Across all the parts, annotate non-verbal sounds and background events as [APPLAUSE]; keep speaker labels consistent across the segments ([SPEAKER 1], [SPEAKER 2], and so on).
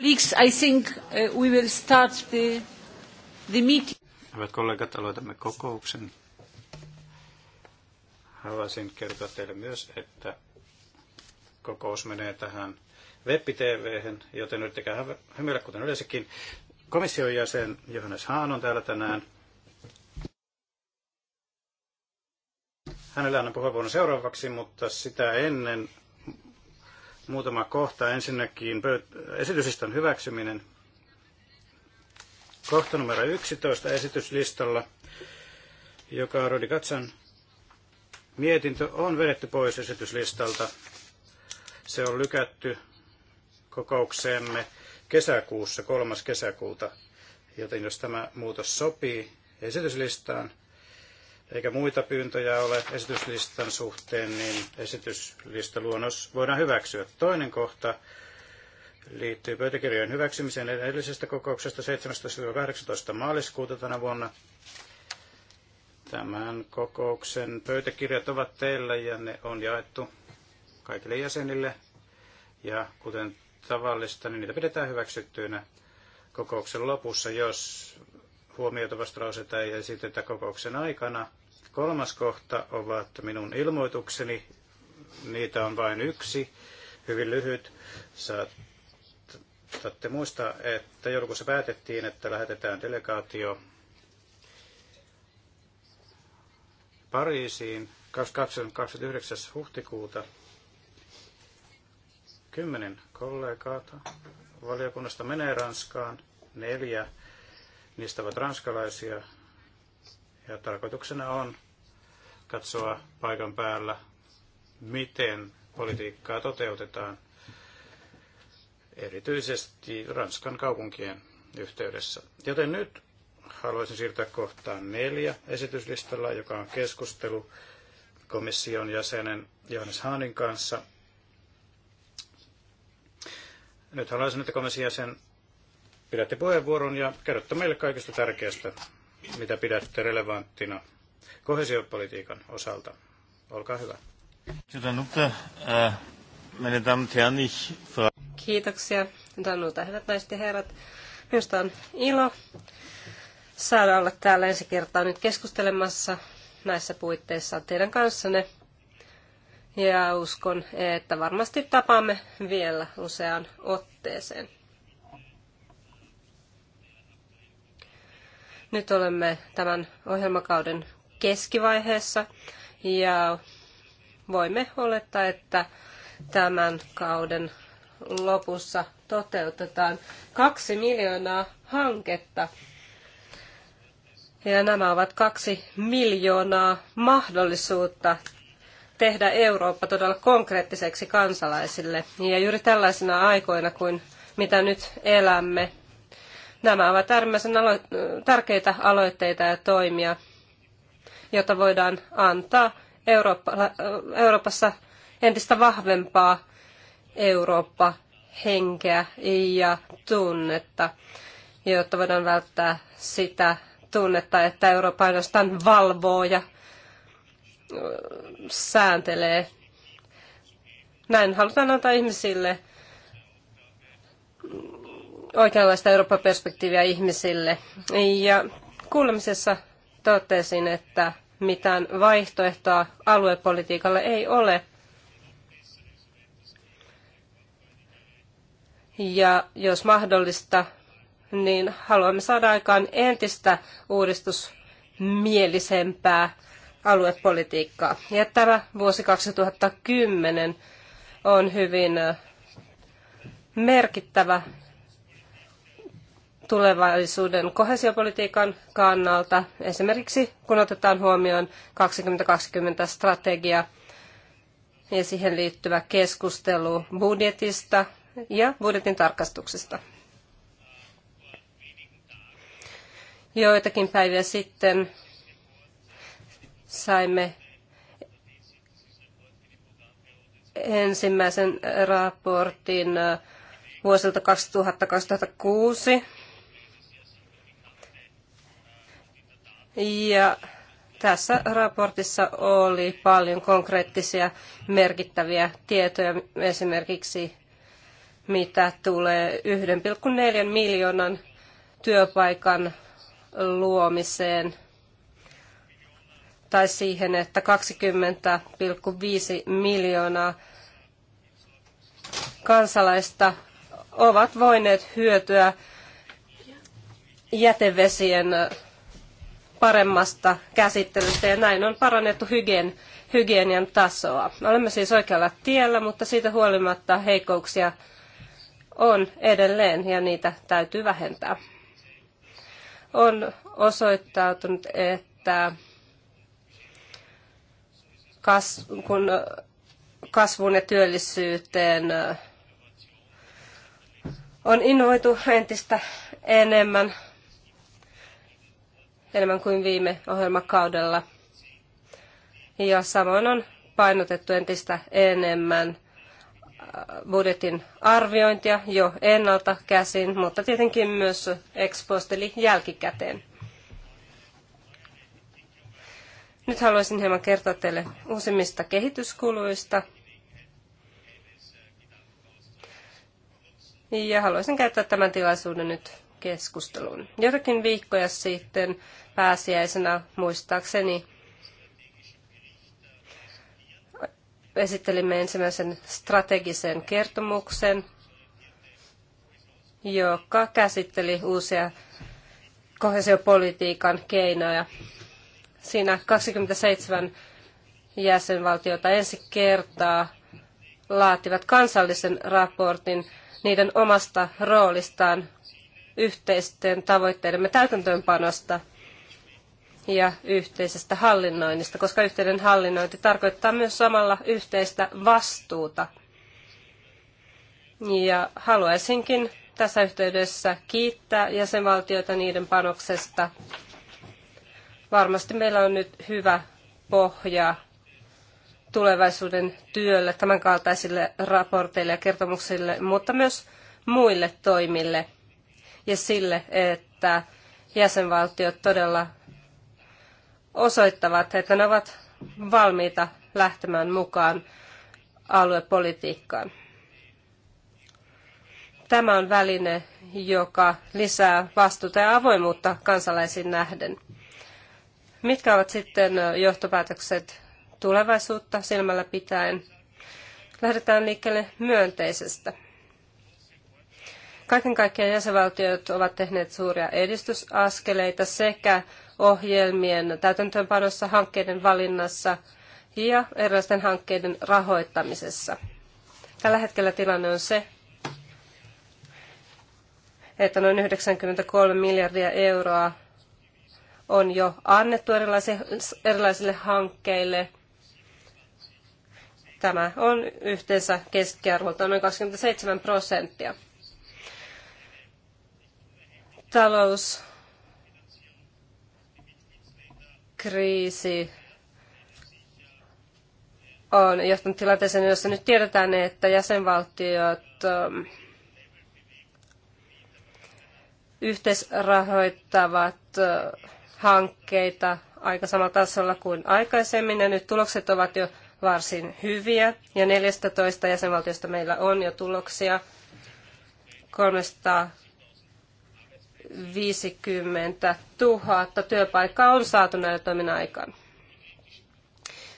[SPEAKER 1] Colleagues, I think uh, we will start the, the meeting.
[SPEAKER 2] Hyvät kollegat, aloitamme kokouksen. Haluaisin kertoa teille myös, että kokous menee tähän web joten yrittäkää hymyillä kuten yleensäkin. Komission jäsen Johannes Haan on täällä tänään. Hänellä annan puheenvuoron seuraavaksi, mutta sitä ennen Muutama kohta. Ensinnäkin esityslistan hyväksyminen. Kohta numero 11 esityslistalla, joka on Rodi Katsan mietintö, on vedetty pois esityslistalta. Se on lykätty kokoukseemme kesäkuussa, kolmas kesäkuuta. Joten jos tämä muutos sopii esityslistaan, eikä muita pyyntöjä ole esityslistan suhteen, niin esityslistaluonnos voidaan hyväksyä. Toinen kohta liittyy pöytäkirjojen hyväksymiseen edellisestä kokouksesta 17-18 maaliskuuta tänä vuonna. Tämän kokouksen pöytäkirjat ovat teillä ja ne on jaettu kaikille jäsenille. Ja kuten tavallista, niin niitä pidetään hyväksyttyinä kokouksen lopussa, jos huomiota vastalauseita ei esitetä kokouksen aikana. Kolmas kohta ovat minun ilmoitukseni. Niitä on vain yksi, hyvin lyhyt. Saatte muistaa, että joulukuussa päätettiin, että lähetetään delegaatio Pariisiin 29. huhtikuuta. Kymmenen kollegaata valiokunnasta menee Ranskaan, neljä Niistä ovat ranskalaisia ja tarkoituksena on katsoa paikan päällä, miten politiikkaa toteutetaan erityisesti Ranskan kaupunkien yhteydessä. Joten nyt haluaisin siirtää kohtaan neljä esityslistalla, joka on keskustelu komission jäsenen Johannes Haanin kanssa. Nyt haluaisin, että komission jäsen pidätte puheenvuoron ja kerrotte meille kaikesta tärkeästä, mitä pidätte relevanttina kohesiopolitiikan osalta. Olkaa hyvä. Äh,
[SPEAKER 3] Kiitoksia Danuta, hyvät naiset ja herrat. Minusta on ilo saada olla täällä ensi kertaa nyt keskustelemassa näissä puitteissa teidän kanssanne. Ja uskon, että varmasti tapaamme vielä useaan otteeseen. Nyt olemme tämän ohjelmakauden keskivaiheessa ja voimme olettaa, että tämän kauden lopussa toteutetaan kaksi miljoonaa hanketta. Ja nämä ovat kaksi miljoonaa mahdollisuutta tehdä Eurooppa todella konkreettiseksi kansalaisille. Ja juuri tällaisina aikoina kuin mitä nyt elämme, Nämä ovat äärimmäisen alo- tärkeitä aloitteita ja toimia, jota voidaan antaa Eurooppa, Euroopassa entistä vahvempaa Eurooppa-henkeä ja tunnetta, jotta voidaan välttää sitä tunnetta, että Eurooppa ainoastaan valvoo ja sääntelee. Näin halutaan antaa ihmisille oikeanlaista Eurooppa-perspektiiviä ihmisille. Ja kuulemisessa totesin, että mitään vaihtoehtoa aluepolitiikalle ei ole. Ja jos mahdollista, niin haluamme saada aikaan entistä uudistusmielisempää aluepolitiikkaa. Ja tämä vuosi 2010 on hyvin merkittävä tulevaisuuden kohesiopolitiikan kannalta, esimerkiksi kun otetaan huomioon 2020 strategia ja siihen liittyvä keskustelu budjetista ja budjetin tarkastuksesta. Joitakin päiviä sitten saimme ensimmäisen raportin vuosilta 2006 Ja tässä raportissa oli paljon konkreettisia merkittäviä tietoja, esimerkiksi mitä tulee 1,4 miljoonan työpaikan luomiseen tai siihen, että 20,5 miljoonaa kansalaista ovat voineet hyötyä jätevesien paremmasta käsittelystä ja näin on parannettu hygien, hygienian tasoa. Olemme siis oikealla tiellä, mutta siitä huolimatta heikkouksia on edelleen ja niitä täytyy vähentää. On osoittautunut, että kas, kun kasvuun ja työllisyyteen on innoitu entistä enemmän enemmän kuin viime ohjelmakaudella. Ja samoin on painotettu entistä enemmän äh, budjetin arviointia jo ennalta käsin, mutta tietenkin myös ex post eli jälkikäteen. Nyt haluaisin hieman kertoa teille uusimmista kehityskuluista. Ja haluaisin käyttää tämän tilaisuuden nyt keskusteluun. Jotakin viikkoja sitten pääsiäisenä muistaakseni esittelimme ensimmäisen strategisen kertomuksen, joka käsitteli uusia kohesiopolitiikan keinoja. Siinä 27 jäsenvaltiota ensi kertaa laativat kansallisen raportin niiden omasta roolistaan yhteisten tavoitteidemme täytäntöönpanosta ja yhteisestä hallinnoinnista, koska yhteinen hallinnointi tarkoittaa myös samalla yhteistä vastuuta. Ja haluaisinkin tässä yhteydessä kiittää jäsenvaltioita niiden panoksesta. Varmasti meillä on nyt hyvä pohja tulevaisuuden työlle, tämänkaltaisille raporteille ja kertomuksille, mutta myös muille toimille – ja sille, että jäsenvaltiot todella osoittavat, että ne ovat valmiita lähtemään mukaan aluepolitiikkaan. Tämä on väline, joka lisää vastuuta ja avoimuutta kansalaisiin nähden. Mitkä ovat sitten johtopäätökset tulevaisuutta silmällä pitäen? Lähdetään liikkeelle myönteisestä. Kaiken kaikkiaan jäsenvaltiot ovat tehneet suuria edistysaskeleita sekä ohjelmien täytäntöönpanossa, hankkeiden valinnassa ja erilaisten hankkeiden rahoittamisessa. Tällä hetkellä tilanne on se, että noin 93 miljardia euroa on jo annettu erilaisille hankkeille. Tämä on yhteensä keskiarvolta noin 27 prosenttia talouskriisi on johtanut tilanteeseen, jossa nyt tiedetään, että jäsenvaltiot ähm, yhteisrahoittavat äh, hankkeita aika samalla tasolla kuin aikaisemmin, ja nyt tulokset ovat jo varsin hyviä, ja 14 jäsenvaltiosta meillä on jo tuloksia. 300 50 000 työpaikkaa on saatu näiden toimin aikaan.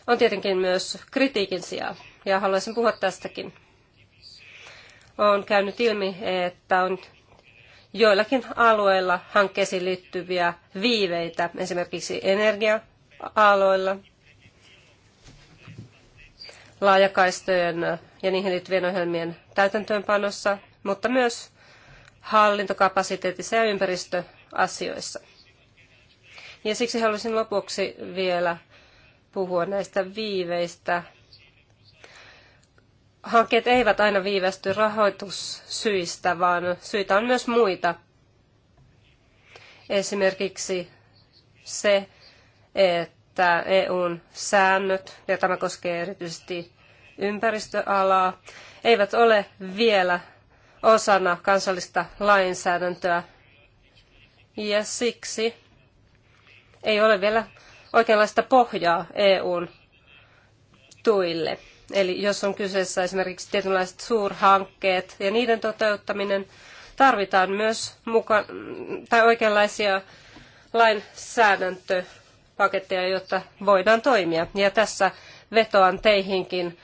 [SPEAKER 3] On tietenkin myös kritiikin sijaa, ja haluaisin puhua tästäkin. On käynyt ilmi, että on joillakin alueilla hankkeisiin liittyviä viiveitä, esimerkiksi energia-aloilla, laajakaistojen ja niihin liittyvien ohjelmien täytäntöönpanossa, mutta myös hallintokapasiteetissa ja ympäristöasioissa. Ja siksi haluaisin lopuksi vielä puhua näistä viiveistä. Hankkeet eivät aina viivästy rahoitussyistä, vaan syitä on myös muita. Esimerkiksi se, että EUn säännöt, ja tämä koskee erityisesti ympäristöalaa, eivät ole vielä osana kansallista lainsäädäntöä. Ja siksi ei ole vielä oikeanlaista pohjaa EUn tuille. Eli jos on kyseessä esimerkiksi tietynlaiset suurhankkeet ja niiden toteuttaminen, tarvitaan myös muka, tai oikeanlaisia lainsäädäntöpaketteja, jotta voidaan toimia. Ja tässä vetoan teihinkin,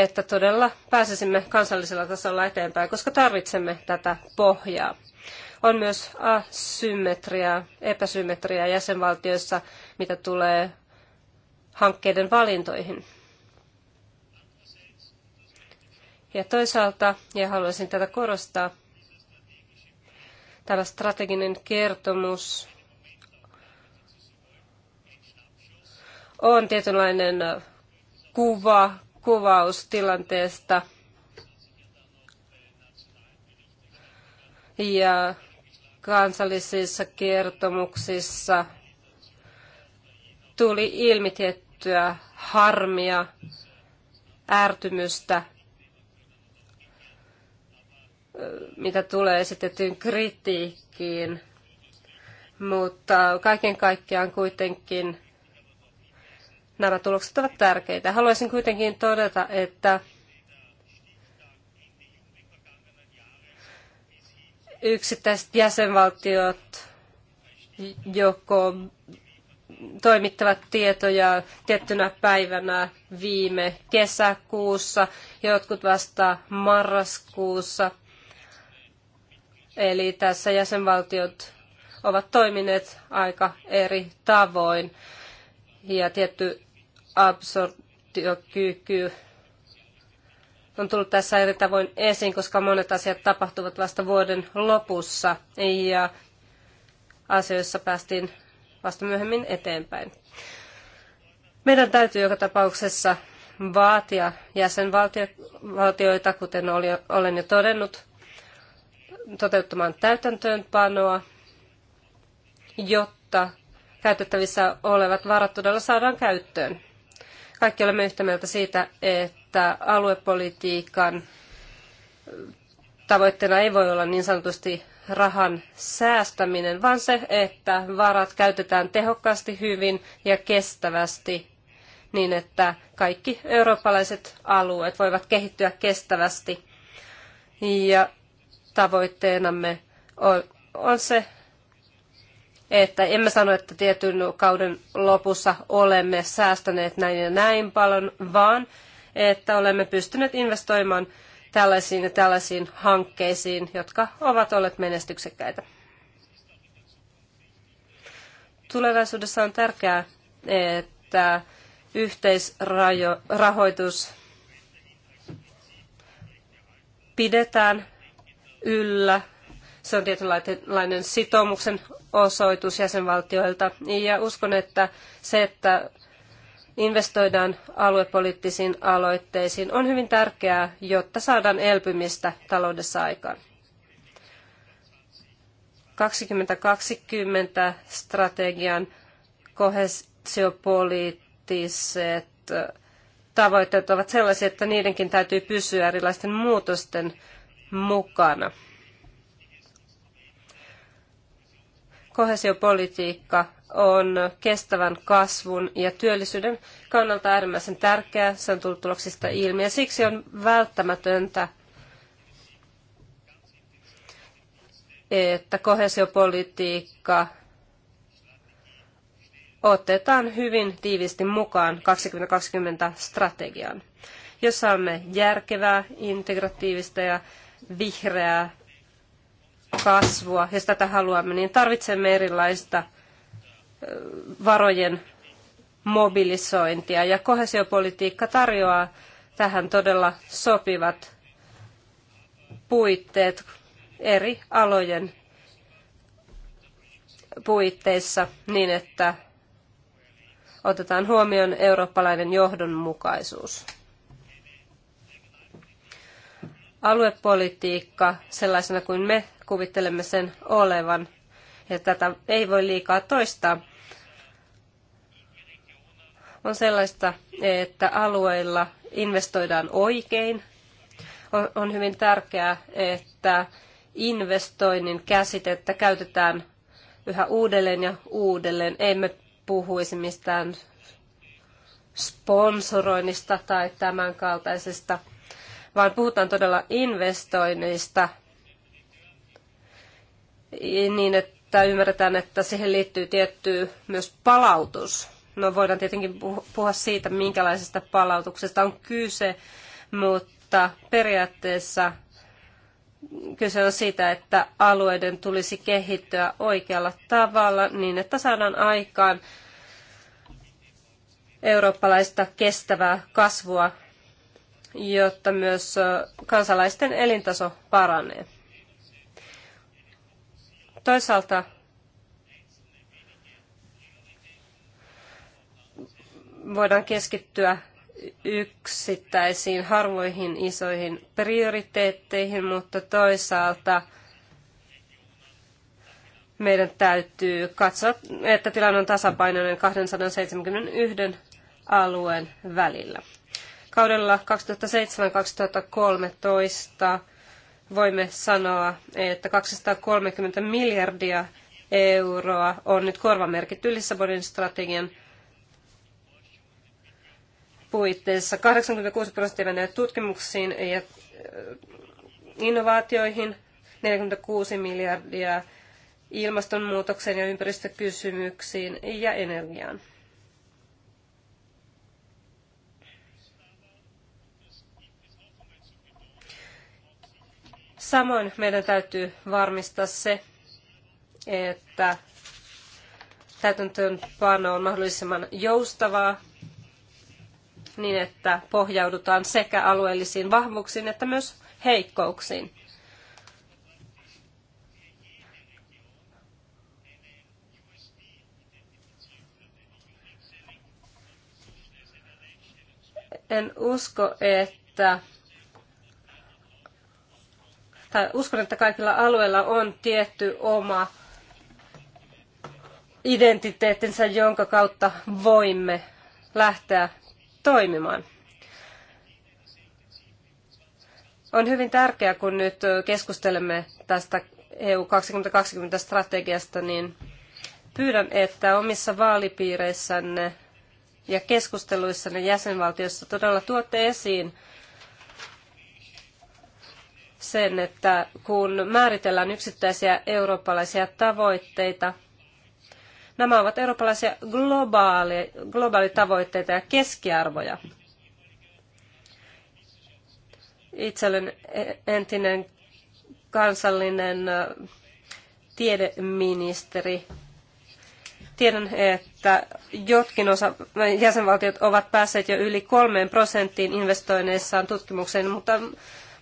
[SPEAKER 3] että todella pääsisimme kansallisella tasolla eteenpäin, koska tarvitsemme tätä pohjaa. On myös asymmetriaa, epäsymmetriaa jäsenvaltioissa, mitä tulee hankkeiden valintoihin. Ja toisaalta, ja haluaisin tätä korostaa, tämä strateginen kertomus on tietynlainen kuva kuvaus tilanteesta. Ja kansallisissa kertomuksissa tuli ilmi tiettyä harmia, ärtymystä, mitä tulee esitettyyn kritiikkiin. Mutta kaiken kaikkiaan kuitenkin nämä tulokset ovat tärkeitä. Haluaisin kuitenkin todeta, että yksittäiset jäsenvaltiot joko toimittavat tietoja tiettynä päivänä viime kesäkuussa, jotkut vasta marraskuussa. Eli tässä jäsenvaltiot ovat toimineet aika eri tavoin ja tietty absorptiokyky on tullut tässä eri tavoin esiin, koska monet asiat tapahtuvat vasta vuoden lopussa ja asioissa päästiin vasta myöhemmin eteenpäin. Meidän täytyy joka tapauksessa vaatia jäsenvaltioita, kuten olen jo todennut, toteuttamaan täytäntöönpanoa, jotta käytettävissä olevat varat todella saadaan käyttöön. Kaikki olemme yhtä mieltä siitä, että aluepolitiikan tavoitteena ei voi olla niin sanotusti rahan säästäminen, vaan se, että varat käytetään tehokkaasti, hyvin ja kestävästi niin, että kaikki eurooppalaiset alueet voivat kehittyä kestävästi. Ja tavoitteenamme on, on se, että emme sano, että tietyn kauden lopussa olemme säästäneet näin ja näin paljon, vaan että olemme pystyneet investoimaan tällaisiin ja tällaisiin hankkeisiin, jotka ovat olleet menestyksekkäitä. Tulevaisuudessa on tärkeää, että yhteisrahoitus pidetään yllä se on tietynlainen sitoumuksen osoitus jäsenvaltioilta ja uskon, että se, että investoidaan aluepoliittisiin aloitteisiin, on hyvin tärkeää, jotta saadaan elpymistä taloudessa aikaan. 2020 strategian kohesiopoliittiset tavoitteet ovat sellaisia, että niidenkin täytyy pysyä erilaisten muutosten mukana. Kohesiopolitiikka on kestävän kasvun ja työllisyyden kannalta äärimmäisen tärkeää. Se on tullut tuloksista ilmi ja siksi on välttämätöntä, että kohesiopolitiikka otetaan hyvin tiiviisti mukaan 2020 strategiaan. jossa on järkevää, integratiivista ja vihreää kasvua, jos tätä haluamme, niin tarvitsemme erilaista varojen mobilisointia. Ja kohesiopolitiikka tarjoaa tähän todella sopivat puitteet eri alojen puitteissa niin, että otetaan huomioon eurooppalainen johdonmukaisuus. Aluepolitiikka sellaisena kuin me kuvittelemme sen olevan. Ja tätä ei voi liikaa toistaa. On sellaista, että alueilla investoidaan oikein. On hyvin tärkeää, että investoinnin käsitettä käytetään yhä uudelleen ja uudelleen. Emme puhuisi mistään sponsoroinnista tai tämän kaltaisesta, vaan puhutaan todella investoinneista, niin, että ymmärretään, että siihen liittyy tietty myös palautus. No voidaan tietenkin puhua siitä, minkälaisesta palautuksesta on kyse, mutta periaatteessa kyse on siitä, että alueiden tulisi kehittyä oikealla tavalla niin, että saadaan aikaan eurooppalaista kestävää kasvua, jotta myös kansalaisten elintaso paranee. Toisaalta voidaan keskittyä yksittäisiin harvoihin isoihin prioriteetteihin, mutta toisaalta meidän täytyy katsoa, että tilanne on tasapainoinen 271 alueen välillä. Kaudella 2007-2013 voimme sanoa, että 230 miljardia euroa on nyt korvamerkitty Lissabonin strategian puitteissa. 86 prosenttia menee tutkimuksiin ja äh, innovaatioihin, 46 miljardia ilmastonmuutokseen ja ympäristökysymyksiin ja energiaan. Samoin meidän täytyy varmistaa se, että täytäntöönpano on mahdollisimman joustavaa niin, että pohjaudutaan sekä alueellisiin vahvuuksiin että myös heikkouksiin. En usko, että tai uskon, että kaikilla alueilla on tietty oma identiteettinsä, jonka kautta voimme lähteä toimimaan. On hyvin tärkeää, kun nyt keskustelemme tästä EU 2020-strategiasta, niin pyydän, että omissa vaalipiireissänne ja keskusteluissanne jäsenvaltiossa todella tuotte esiin sen, että kun määritellään yksittäisiä eurooppalaisia tavoitteita, nämä ovat eurooppalaisia globaali, globaalitavoitteita ja keskiarvoja. Itse olen entinen kansallinen tiedeministeri. Tiedän, että jotkin osa jäsenvaltiot ovat päässeet jo yli kolmeen prosenttiin investoinneissaan tutkimukseen, mutta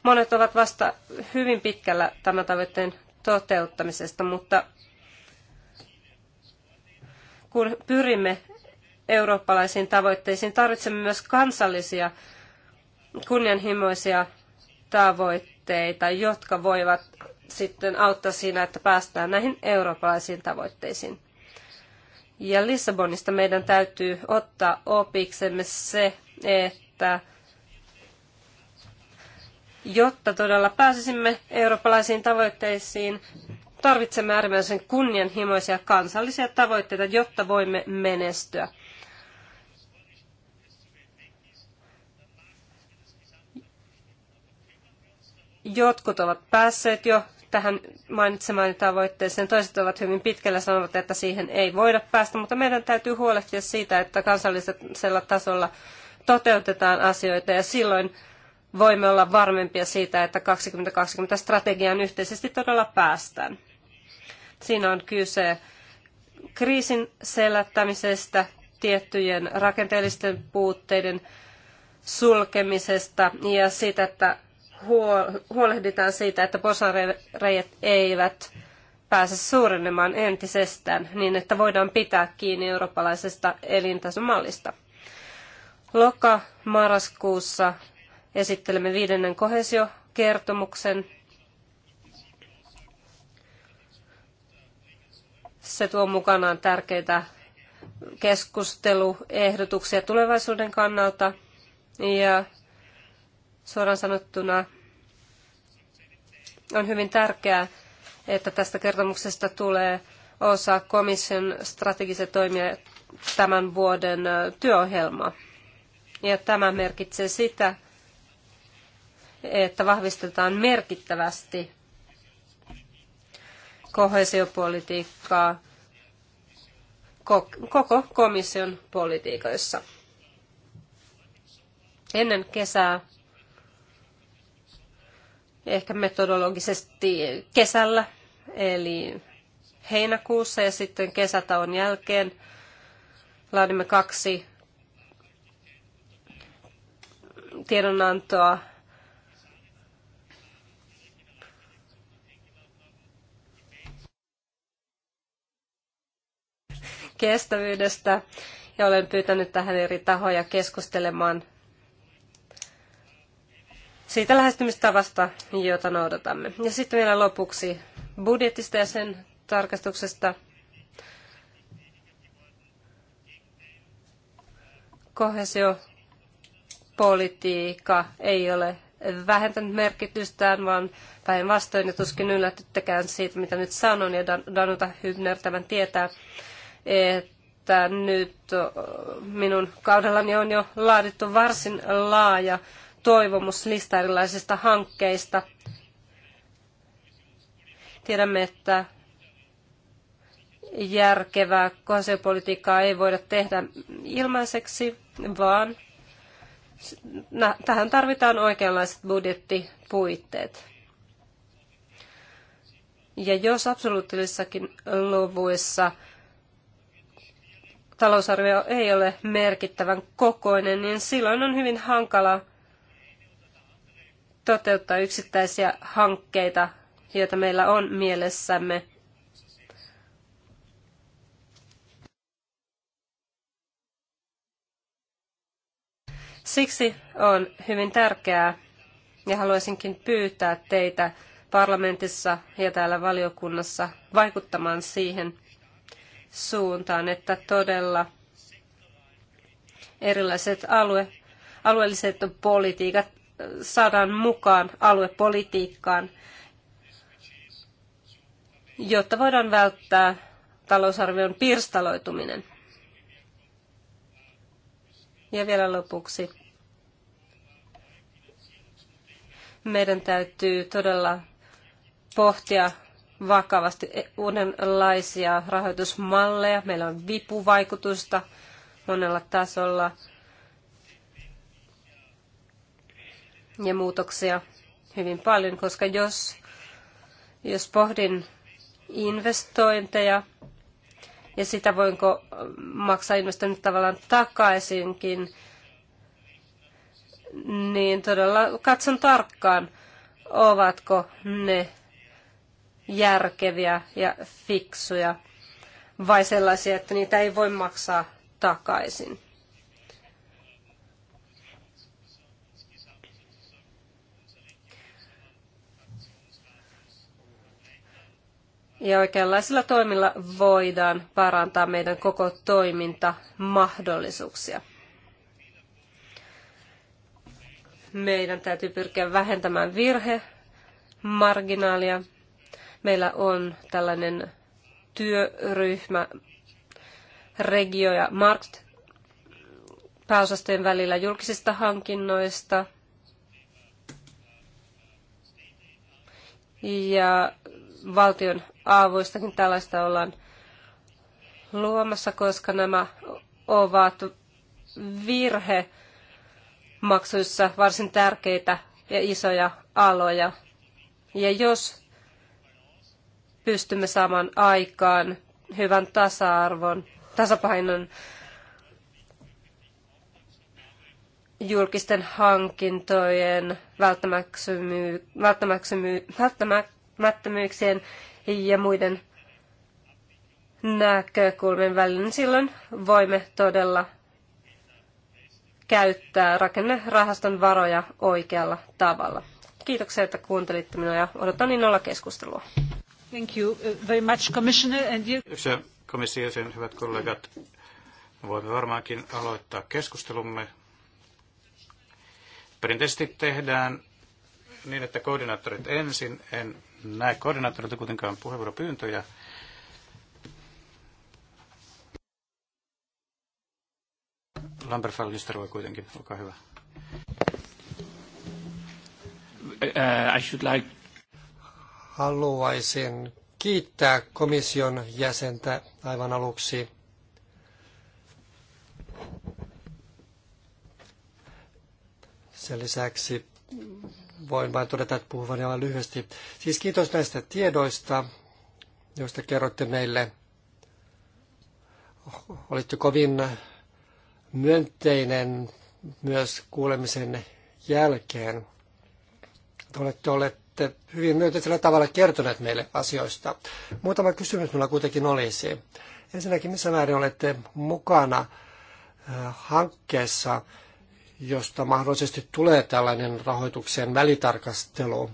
[SPEAKER 3] Monet ovat vasta hyvin pitkällä tämän tavoitteen toteuttamisesta, mutta kun pyrimme eurooppalaisiin tavoitteisiin, tarvitsemme myös kansallisia kunnianhimoisia tavoitteita, jotka voivat sitten auttaa siinä, että päästään näihin eurooppalaisiin tavoitteisiin. Ja Lissabonista meidän täytyy ottaa opiksemme se, että Jotta todella pääsisimme eurooppalaisiin tavoitteisiin, tarvitsemme äärimmäisen kunnianhimoisia kansallisia tavoitteita, jotta voimme menestyä. Jotkut ovat päässeet jo tähän mainitsemaan tavoitteeseen. Toiset ovat hyvin pitkällä sanovat, että siihen ei voida päästä, mutta meidän täytyy huolehtia siitä, että kansallisella tasolla toteutetaan asioita ja silloin voimme olla varmempia siitä, että 2020 strategiaan yhteisesti todella päästään. Siinä on kyse kriisin selättämisestä, tiettyjen rakenteellisten puutteiden sulkemisesta ja siitä, että huolehditaan siitä, että porsanreijät eivät pääse suurenemaan entisestään niin, että voidaan pitää kiinni eurooppalaisesta elintasomallista. Loka-marraskuussa esittelemme viidennen kohesiokertomuksen. Se tuo mukanaan tärkeitä keskusteluehdotuksia tulevaisuuden kannalta ja suoraan sanottuna on hyvin tärkeää, että tästä kertomuksesta tulee osa komission strategisia toimia tämän vuoden työohjelmaa. Ja tämä merkitsee sitä, että vahvistetaan merkittävästi kohesiopolitiikkaa koko komission politiikoissa. Ennen kesää, ehkä metodologisesti kesällä, eli heinäkuussa ja sitten kesätauon jälkeen laadimme kaksi tiedonantoa kestävyydestä ja olen pyytänyt tähän eri tahoja keskustelemaan siitä lähestymistavasta, jota noudatamme. Ja sitten vielä lopuksi budjetista ja sen tarkastuksesta. Kohesiopolitiikka ei ole vähentänyt merkitystään, vaan päinvastoin, ja tuskin yllätyttekään siitä, mitä nyt sanon, ja Danuta Hybner tämän tietää että nyt minun kaudellani on jo laadittu varsin laaja toivomuslista erilaisista hankkeista. Tiedämme, että järkevää konsepolitiikkaa ei voida tehdä ilmaiseksi, vaan tähän tarvitaan oikeanlaiset budjettipuitteet. Ja jos absoluuttisissakin luvuissa talousarvio ei ole merkittävän kokoinen, niin silloin on hyvin hankala toteuttaa yksittäisiä hankkeita, joita meillä on mielessämme. Siksi on hyvin tärkeää ja haluaisinkin pyytää teitä parlamentissa ja täällä valiokunnassa vaikuttamaan siihen – suuntaan, että todella erilaiset alue, alueelliset politiikat saadaan mukaan aluepolitiikkaan, jotta voidaan välttää talousarvion pirstaloituminen. Ja vielä lopuksi. Meidän täytyy todella pohtia vakavasti uudenlaisia rahoitusmalleja. Meillä on vipuvaikutusta monella tasolla ja muutoksia hyvin paljon, koska jos, jos pohdin investointeja ja sitä voinko maksaa investoinnit tavallaan takaisinkin, niin todella katson tarkkaan, ovatko ne järkeviä ja fiksuja vai sellaisia, että niitä ei voi maksaa takaisin. Ja oikeanlaisilla toimilla voidaan parantaa meidän koko toimintamahdollisuuksia. Meidän täytyy pyrkiä vähentämään virhe marginaalia Meillä on tällainen työryhmä regio- ja markt pääosastojen välillä julkisista hankinnoista. Ja valtion aavoistakin tällaista ollaan luomassa, koska nämä ovat virhe maksuissa varsin tärkeitä ja isoja aloja. Ja jos pystymme saamaan aikaan hyvän tasa-arvon, tasapainon julkisten hankintojen välttämättömy, välttämättömy, välttämättömyyksien ja muiden näkökulmien välillä, niin silloin voimme todella käyttää rakennerahaston varoja oikealla tavalla. Kiitoksia, että kuuntelitte minua ja odotan innolla keskustelua.
[SPEAKER 1] Thank you uh, very much, Commissioner. And you...
[SPEAKER 2] Kiitoksia komission jäsen, hyvät kollegat. Voimme varmaankin aloittaa keskustelumme. Perinteisesti tehdään niin, että koordinaattorit ensin. En näe koordinaattorilta kuitenkaan puheenvuoropyyntöjä. Lambert Fallister voi kuitenkin, olkaa hyvä.
[SPEAKER 4] Uh, I should like haluaisin kiittää komission jäsentä aivan aluksi. Sen lisäksi voin vain todeta, että puhuvani aivan lyhyesti. Siis kiitos näistä tiedoista, joista kerrotte meille. Olitte kovin myönteinen myös kuulemisen jälkeen. olette olleet olette hyvin myönteisellä tavalla kertoneet meille asioista. Muutama kysymys minulla kuitenkin olisi. Ensinnäkin, missä määrin olette mukana äh, hankkeessa, josta mahdollisesti tulee tällainen rahoituksen välitarkastelu?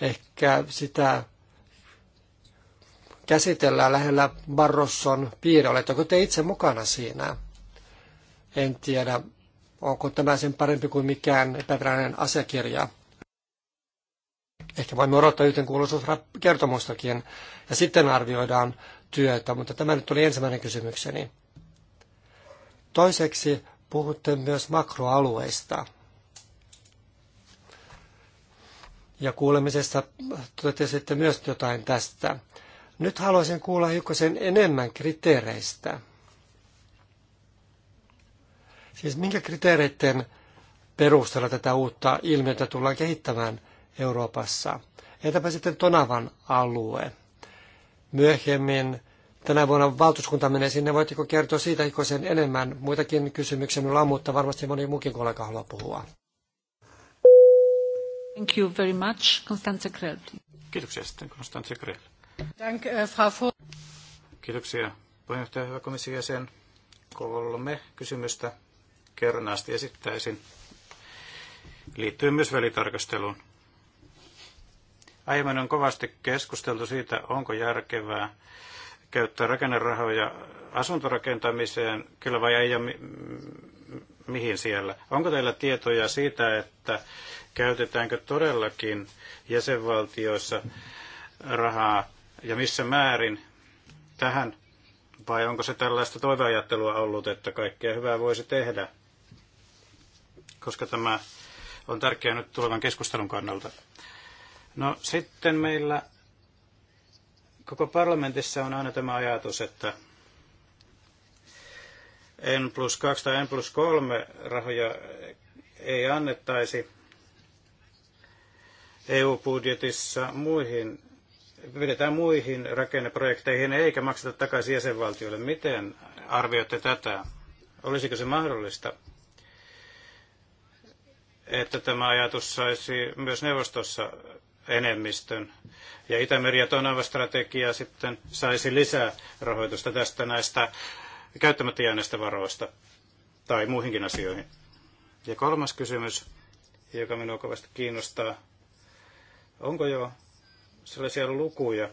[SPEAKER 4] Ehkä sitä käsitellään lähellä Barrosson piirre. Oletteko te itse mukana siinä? En tiedä, onko tämä sen parempi kuin mikään epävirallinen asiakirja. Ehkä voimme odottaa yhden kuuluisuuskertomustakin ja sitten arvioidaan työtä, mutta tämä nyt oli ensimmäinen kysymykseni. Toiseksi puhutte myös makroalueista. Ja kuulemisessa totesitte myös jotain tästä. Nyt haluaisin kuulla hiukkasen enemmän kriteereistä. Siis minkä kriteereiden perusteella tätä uutta ilmiötä tullaan kehittämään – Euroopassa. Entäpä sitten Tonavan alue? Myöhemmin tänä vuonna valtuuskunta menee sinne. Voitteko kertoa siitä sen enemmän? Muitakin kysymyksiä minulla on, mutta varmasti moni muukin kollega haluaa puhua.
[SPEAKER 1] Thank you very much, Constanze Krell.
[SPEAKER 4] Kiitoksia sitten,
[SPEAKER 2] Constanze Krell.
[SPEAKER 1] Dank, eh, Frau
[SPEAKER 2] Kiitoksia, puheenjohtaja, hyvä komission jäsen. Kolme kysymystä kernaasti esittäisin liittyen myös välitarkasteluun. Aiemmin on kovasti keskusteltu siitä, onko järkevää käyttää rakennerahoja asuntorakentamiseen, kyllä vai ei, ja mi- mihin siellä. Onko teillä tietoja siitä, että käytetäänkö todellakin jäsenvaltioissa rahaa ja missä määrin tähän, vai onko se tällaista toiveajattelua ollut, että kaikkea hyvää voisi tehdä, koska tämä on tärkeää nyt tulevan keskustelun kannalta. No sitten meillä koko parlamentissa on aina tämä ajatus, että N plus 2 tai N plus 3 rahoja ei annettaisi EU-budjetissa muihin, pidetään muihin rakenneprojekteihin eikä makseta takaisin jäsenvaltioille. Miten arvioitte tätä? Olisiko se mahdollista, että tämä ajatus saisi myös neuvostossa enemmistön. Ja Itämeri- ja Tonava-strategia sitten saisi lisää rahoitusta tästä näistä käyttämättä jääneistä varoista tai muihinkin asioihin. Ja kolmas kysymys, joka minua kovasti kiinnostaa, onko jo sellaisia lukuja,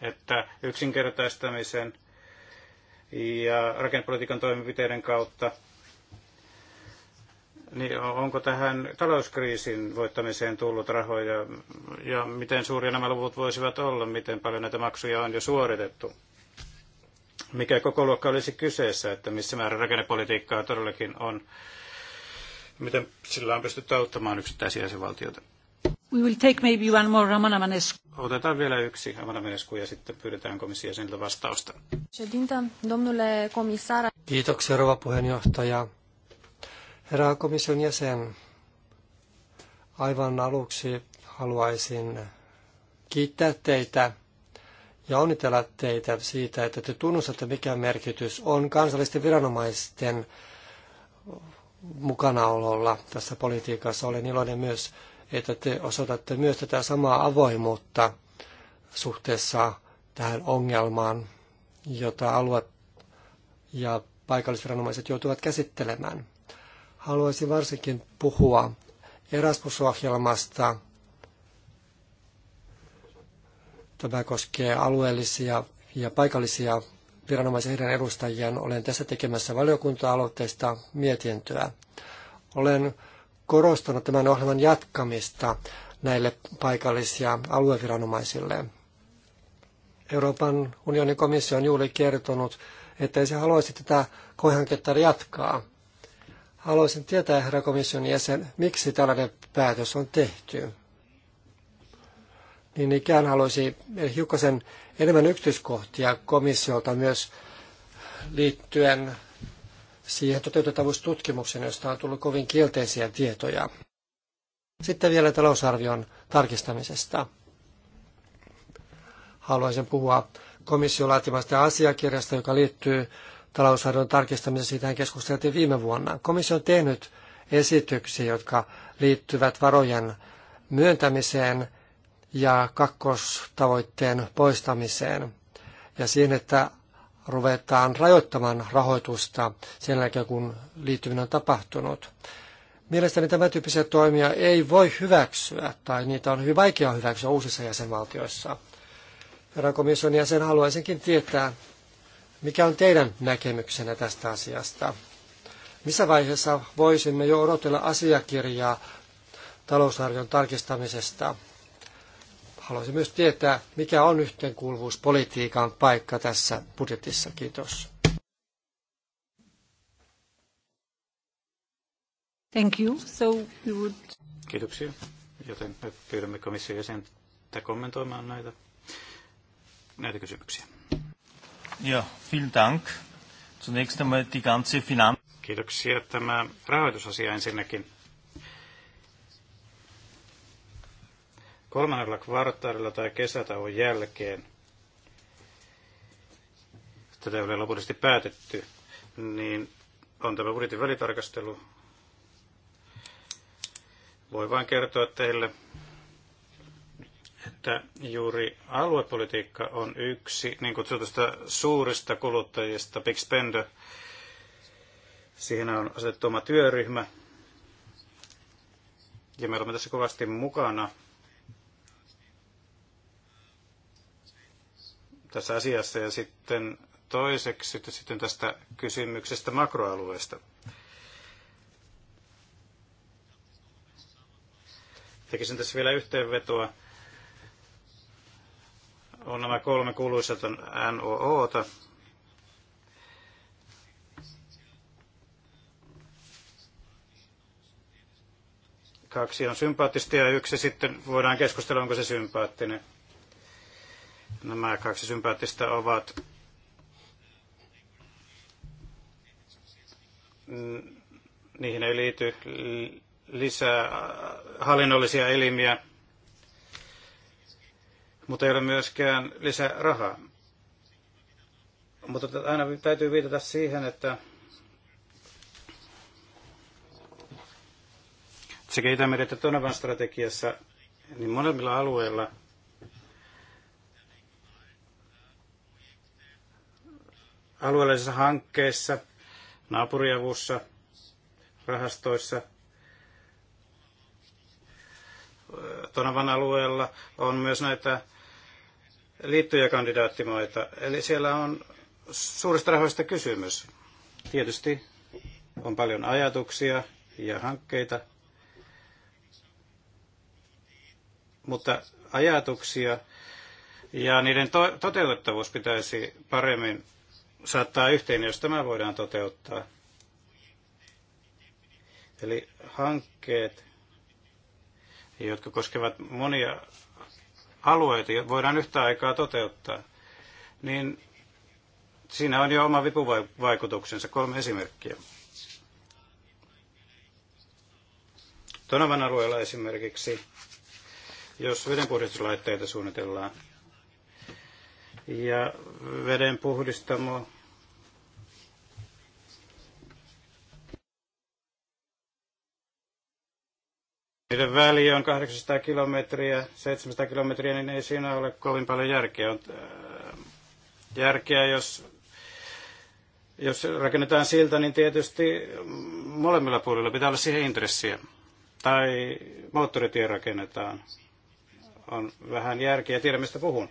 [SPEAKER 2] että yksinkertaistamisen ja rakennepolitiikan toimenpiteiden kautta niin onko tähän talouskriisin voittamiseen tullut rahoja ja miten suuria nämä luvut voisivat olla, miten paljon näitä maksuja on jo suoritettu? Mikä koko luokka olisi kyseessä, että missä määrä rakennepolitiikkaa todellakin on? Miten sillä on pystytty auttamaan yksittäisiä jäsenvaltioita?
[SPEAKER 1] We will take maybe one more
[SPEAKER 2] Otetaan vielä yksi Ramana ja sitten pyydetään komission vastausta.
[SPEAKER 4] Kiitoksia rouva puheenjohtaja. Herra komission jäsen, aivan aluksi haluaisin kiittää teitä ja onnitella teitä siitä, että te tunnustatte, mikä merkitys on kansallisten viranomaisten mukanaololla tässä politiikassa. Olen iloinen myös, että te osoitatte myös tätä samaa avoimuutta suhteessa tähän ongelmaan, jota alue ja paikallisviranomaiset joutuvat käsittelemään. Haluaisin varsinkin puhua Erasmus-ohjelmasta. Tämä koskee alueellisia ja paikallisia viranomaisia heidän edustajiaan. Olen tässä tekemässä valiokunta-aloitteista mietintöä. Olen korostanut tämän ohjelman jatkamista näille paikallisia alueviranomaisille. Euroopan unionin komissio on juuri kertonut, että ei se haluaisi tätä koehanketta jatkaa. Haluaisin tietää, herra komission jäsen, miksi tällainen päätös on tehty. Niin ikään haluaisin hiukkasen enemmän yksityiskohtia komissiolta myös liittyen siihen toteutettavuustutkimukseen, josta on tullut kovin kielteisiä tietoja. Sitten vielä talousarvion tarkistamisesta. Haluaisin puhua komission laatimasta asiakirjasta, joka liittyy talousarvion tarkistamisessa, siitähän keskusteltiin viime vuonna. Komissio on tehnyt esityksiä, jotka liittyvät varojen myöntämiseen ja kakkostavoitteen poistamiseen ja siihen, että ruvetaan rajoittamaan rahoitusta sen jälkeen, kun liittyminen on tapahtunut. Mielestäni tämä tyyppisiä toimia ei voi hyväksyä, tai niitä on hyvin vaikea hyväksyä uusissa jäsenvaltioissa. Herra komission jäsen haluaisinkin tietää, mikä on teidän näkemyksenne tästä asiasta? Missä vaiheessa voisimme jo odotella asiakirjaa talousarvion tarkistamisesta? Haluaisin myös tietää, mikä on yhteenkuuluvuuspolitiikan paikka tässä budjetissa. Kiitos.
[SPEAKER 1] Thank you. So we would...
[SPEAKER 2] Kiitoksia. Joten me pyydämme komission jäsentä kommentoimaan näitä, näitä kysymyksiä. Ja, vielen Dank.
[SPEAKER 3] Zunächst einmal die ganze Finanz...
[SPEAKER 2] Kiitoksia. Tämä rahoitusasia ensinnäkin. Kolmannella kvartaalilla tai kesätauon jälkeen, tätä ei ole lopullisesti päätetty, niin on tämä budjetin välitarkastelu. Voi vain kertoa teille, että juuri aluepolitiikka on yksi niin kutsutusta suurista kuluttajista, Big Spender. Siihen on asetettu oma työryhmä. Ja me olemme tässä kovasti mukana tässä asiassa. Ja sitten toiseksi sitten tästä kysymyksestä makroalueesta. Tekisin tässä vielä yhteenvetoa on nämä kolme kuuluisat on NOOta. Kaksi on sympaattista ja yksi sitten voidaan keskustella, onko se sympaattinen. Nämä kaksi sympaattista ovat niihin ei liity lisää hallinnollisia elimiä – mutta ei ole myöskään lisää rahaa. Mutta aina täytyy viitata siihen, että sekä Itämeri että Tonavan strategiassa, niin molemmilla alueilla alueellisissa hankkeissa, naapuriavussa, rahastoissa, Tonavan alueella on myös näitä kandidaattimaita. Eli siellä on suurista rahoista kysymys. Tietysti on paljon ajatuksia ja hankkeita, mutta ajatuksia ja niiden to- toteutettavuus pitäisi paremmin saattaa yhteen, jos tämä voidaan toteuttaa. Eli hankkeet, jotka koskevat monia alueita voidaan yhtä aikaa toteuttaa, niin siinä on jo oma vipuvaikutuksensa. Kolme esimerkkiä. Tonavan alueella esimerkiksi, jos vedenpuhdistuslaitteita suunnitellaan ja vedenpuhdistamo niiden väli on 800 kilometriä, 700 kilometriä, niin ei siinä ole kovin paljon järkeä. On, äh, järkeä, jos, jos rakennetaan siltä, niin tietysti molemmilla puolilla pitää olla siihen intressiä. Tai moottoritie rakennetaan. On vähän järkeä, tiedä mistä puhun.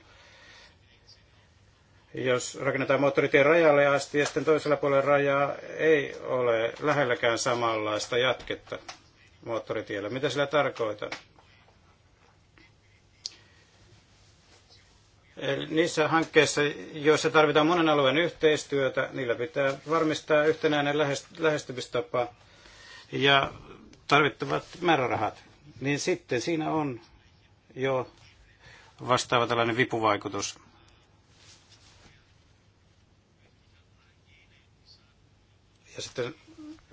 [SPEAKER 2] Jos rakennetaan moottoritien rajalle asti ja sitten toisella puolella rajaa ei ole lähelläkään samanlaista jatketta moottoritiellä. Mitä sillä tarkoitan? Eli niissä hankkeissa, joissa tarvitaan monen alueen yhteistyötä, niillä pitää varmistaa yhtenäinen lähestymistapa ja tarvittavat määrärahat. Niin sitten siinä on jo vastaava tällainen vipuvaikutus. Ja sitten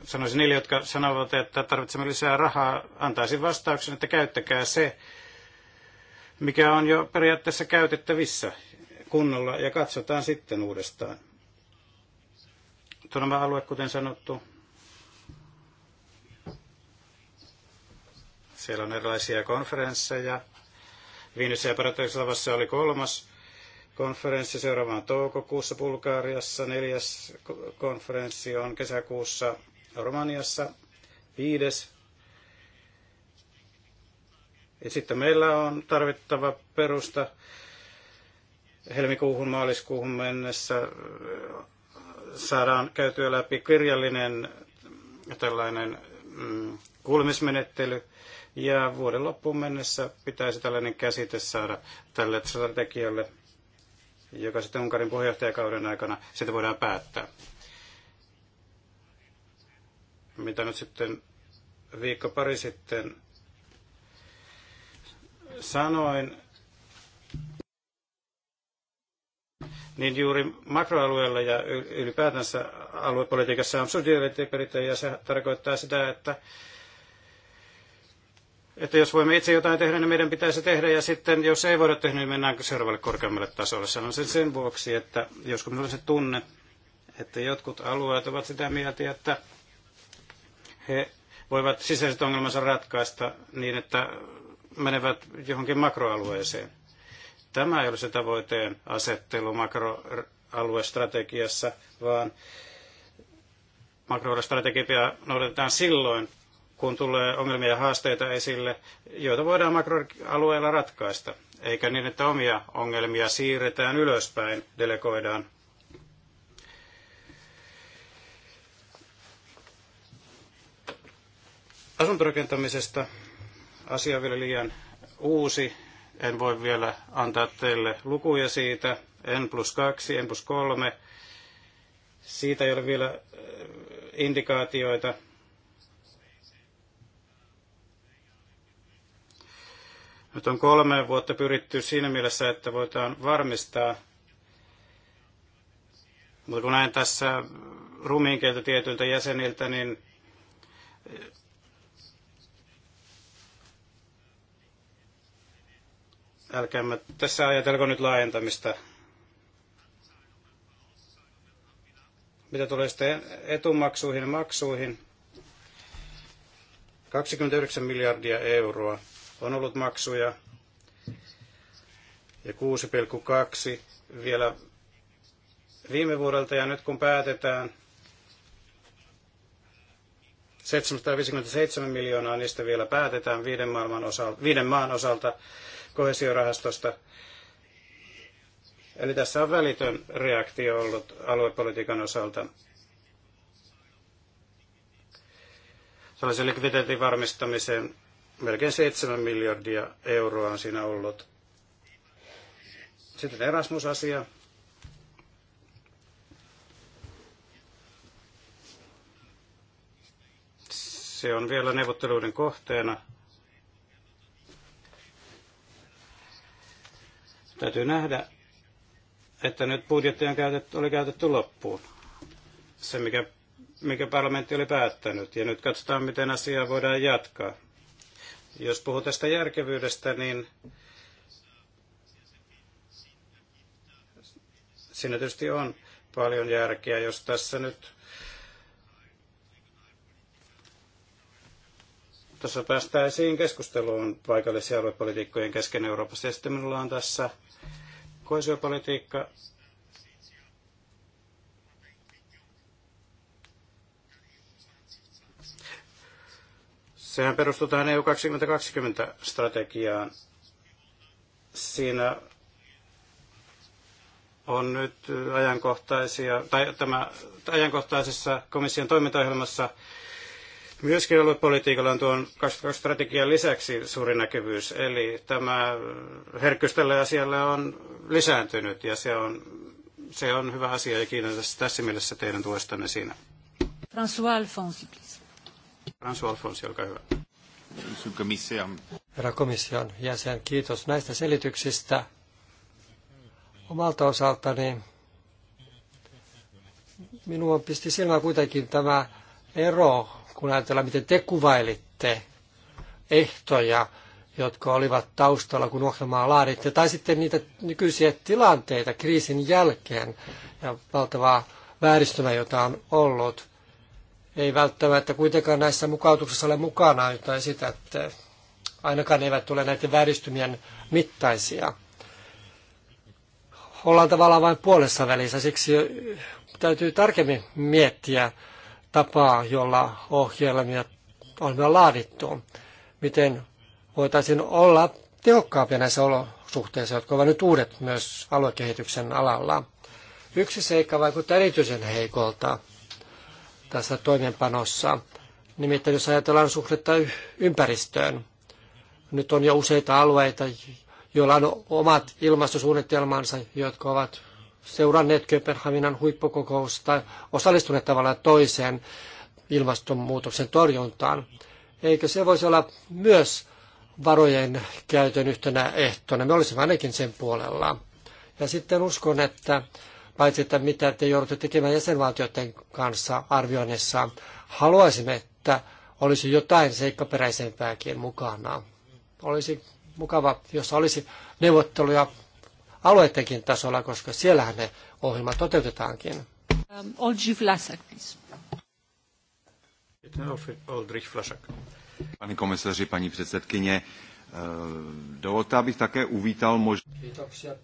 [SPEAKER 2] sanoisin niille, jotka sanovat, että tarvitsemme lisää rahaa, antaisin vastauksen, että käyttäkää se, mikä on jo periaatteessa käytettävissä kunnolla ja katsotaan sitten uudestaan. Tuo alue, kuten sanottu, siellä on erilaisia konferensseja. Viinissä ja Paratoislavassa oli kolmas konferenssi seuraavaan toukokuussa Bulgaariassa, neljäs konferenssi on kesäkuussa Romaniassa, viides. Ja sitten meillä on tarvittava perusta helmikuuhun, maaliskuuhun mennessä saadaan käytyä läpi kirjallinen tällainen mm, kuulemismenettely, ja vuoden loppuun mennessä pitäisi tällainen käsite saada tälle strategialle, joka sitten Unkarin puheenjohtajakauden aikana sitä voidaan päättää mitä nyt sitten viikko pari sitten sanoin, niin juuri makroalueella ja ylipäätänsä aluepolitiikassa on subsidiariteettiperinte ja se tarkoittaa sitä, että että jos voimme itse jotain tehdä, niin meidän pitää se tehdä, ja sitten jos ei voida tehdä, niin mennäänkö seuraavalle korkeammalle tasolle. Sanon sen sen vuoksi, että joskus minulla on se tunne, että jotkut alueet ovat sitä mieltä, että he voivat sisäiset ongelmansa ratkaista niin, että menevät johonkin makroalueeseen. Tämä ei ole se tavoitteen asettelu makroaluestrategiassa, vaan makroaluestrategiaa noudatetaan silloin, kun tulee ongelmia ja haasteita esille, joita voidaan makroalueella ratkaista, eikä niin, että omia ongelmia siirretään ylöspäin, delegoidaan asuntorakentamisesta. Asia on vielä liian uusi. En voi vielä antaa teille lukuja siitä. N plus 2, N plus 3. Siitä ei ole vielä äh, indikaatioita. Nyt on kolme vuotta pyritty siinä mielessä, että voidaan varmistaa, mutta kun näen tässä rumiinkieltä tietyiltä jäseniltä, niin Älkäämme tässä ajatelko nyt laajentamista. Mitä tulee sitten etumaksuihin ja maksuihin, 29 miljardia euroa on ollut maksuja ja 6,2 vielä viime vuodelta ja nyt kun päätetään 757 miljoonaa, niistä vielä päätetään viiden, osalta, viiden maan osalta koesiorahastosta. Eli tässä on välitön reaktio ollut aluepolitiikan osalta. Sellaisen likviditeetin varmistamiseen melkein 7 miljardia euroa on siinä ollut. Sitten Erasmus-asia. Se on vielä neuvotteluiden kohteena. Täytyy nähdä, että nyt budjetti on käytetty, oli käytetty loppuun. Se, mikä, mikä parlamentti oli päättänyt. Ja nyt katsotaan, miten asiaa voidaan jatkaa. Jos puhuu tästä järkevyydestä, niin siinä tietysti on paljon järkeä, jos tässä nyt jossa päästäisiin keskusteluun paikallisia aluepolitiikkojen kesken Euroopassa. Ja sitten minulla on tässä koesiopolitiikka. Sehän perustuu tähän EU 2020-strategiaan. Siinä on nyt ajankohtaisia, tai tämä ajankohtaisessa komission toimintaohjelmassa Myöskin aluepolitiikalla on tuon 22-strategian lisäksi suuri näkyvyys, eli tämä herkkyys tälle asialle on lisääntynyt ja se on, se on hyvä asia ja kiitän tässä, tässä mielessä teidän tuestanne siinä.
[SPEAKER 1] François Alfonsi, please.
[SPEAKER 2] François Alfonsi, olkaa hyvä.
[SPEAKER 4] Herra komission jäsen, kiitos näistä selityksistä. Omalta osaltani minua pisti silmään kuitenkin tämä ero kun ajatellaan, miten te kuvailitte ehtoja, jotka olivat taustalla, kun ohjelmaa laaditte, tai sitten niitä nykyisiä tilanteita kriisin jälkeen ja valtavaa vääristymää, jota on ollut. Ei välttämättä kuitenkaan näissä mukautuksissa ole mukana, jota esitätte. Ainakaan ne eivät tule näiden vääristymien mittaisia. Ollaan tavallaan vain puolessa välissä, siksi täytyy tarkemmin miettiä, tapaa, jolla ohjelmia on laadittu. Miten voitaisiin olla tehokkaampia näissä olosuhteissa, jotka ovat nyt uudet myös aluekehityksen alalla. Yksi seikka vaikuttaa erityisen heikolta tässä toimeenpanossa. Nimittäin jos ajatellaan suhdetta ympäristöön, nyt on jo useita alueita, joilla on omat ilmastosuunnitelmansa, jotka ovat seuranneet Kööpenhaminan huippukokousta, osallistuneet tavallaan toiseen ilmastonmuutoksen torjuntaan. Eikö se voisi olla myös varojen käytön yhtenä ehtona? Me olisimme ainakin sen puolella. Ja sitten uskon, että paitsi että mitä te joudutte tekemään jäsenvaltioiden kanssa arvioinnissa, haluaisimme, että olisi jotain seikkaperäisempääkin mukana. Olisi mukava, jos olisi neuvotteluja alueidenkin tasolla, koska siellähän ne ohjelmat toteutetaankin.
[SPEAKER 1] Um, Olgi Vlasak, please.
[SPEAKER 2] Oldrich Vlasak. Pane komisaři,
[SPEAKER 4] paní předsedkyně, eh, dovolte, abych také uvítal možnost... Kiitoksia.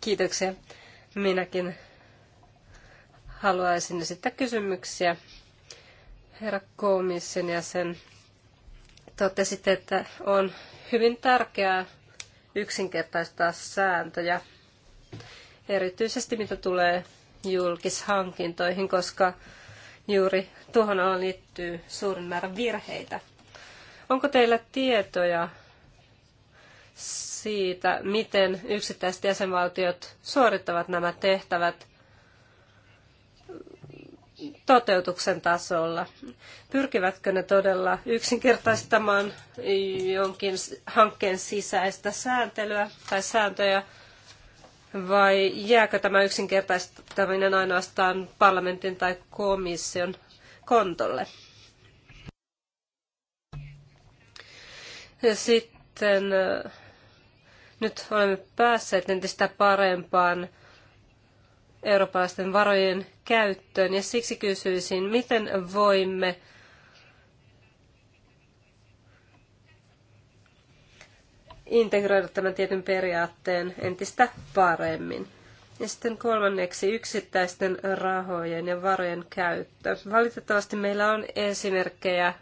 [SPEAKER 3] Kiitoksia. Minäkin haluaisin esittää kysymyksiä. Herra komission jäsen, totesitte, että on hyvin tärkeää yksinkertaistaa sääntöjä, erityisesti mitä tulee julkishankintoihin, koska juuri tuohon alaan liittyy suurin määrä virheitä. Onko teillä tietoja siitä, miten yksittäiset jäsenvaltiot suorittavat nämä tehtävät toteutuksen tasolla? Pyrkivätkö ne todella yksinkertaistamaan jonkin hankkeen sisäistä sääntelyä tai sääntöjä? Vai jääkö tämä yksinkertaistaminen ainoastaan parlamentin tai komission kontolle? Ja sitten nyt olemme päässeet entistä parempaan eurooppalaisten varojen käyttöön. Ja siksi kysyisin, miten voimme integroida tämän tietyn periaatteen entistä paremmin. Ja sitten kolmanneksi yksittäisten rahojen ja varojen käyttö. Valitettavasti meillä on esimerkkejä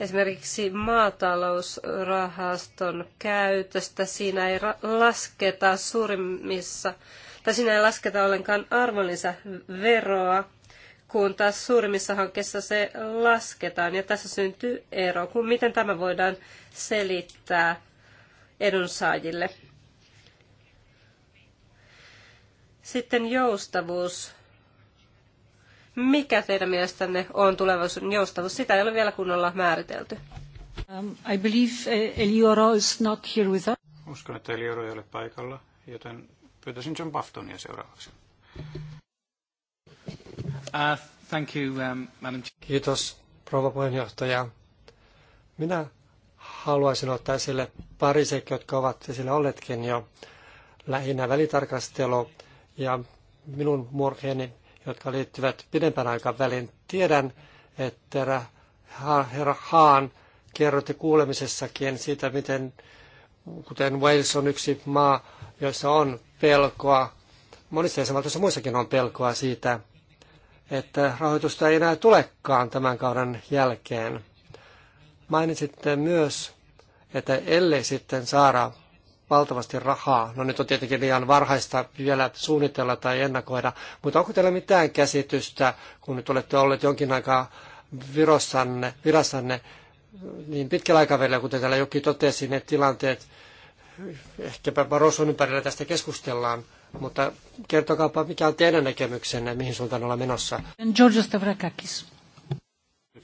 [SPEAKER 3] esimerkiksi maatalousrahaston käytöstä. Siinä ei lasketa suurimmissa, tai siinä ei lasketa ollenkaan arvonlisäveroa, kun taas suurimmissa hankkeissa se lasketaan. Ja tässä syntyy ero, kun miten tämä voidaan selittää edunsaajille. Sitten joustavuus mikä teidän mielestänne on tulevaisuuden joustavuus? Sitä ei ole vielä kunnolla määritelty.
[SPEAKER 1] Um, I believe uh, Elioro is not here with us.
[SPEAKER 2] Uskon, että Elioro ei ole paikalla, joten pyytäisin John Baftonia seuraavaksi. Uh, thank you, um, Madam Kiitos,
[SPEAKER 4] rouva puheenjohtaja. Minä haluaisin ottaa esille pari seikkaa, jotka ovat esille olleetkin jo lähinnä välitarkastelu ja minun murheeni jotka liittyvät pidempän aikavälin. Tiedän, että herra Haan kerrotte kuulemisessakin siitä, miten, kuten Wales on yksi maa, jossa on pelkoa, monissa jäsenvaltioissa muissakin on pelkoa siitä, että rahoitusta ei enää tulekaan tämän kauden jälkeen. Mainitsitte myös, että ellei sitten saada valtavasti rahaa. No nyt on tietenkin liian varhaista vielä suunnitella tai ennakoida, mutta onko teillä mitään käsitystä, kun nyt olette olleet jonkin aikaa virossanne, virassanne, niin pitkällä aikavälillä, kuten täällä jokin totesi, ne tilanteet, ehkäpä Barroson ympärillä tästä keskustellaan, mutta kertokaapa, mikä on teidän näkemyksenne, mihin suuntaan ollaan menossa.
[SPEAKER 1] George Stavrakakis.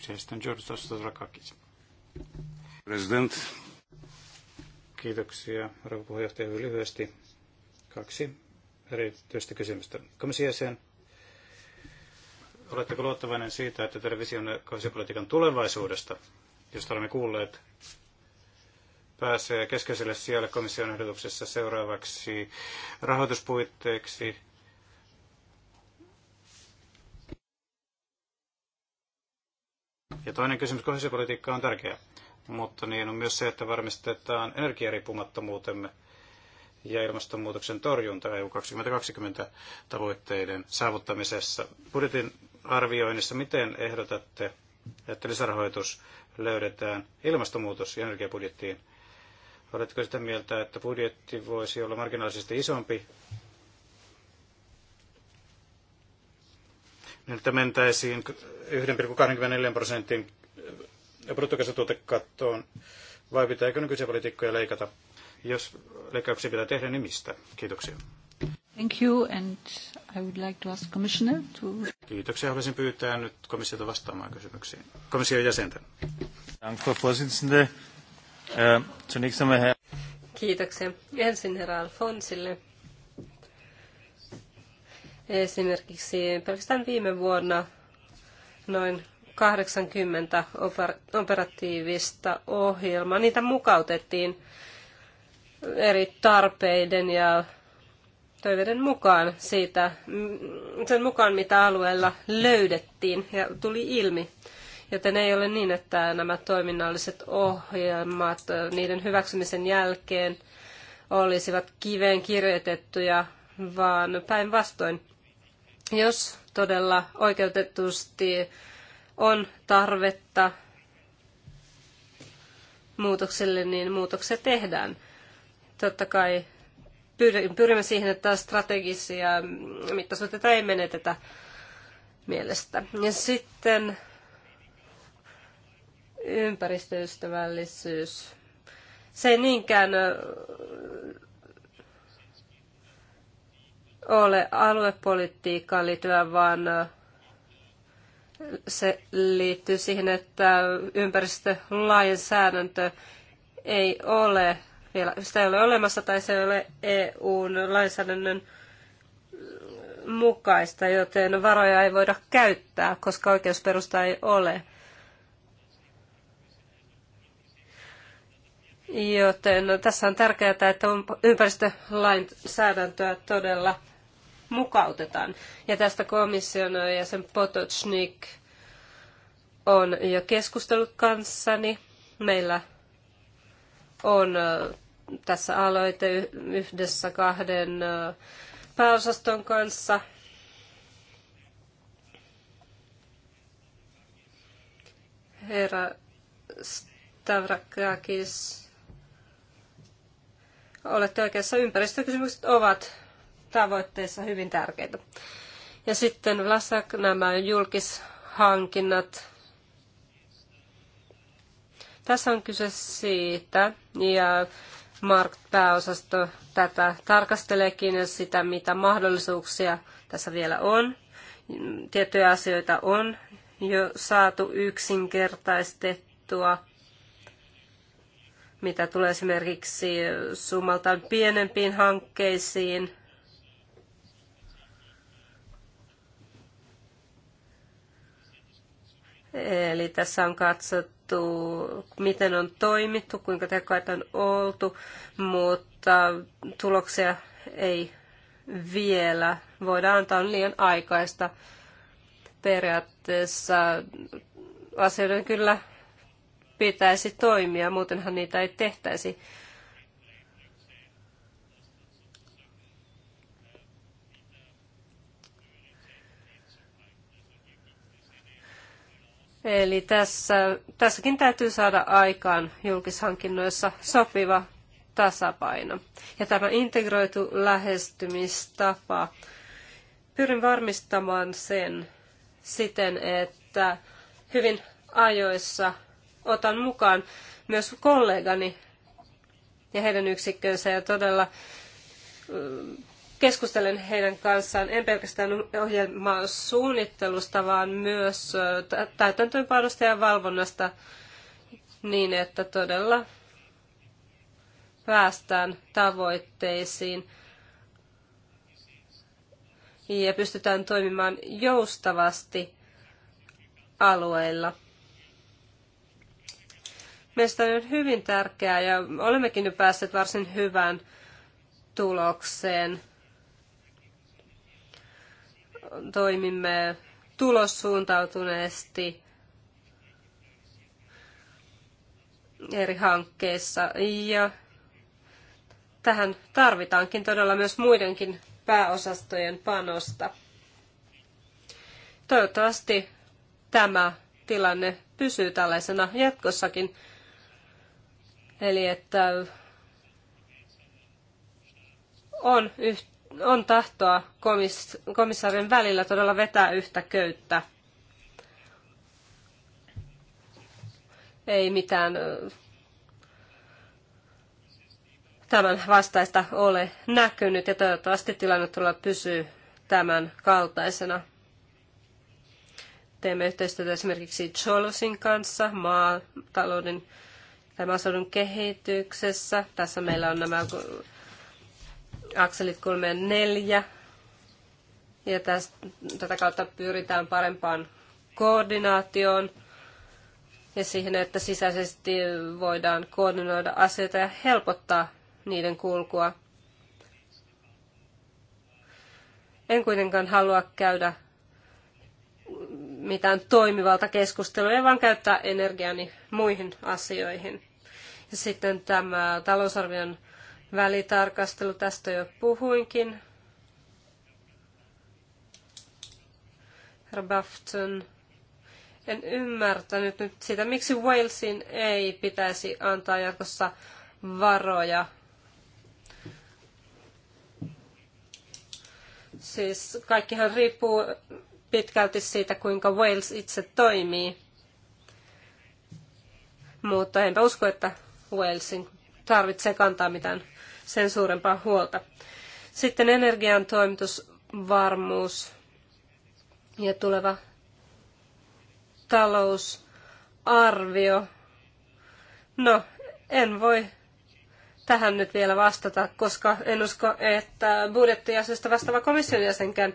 [SPEAKER 4] George Stavrakakis. President,
[SPEAKER 2] Kiitoksia, rouva puheenjohtaja, hyvin lyhyesti. Kaksi erityistä kysymystä. Komission jäsen, oletteko luottavainen siitä, että television kausipolitiikan tulevaisuudesta, josta olemme kuulleet, pääsee keskeiselle siellä komission ehdotuksessa seuraavaksi rahoituspuitteeksi Ja toinen kysymys, kohdallisuuspolitiikka on tärkeä mutta niin on myös se, että varmistetaan energiariippumattomuutemme ja ilmastonmuutoksen torjunta EU 2020 tavoitteiden saavuttamisessa. Budjetin arvioinnissa, miten ehdotatte, että lisärahoitus löydetään ilmastonmuutos- ja energiabudjettiin? Oletko sitä mieltä, että budjetti voisi olla marginaalisesti isompi? Niin, että mentäisiin 1,24 prosentin bruttokansantuotekattoon vai pitääkö nykyisiä poliitikkoja leikata? Jos leikkauksia pitää tehdä, niin mistä? Kiitoksia.
[SPEAKER 1] Thank you, and I would like to ask Commissioner to...
[SPEAKER 2] Kiitoksia. Haluaisin pyytää nyt komissiota vastaamaan kysymyksiin. Komission jäsentä. Ähm,
[SPEAKER 3] Kiitoksia. Ensin herra Alfonsille. Esimerkiksi pelkästään viime vuonna noin 80 operatiivista ohjelmaa. Niitä mukautettiin eri tarpeiden ja toiveiden mukaan siitä, mm, sen mukaan mitä alueella löydettiin ja tuli ilmi. Joten ei ole niin, että nämä toiminnalliset ohjelmat niiden hyväksymisen jälkeen olisivat kiveen kirjoitettuja, vaan päinvastoin. Jos todella oikeutetusti on tarvetta muutokselle, niin muutoksia tehdään. Totta kai pyrimme siihen, että strategisia mittasuhteita ei menetetä mielestä. Ja sitten ympäristöystävällisyys. Se ei niinkään ole aluepolitiikkaan liittyvä, vaan se liittyy siihen, että ympäristölainsäädäntö ei ole vielä, sitä ei ole olemassa tai se ei ole EUn lainsäädännön mukaista, joten varoja ei voida käyttää, koska oikeusperusta ei ole. Joten tässä on tärkeää, että ympäristölainsäädäntöä todella mukautetaan. Ja tästä komission ja sen Potocnik on jo keskustellut kanssani. Meillä on tässä aloite yhdessä kahden pääosaston kanssa. Herra Stavrakakis, olette oikeassa. Ympäristökysymykset ovat tavoitteissa hyvin tärkeitä. Ja sitten Vlasak, nämä julkishankinnat. Tässä on kyse siitä, ja Mark pääosasto tätä tarkasteleekin ja sitä, mitä mahdollisuuksia tässä vielä on. Tiettyjä asioita on jo saatu yksinkertaistettua, mitä tulee esimerkiksi summaltaan pienempiin hankkeisiin – Eli tässä on katsottu, miten on toimittu, kuinka tehokkaita on oltu, mutta tuloksia ei vielä voida antaa on liian aikaista. Periaatteessa asioiden kyllä pitäisi toimia, muutenhan niitä ei tehtäisi. Eli tässä, tässäkin täytyy saada aikaan julkishankinnoissa sopiva tasapaino. Ja tämä integroitu lähestymistapa, pyrin varmistamaan sen siten, että hyvin ajoissa otan mukaan myös kollegani ja heidän yksikkönsä ja todella mm, keskustelen heidän kanssaan en pelkästään ohjelman suunnittelusta, vaan myös täytäntöönpanosta ja valvonnasta niin, että todella päästään tavoitteisiin ja pystytään toimimaan joustavasti alueilla. Meistä on hyvin tärkeää ja olemmekin jo päässeet varsin hyvään tulokseen – toimimme tulossuuntautuneesti eri hankkeissa. Ja tähän tarvitaankin todella myös muidenkin pääosastojen panosta. Toivottavasti tämä tilanne pysyy tällaisena jatkossakin. Eli että on on tahtoa komis- komissaarien välillä todella vetää yhtä köyttä. Ei mitään tämän vastaista ole näkynyt ja toivottavasti tilanne tulla pysyy tämän kaltaisena. Teemme yhteistyötä esimerkiksi Cholosin kanssa maatalouden tai maaseudun kehityksessä. Tässä meillä on nämä akselit 3 ja Ja tästä, tätä kautta pyritään parempaan koordinaatioon ja siihen, että sisäisesti voidaan koordinoida asioita ja helpottaa niiden kulkua. En kuitenkaan halua käydä mitään toimivalta keskustelua, vaan käyttää energiani muihin asioihin. Ja sitten tämä talousarvion välitarkastelu, tästä jo puhuinkin. Herra Bafton, en ymmärtänyt nyt sitä, miksi Walesin ei pitäisi antaa jatkossa varoja. Siis kaikkihan riippuu pitkälti siitä, kuinka Wales itse toimii. Mutta enpä usko, että Walesin tarvitsee kantaa mitään sen suurempaa huolta. Sitten energian toimitusvarmuus ja tuleva talousarvio. No, en voi tähän nyt vielä vastata, koska en usko, että budjettiasioista vastaava komission jäsenkään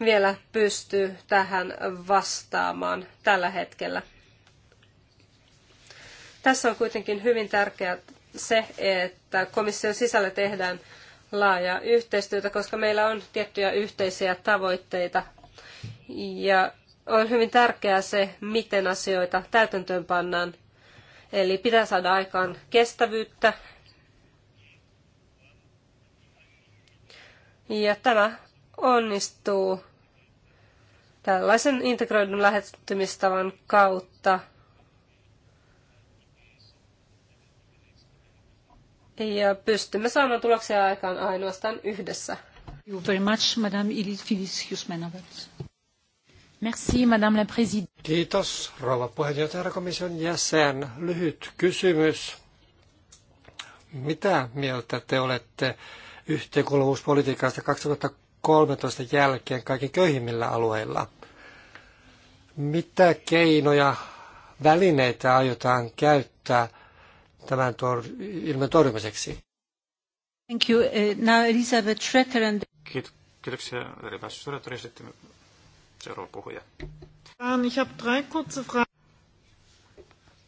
[SPEAKER 3] vielä pystyy tähän vastaamaan tällä hetkellä. Tässä on kuitenkin hyvin tärkeät se, että komission sisällä tehdään laajaa yhteistyötä, koska meillä on tiettyjä yhteisiä tavoitteita. Ja on hyvin tärkeää se, miten asioita täytäntöön pannaan. Eli pitää saada aikaan kestävyyttä. Ja tämä onnistuu tällaisen integroidun lähestymistavan kautta – Ja pystymme saamaan tuloksia aikaan ainoastaan yhdessä.
[SPEAKER 1] You very much, Madame Merci, Madame la Présidente.
[SPEAKER 4] Kiitos, rouva puheenjohtaja, komission jäsen. Lyhyt kysymys. Mitä mieltä te olette yhteenkuuluvuuspolitiikasta 2013 jälkeen kaikin köyhimmillä alueilla? Mitä keinoja, välineitä aiotaan käyttää – tämän tor- ilmiön torjumiseksi.
[SPEAKER 1] Thank you. Eh, now Elizabeth Schroeder and...
[SPEAKER 4] Kiit- kiitoksia Elizabeth
[SPEAKER 2] Schroeder ja sitten seuraava puhuja.
[SPEAKER 1] Ähm, ich habe drei kurze Fragen.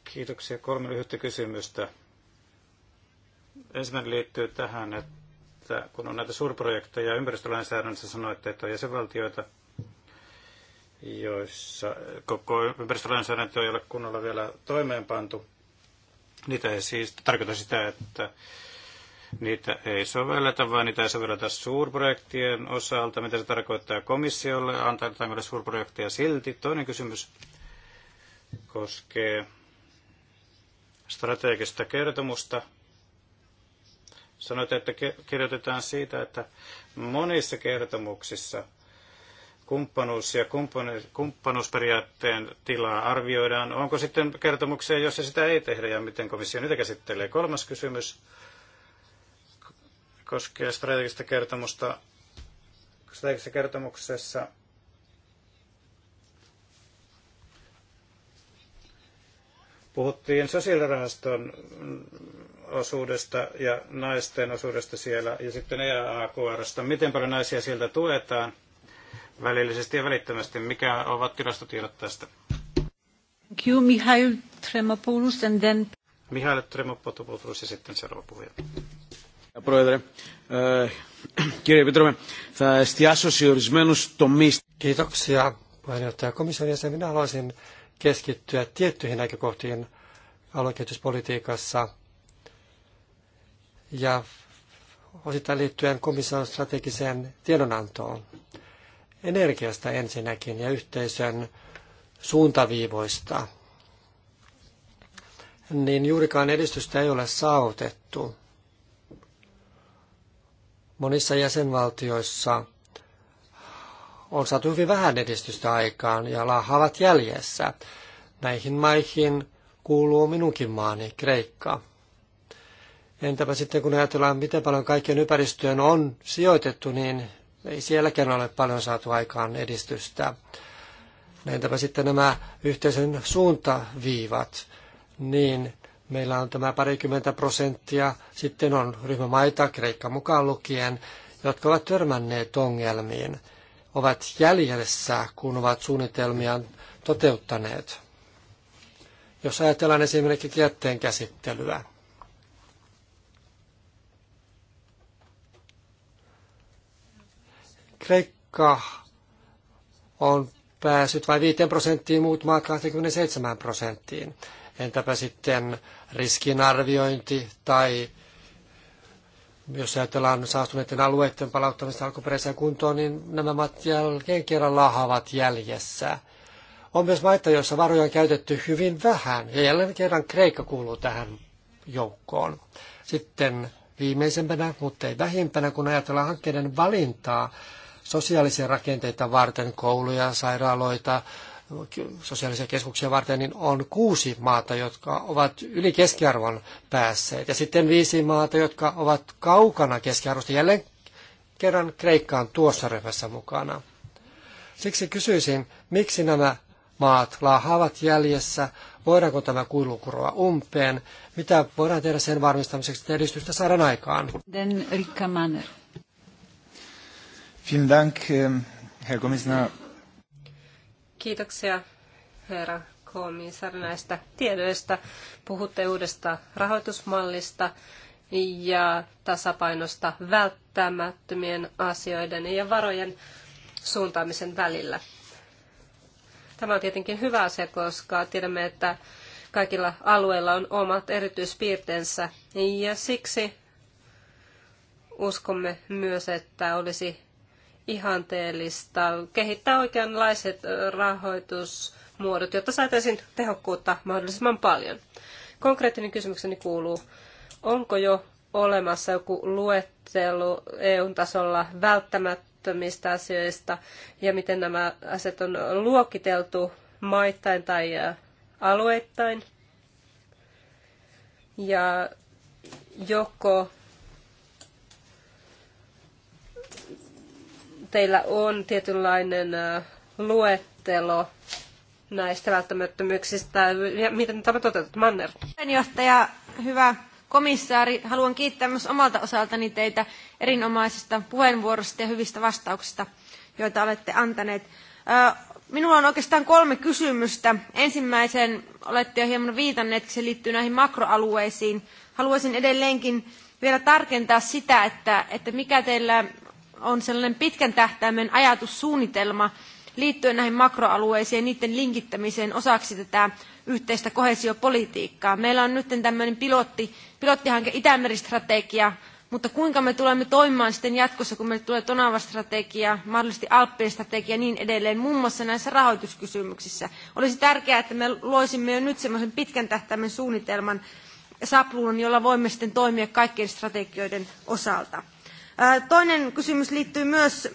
[SPEAKER 2] Kiitoksia. Kolme lyhyttä kysymystä. Ensimmäinen liittyy tähän, että kun on näitä suurprojekteja ympäristölainsäädännössä sanoitte, että on jäsenvaltioita, joissa koko ympäristölainsäädäntö ei ole kunnolla vielä toimeenpantu. Niitä ei siis tarkoita sitä, että niitä ei sovelleta, vaan niitä ei sovelleta suurprojektien osalta. Mitä se tarkoittaa komissiolle? antaa meille suurprojekteja silti? Toinen kysymys koskee strategista kertomusta. Sanoit, että kirjoitetaan siitä, että monissa kertomuksissa – kumppanuus- ja kumppanuusperiaatteen tilaa arvioidaan. Onko sitten kertomuksia, se sitä ei tehdä ja miten komissio niitä käsittelee? Kolmas kysymys koskee strategista kertomusta. Strategisessa kertomuksessa puhuttiin sosiaalirahaston osuudesta ja naisten osuudesta siellä ja sitten EAKRsta. Miten paljon naisia sieltä tuetaan? välillisesti ja välittömästi. Mikä ovat tilastotiedot tästä?
[SPEAKER 1] Thank you, Mihail Tremopoulos, and then...
[SPEAKER 2] Mihail Tremopoulos ja sitten seuraava puhuja.
[SPEAKER 4] Πρόεδρε, ε, κύριε Επίτροπε, Kiitoksia, puheenjohtaja komission jäsen. Minä haluaisin keskittyä tiettyihin näkökohtiin aluekehityspolitiikassa ja osittain liittyen komission strategiseen tiedonantoon energiasta ensinnäkin ja yhteisön suuntaviivoista, niin juurikaan edistystä ei ole saavutettu. Monissa jäsenvaltioissa on saatu hyvin vähän edistystä aikaan ja lahavat jäljessä. Näihin maihin kuuluu minunkin maani, Kreikka. Entäpä sitten kun ajatellaan, miten paljon kaikkien ympäristöön on sijoitettu, niin ei sielläkään ole paljon saatu aikaan edistystä. Entäpä sitten nämä yhteisen suuntaviivat, niin meillä on tämä parikymmentä prosenttia, sitten on ryhmämaita, Kreikka mukaan lukien, jotka ovat törmänneet ongelmiin, ovat jäljessä, kun ovat suunnitelmiaan toteuttaneet. Jos ajatellaan esimerkiksi jätteen käsittelyä, Kreikka on päässyt vain 5 prosenttiin, muut maat 27 prosenttiin. Entäpä sitten riskinarviointi tai jos ajatellaan saastuneiden alueiden palauttamista alkuperäiseen kuntoon, niin nämä maat jälkeen kerran lahavat jäljessä. On myös maita, joissa varoja on käytetty hyvin vähän, ja jälleen kerran Kreikka kuuluu tähän joukkoon. Sitten viimeisempänä, mutta ei vähimpänä, kun ajatellaan hankkeiden valintaa, sosiaalisia rakenteita varten, kouluja, sairaaloita, sosiaalisia keskuksia varten, niin on kuusi maata, jotka ovat yli keskiarvon päässeet. Ja sitten viisi maata, jotka ovat kaukana keskiarvosta. Jälleen kerran Kreikkaan tuossa ryhmässä mukana. Siksi kysyisin, miksi nämä maat laahaavat jäljessä, voidaanko tämä kuilu kuroa umpeen, mitä voidaan tehdä sen varmistamiseksi, että edistystä saadaan aikaan.
[SPEAKER 1] Den Rikka Manner.
[SPEAKER 4] Vielen Dank, ähm, Herr Kommissar.
[SPEAKER 3] Kiitoksia, herra komissaari, näistä tiedoista. Puhutte uudesta rahoitusmallista ja tasapainosta välttämättömien asioiden ja varojen suuntaamisen välillä. Tämä on tietenkin hyvä asia, koska tiedämme, että kaikilla alueilla on omat erityispiirteensä ja siksi uskomme myös, että olisi ihanteellista kehittää oikeanlaiset rahoitusmuodot, jotta saataisiin tehokkuutta mahdollisimman paljon. Konkreettinen kysymykseni kuuluu, onko jo olemassa joku luettelu EU-tasolla välttämättömistä asioista ja miten nämä asiat on luokiteltu maittain tai alueittain? Ja joko teillä on tietynlainen luettelo näistä välttämättömyyksistä. Ja miten tämä toteutetaan, Manner?
[SPEAKER 5] Puheenjohtaja, hyvä komissaari, haluan kiittää myös omalta osaltani teitä erinomaisista puheenvuorosta ja hyvistä vastauksista, joita olette antaneet. Minulla on oikeastaan kolme kysymystä. Ensimmäisen olette jo hieman viitanneet, se liittyy näihin makroalueisiin. Haluaisin edelleenkin vielä tarkentaa sitä, että, että mikä teillä on sellainen pitkän tähtäimen ajatussuunnitelma liittyen näihin makroalueisiin ja niiden linkittämiseen osaksi tätä yhteistä koheesiopolitiikkaa. Meillä on nyt tämmöinen pilotti, pilottihanke Itämeristrategia, mutta kuinka me tulemme toimimaan sitten jatkossa, kun meille tulee Tonava-strategia, mahdollisesti Alppien strategia ja niin edelleen, muun muassa näissä rahoituskysymyksissä. Olisi tärkeää, että me loisimme jo nyt semmoisen pitkän tähtäimen suunnitelman sapluun, jolla voimme sitten toimia kaikkien strategioiden osalta. Toinen kysymys liittyy myös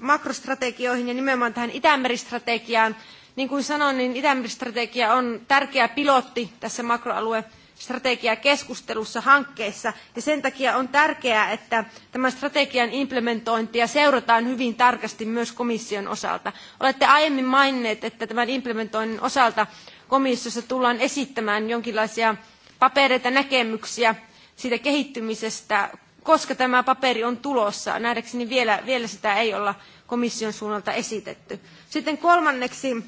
[SPEAKER 5] makrostrategioihin ja nimenomaan tähän Itämeri-strategiaan. Niin kuin sanoin, niin Itämeri-strategia on tärkeä pilotti tässä makroalue strategiakeskustelussa hankkeissa ja sen takia on tärkeää, että tämän strategian implementointia seurataan hyvin tarkasti myös komission osalta. Olette aiemmin maininneet, että tämän implementoinnin osalta komissiossa tullaan esittämään jonkinlaisia papereita, näkemyksiä siitä kehittymisestä koska tämä paperi on tulossa. Nähdäkseni vielä, vielä sitä ei olla komission suunnalta esitetty. Sitten kolmanneksi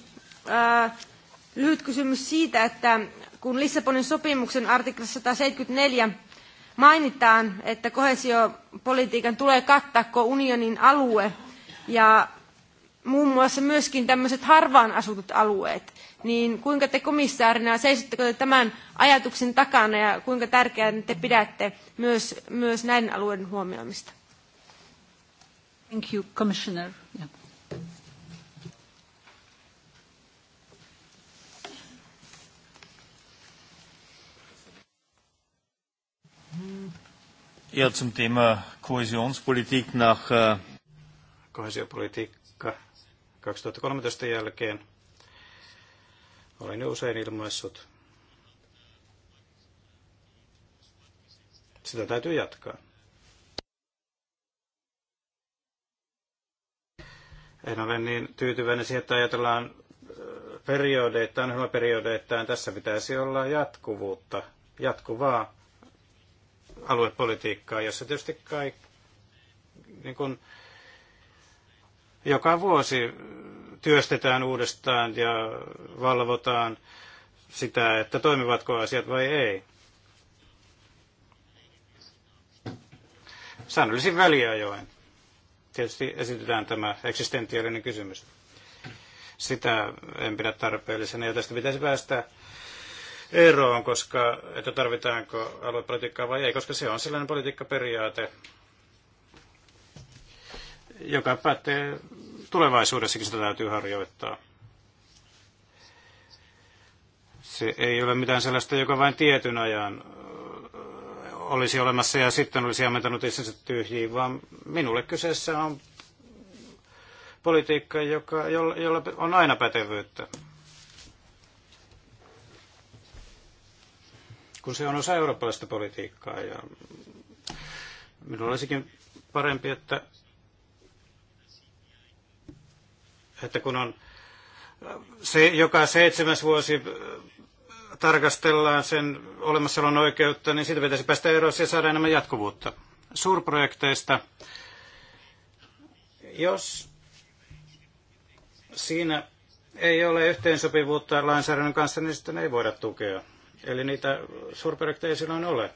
[SPEAKER 5] ää, äh, lyhyt kysymys siitä, että kun Lissabonin sopimuksen artiklassa 174 mainitaan, että kohesiopolitiikan tulee kattaa unionin alue ja muun muassa myöskin tämmöiset harvaan asutut alueet, niin kuinka te komissaarina seisotteko te tämän ajatuksen takana ja kuinka tärkeänä te pidätte myös, myös näiden alueiden huomioimista?
[SPEAKER 1] Thank you, Commissioner. Yeah.
[SPEAKER 3] Ja zum Thema Kohäsionspolitik nach äh
[SPEAKER 2] 2013 jälkeen olen jo usein ilmaissut. Sitä täytyy jatkaa. En ole niin tyytyväinen siihen, että ajatellaan periodeittain, ohjelmaperiodeittain. Tässä pitäisi olla jatkuvuutta, jatkuvaa aluepolitiikkaa, jossa tietysti kaikki, niin kuin, joka vuosi työstetään uudestaan ja valvotaan sitä, että toimivatko asiat vai ei. Säännöllisin väliajoin. Tietysti esitetään tämä eksistentiaalinen kysymys. Sitä en pidä tarpeellisena ja tästä pitäisi päästä eroon, koska, että tarvitaanko aluepolitiikkaa vai ei, koska se on sellainen politiikkaperiaate, joka pätee tulevaisuudessakin sitä täytyy harjoittaa. Se ei ole mitään sellaista, joka vain tietyn ajan olisi olemassa ja sitten olisi ammentanut itsensä tyhjiin, vaan minulle kyseessä on politiikka, joka, jolla, jolla on aina pätevyyttä. Kun se on osa eurooppalaista politiikkaa ja minulla olisikin parempi, että että kun on se, joka seitsemäs vuosi äh, tarkastellaan sen olemassaolon oikeutta, niin siitä pitäisi päästä eroon ja saada enemmän jatkuvuutta. Suurprojekteista, jos siinä ei ole yhteensopivuutta lainsäädännön kanssa, niin sitten ei voida tukea. Eli niitä suurprojekteja ei silloin ole.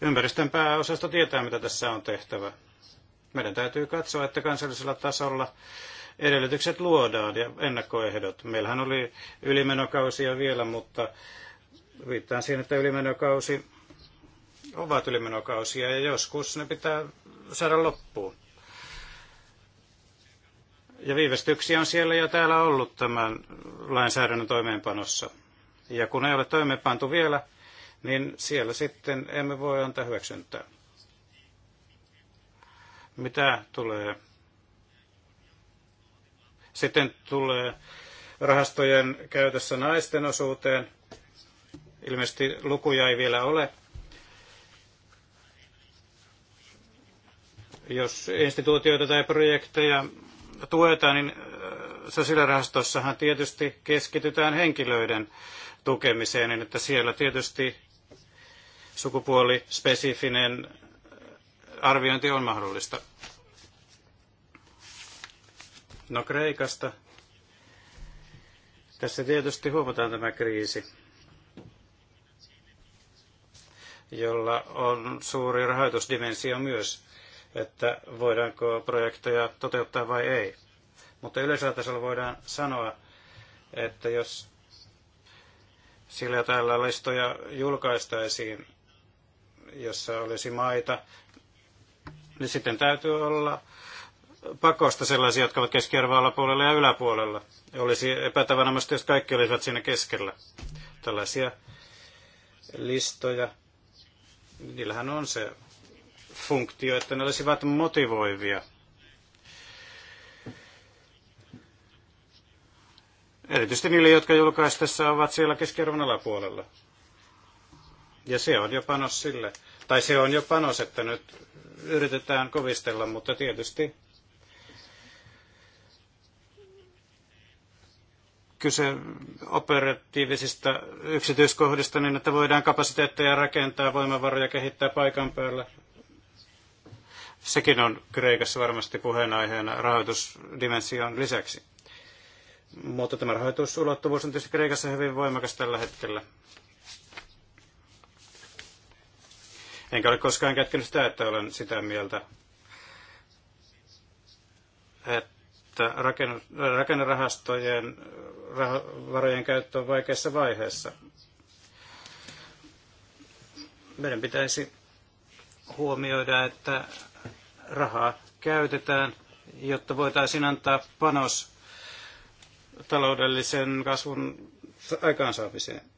[SPEAKER 2] Ympäristön pääosasto tietää, mitä tässä on tehtävä. Meidän täytyy katsoa, että kansallisella tasolla edellytykset luodaan ja ennakkoehdot. Meillähän oli ylimenokausia vielä, mutta viittaan siihen, että ylimenokausi ovat ylimenokausia ja joskus ne pitää saada loppuun. Ja viivästyksiä on siellä ja täällä ollut tämän lainsäädännön toimeenpanossa. Ja kun ei ole toimeenpantu vielä, niin siellä sitten emme voi antaa hyväksyntää. Mitä tulee? Sitten tulee rahastojen käytössä naisten osuuteen. Ilmeisesti lukuja ei vielä ole. Jos instituutioita tai projekteja tuetaan, niin äh, sosiaalirahastossahan tietysti keskitytään henkilöiden tukemiseen, niin että siellä tietysti sukupuolispesifinen arviointi on mahdollista. No Kreikasta. Tässä tietysti huomataan tämä kriisi, jolla on suuri rahoitusdimensio myös, että voidaanko projekteja toteuttaa vai ei. Mutta yleisellä tasolla voidaan sanoa, että jos sillä tällä listoja julkaistaisiin, jossa olisi maita, niin sitten täytyy olla pakosta sellaisia, jotka ovat keskiarvoa alapuolella ja yläpuolella. Olisi epätavanomaista, jos kaikki olisivat siinä keskellä. Tällaisia listoja. Niillähän on se funktio, että ne olisivat motivoivia. Erityisesti niille, jotka julkaistessa ovat siellä keskiarvon alapuolella. Ja se on jo panos sille, tai se on jo panos, että nyt yritetään kovistella, mutta tietysti kyse operatiivisista yksityiskohdista niin, että voidaan kapasiteetteja rakentaa, voimavaroja kehittää paikan päällä. Sekin on Kreikassa varmasti puheenaiheena rahoitusdimension lisäksi. Mutta tämä rahoitusulottuvuus on tietysti Kreikassa hyvin voimakas tällä hetkellä. Enkä ole koskaan kätkenyt sitä, että olen sitä mieltä, että rakennerahastojen varojen käyttö on vaikeassa vaiheessa. Meidän pitäisi huomioida, että rahaa käytetään, jotta voitaisiin antaa panos taloudellisen kasvun aikaansaamiseen.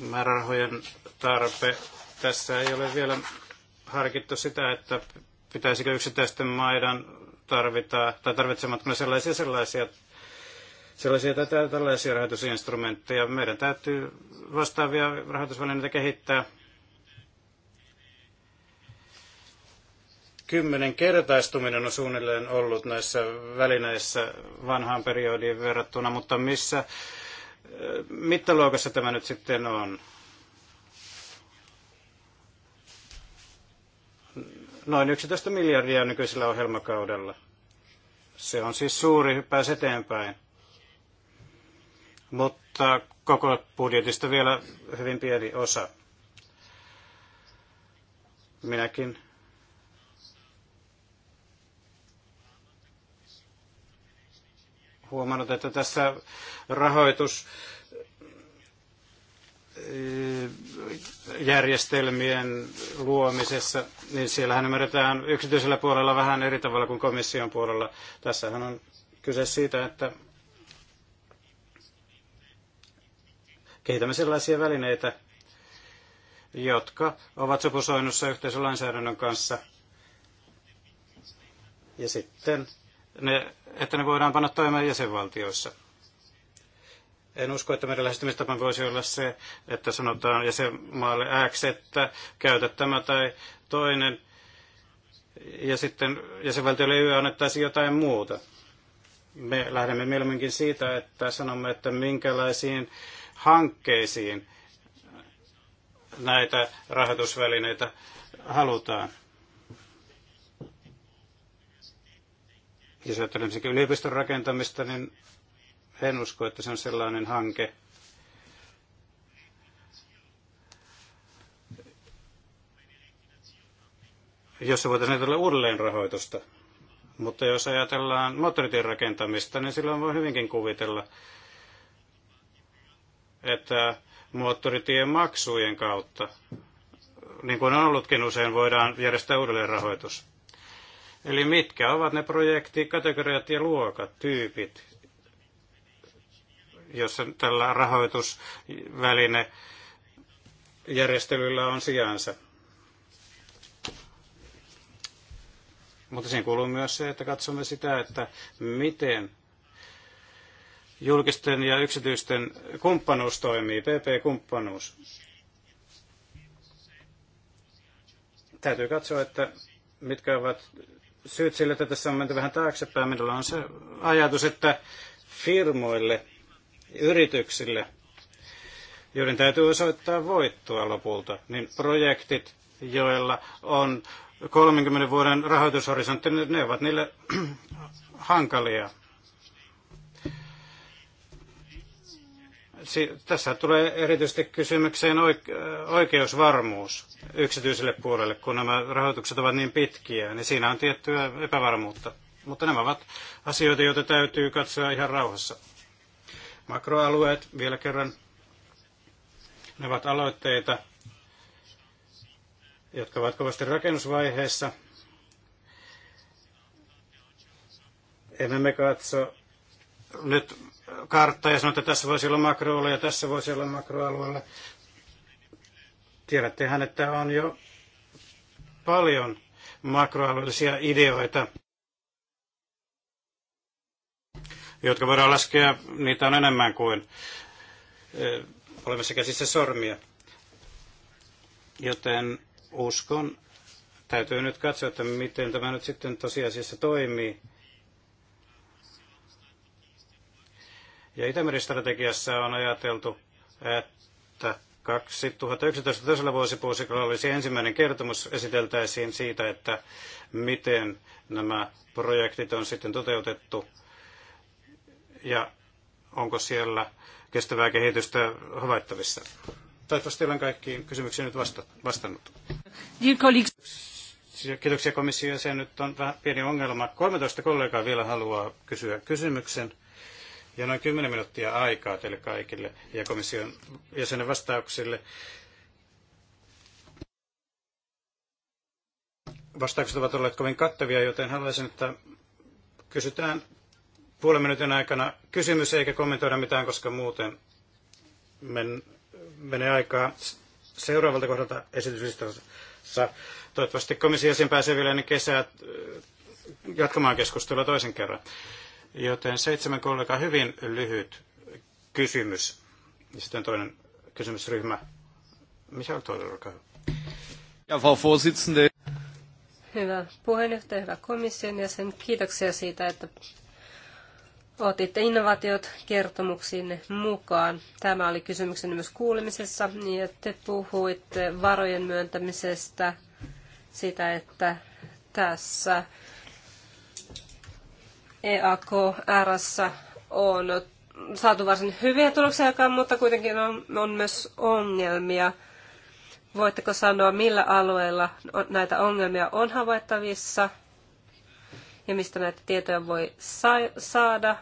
[SPEAKER 2] määrärahojen tarpe. Tässä ei ole vielä harkittu sitä, että pitäisikö yksittäisten maiden tarvita, tai tarvitsematko sellaisia, sellaisia, sellaisia tai tällaisia rahoitusinstrumentteja. Meidän täytyy vastaavia rahoitusvälineitä kehittää. Kymmenen kertaistuminen on suunnilleen ollut näissä välineissä vanhaan periodiin verrattuna, mutta missä mittaluokassa tämä nyt sitten on? Noin 11 miljardia nykyisellä ohjelmakaudella. Se on siis suuri hyppäys eteenpäin. Mutta koko budjetista vielä hyvin pieni osa. Minäkin huomannut, että tässä rahoitus eh, järjestelmien luomisessa, niin siellähän ymmärretään yksityisellä puolella vähän eri tavalla kuin komission puolella. Tässähän on kyse siitä, että kehitämme sellaisia välineitä, jotka ovat sopusoinnussa yhteisölainsäädännön kanssa. Ja sitten ne, että ne voidaan panna toimeen jäsenvaltioissa. En usko, että meidän lähestymistapa voisi olla se, että sanotaan jäsenmaalle X, että käytä tämä tai toinen, ja sitten jäsenvaltiolle Y annettaisiin jotain muuta. Me lähdemme mieluumminkin siitä, että sanomme, että minkälaisiin hankkeisiin näitä rahoitusvälineitä halutaan. Jos ajattelen yliopiston rakentamista, niin en usko, että se on sellainen hanke, jossa voitaisiin ajatella rahoitusta. Mutta jos ajatellaan moottoritien rakentamista, niin silloin voi hyvinkin kuvitella, että moottoritien maksujen kautta, niin kuin on ollutkin usein, voidaan järjestää uudelleen rahoitus. Eli mitkä ovat ne projektikategoriat ja luokat, tyypit, jossa tällä rahoitusväline järjestelyllä on sijansa. Mutta siihen kuuluu myös se, että katsomme sitä, että miten julkisten ja yksityisten kumppanuus toimii, PP-kumppanuus. Täytyy katsoa, että mitkä ovat syyt sille, että tässä on menty vähän taaksepäin, minulla on se ajatus, että firmoille, yrityksille, joiden täytyy osoittaa voittoa lopulta, niin projektit, joilla on 30 vuoden rahoitushorisontti, ne ovat niille [CLEARS THROAT] hankalia. tässä tulee erityisesti kysymykseen oikeusvarmuus yksityiselle puolelle, kun nämä rahoitukset ovat niin pitkiä, niin siinä on tiettyä epävarmuutta. Mutta nämä ovat asioita, joita täytyy katsoa ihan rauhassa. Makroalueet vielä kerran. Ne ovat aloitteita, jotka ovat kovasti rakennusvaiheessa. Emme me katso nyt kartta ja sanoi, että tässä voisi olla makroalue ja tässä voisi olla makroalueella. Tiedättehän, että on jo paljon makroalueellisia ideoita, jotka voidaan laskea, niitä on enemmän kuin eh, olemassa käsissä sormia. Joten uskon, täytyy nyt katsoa, että miten tämä nyt sitten tosiasiassa toimii. Ja Itämeri-strategiassa on ajateltu, että 2011 toisella vuosipuusikolla olisi ensimmäinen kertomus esiteltäisiin siitä, että miten nämä projektit on sitten toteutettu ja onko siellä kestävää kehitystä havaittavissa. Toivottavasti olen kaikkiin kysymyksiin nyt vasta- vastannut. Kiitoksia komission jäsen. Nyt on vähän pieni ongelma. 13 kollegaa vielä haluaa kysyä kysymyksen ja noin 10 minuuttia aikaa teille kaikille ja komission jäsenen vastauksille. Vastaukset ovat olleet kovin kattavia, joten haluaisin, että kysytään puolen minuutin aikana kysymys eikä kommentoida mitään, koska muuten men, menee aikaa seuraavalta kohdalta esityslistassa. Toivottavasti komission jäsen pääsee vielä ennen kesää äh, jatkamaan keskustelua toisen kerran. Joten seitsemän kollegaa hyvin lyhyt kysymys. Ja sitten toinen kysymysryhmä. Michel Toiler, olkaa hyvä. Ja
[SPEAKER 3] Frau Vorsitzende. Hyvä puheenjohtaja, hyvä komission jäsen. Kiitoksia siitä, että otitte innovaatiot kertomuksiin mukaan. Tämä oli kysymykseni myös kuulemisessa. Ja te puhuitte varojen myöntämisestä, sitä, että tässä EAKRssä on saatu varsin hyviä tuloksia aikaan, mutta kuitenkin on, on myös ongelmia. Voitteko sanoa, millä alueilla näitä ongelmia on havaittavissa ja mistä näitä tietoja voi sa- saada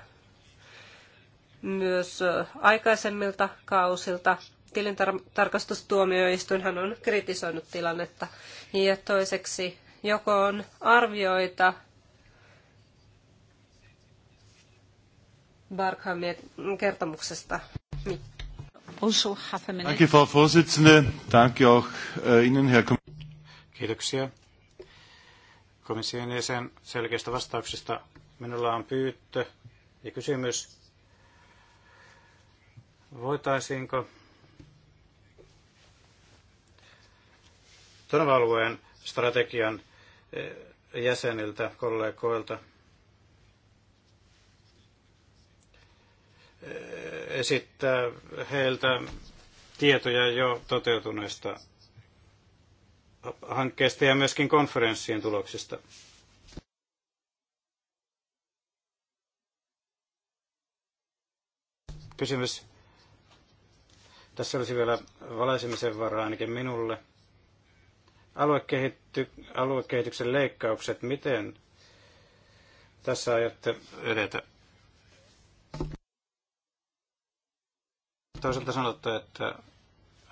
[SPEAKER 3] myös aikaisemmilta kausilta? Tilintarkastustuomioistuinhan on kritisoinut tilannetta. Ja toiseksi, joko on arvioita Barkhamin kertomuksesta. Also half a minute. Danke, Frau
[SPEAKER 2] Vorsitzende.
[SPEAKER 1] Danke auch äh, Ihnen, Herr
[SPEAKER 2] Kiitoksia komission jäsen selkeästä vastauksesta. Minulla on pyyttö ja kysymys. Voitaisiinko Tonava-alueen strategian äh, jäseniltä, kollegoilta esittää heiltä tietoja jo toteutuneista hankkeista ja myöskin konferenssien tuloksista. Kysymys. Tässä olisi vielä valaisemisen varaa ainakin minulle. Aluekehitty, aluekehityksen leikkaukset, miten tässä aiotte edetä? Toisaalta sanottu, että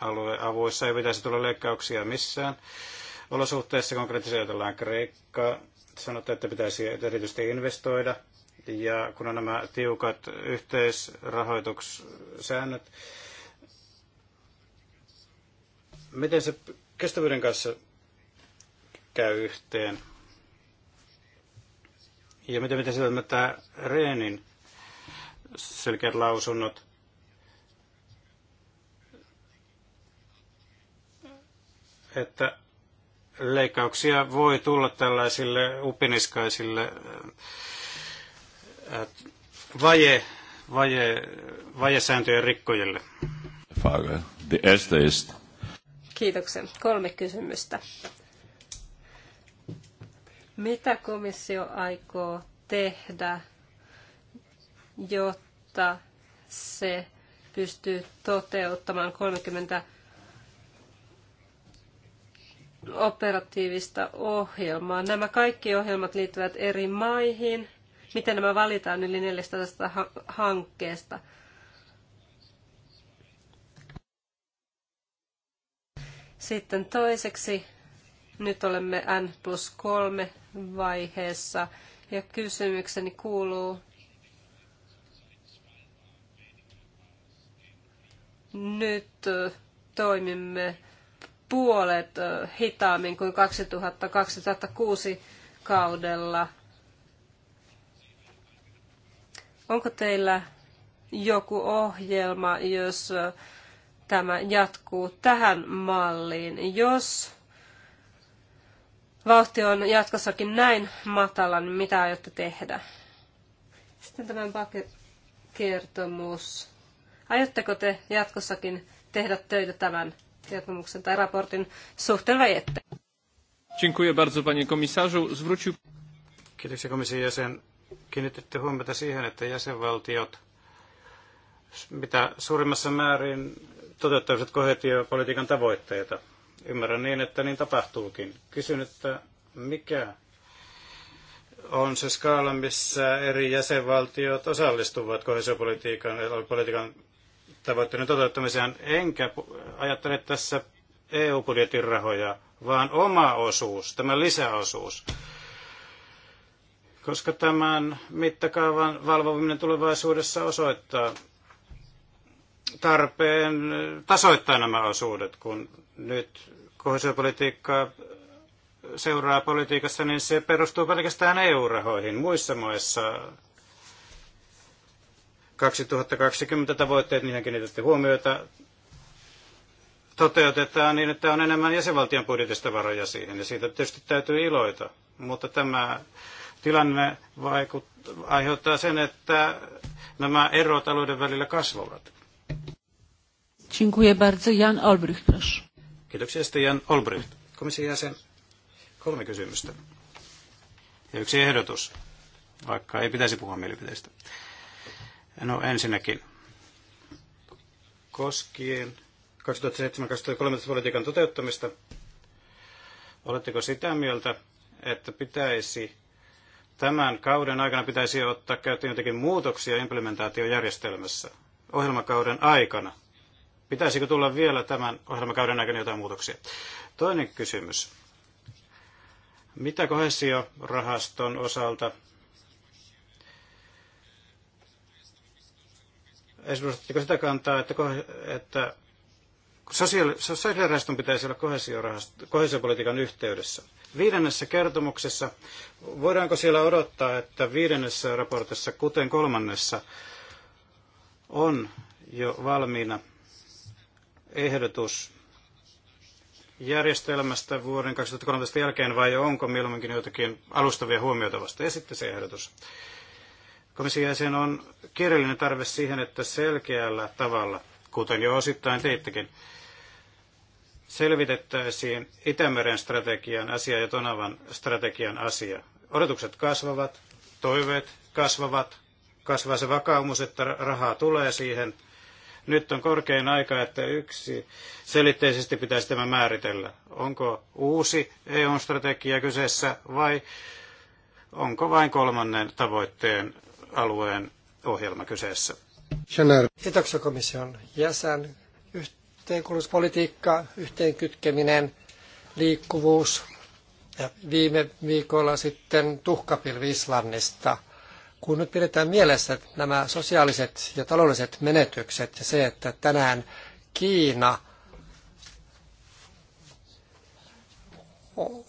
[SPEAKER 2] alueavuissa ei pitäisi tulla leikkauksia missään olosuhteissa. Konkreettisesti ajatellaan Kreikkaa. Sanotte, että pitäisi erityisesti investoida. Ja kun on nämä tiukat yhteisrahoitussäännöt, miten se kestävyyden kanssa käy yhteen? Ja miten, miten sillä tämä Reenin selkeät lausunnot että leikkauksia voi tulla tällaisille upiniskaisille vaje, vaje, vajesääntöjen rikkojille.
[SPEAKER 3] Kiitoksia. Kolme kysymystä. Mitä komissio aikoo tehdä, jotta se pystyy toteuttamaan 30 operatiivista ohjelmaa. Nämä kaikki ohjelmat liittyvät eri maihin. Miten nämä valitaan yli 400 hankkeesta? Sitten toiseksi, nyt olemme N plus 3 vaiheessa ja kysymykseni kuuluu, nyt toimimme puolet hitaammin kuin 2000-2006 kaudella. Onko teillä joku ohjelma, jos tämä jatkuu tähän malliin? Jos vauhti on jatkossakin näin matala, niin mitä aiotte tehdä? Sitten tämä kertomus. Aiotteko te jatkossakin tehdä töitä tämän kertomuksen tai raportin suhteen vai ette.
[SPEAKER 2] Dziękuję bardzo, panie komisarzu. Zwrócił... Kiitoksia komission jäsen. Kiinnititte huomiota siihen, että jäsenvaltiot mitä suurimmassa määrin toteuttaisivat kohetiopolitiikan tavoitteita. Ymmärrän niin, että niin tapahtuukin. Kysyn, että mikä on se skaala, missä eri jäsenvaltiot osallistuvat kohesiopolitiikan politiikan tavoitteiden toteuttamiseen, enkä ajattele tässä EU-budjetin rahoja, vaan oma osuus, tämä lisäosuus. Koska tämän mittakaavan valvominen tulevaisuudessa osoittaa tarpeen tasoittaa nämä osuudet, kun nyt kohesiopolitiikkaa seuraa politiikassa, niin se perustuu pelkästään EU-rahoihin. Muissa maissa 2020 tavoitteet, niihin kiinnitätte huomiota, toteutetaan niin, että on enemmän jäsenvaltion budjetista varoja siihen, ja siitä tietysti täytyy iloita. Mutta tämä tilanne vaikut, aiheuttaa sen, että nämä erot alueiden välillä kasvavat.
[SPEAKER 1] bardzo. Jan Olbricht,
[SPEAKER 2] Kiitoksia sitten Jan Olbricht. Komission jäsen, kolme kysymystä. Ja yksi ehdotus, vaikka ei pitäisi puhua mielipiteistä. No ensinnäkin, koskien 2007-2013 politiikan toteuttamista, oletteko sitä mieltä, että pitäisi tämän kauden aikana pitäisi ottaa käyttöön jotenkin muutoksia implementaatiojärjestelmässä ohjelmakauden aikana? Pitäisikö tulla vielä tämän ohjelmakauden aikana jotain muutoksia? Toinen kysymys. Mitä kohesiorahaston osalta edustatteko sitä kantaa, että, että sosiaalirahaston pitäisi olla kohesiopolitiikan yhteydessä? Viidennessä kertomuksessa, voidaanko siellä odottaa, että viidennessä raportissa, kuten kolmannessa, on jo valmiina ehdotus järjestelmästä vuoden 2013 jälkeen vai onko milloinkin jotakin alustavia huomioita vasta? Ja se ehdotus. Komission sen on kirjallinen tarve siihen, että selkeällä tavalla, kuten jo osittain teittekin, selvitettäisiin Itämeren strategian asia ja Tonavan strategian asia. Odotukset kasvavat, toiveet kasvavat, kasvaa se vakaumus, että rahaa tulee siihen. Nyt on korkein aika, että yksi selitteisesti pitäisi tämä määritellä. Onko uusi EU-strategia kyseessä vai onko vain kolmannen tavoitteen alueen ohjelma kyseessä.
[SPEAKER 4] Kiitoksia komission jäsen. Yhteenkuuluvuuspolitiikka, yhteenkytkeminen, liikkuvuus ja viime viikolla sitten tuhkapilvi Islannista. Kun nyt pidetään mielessä nämä sosiaaliset ja taloudelliset menetykset ja se, että tänään Kiina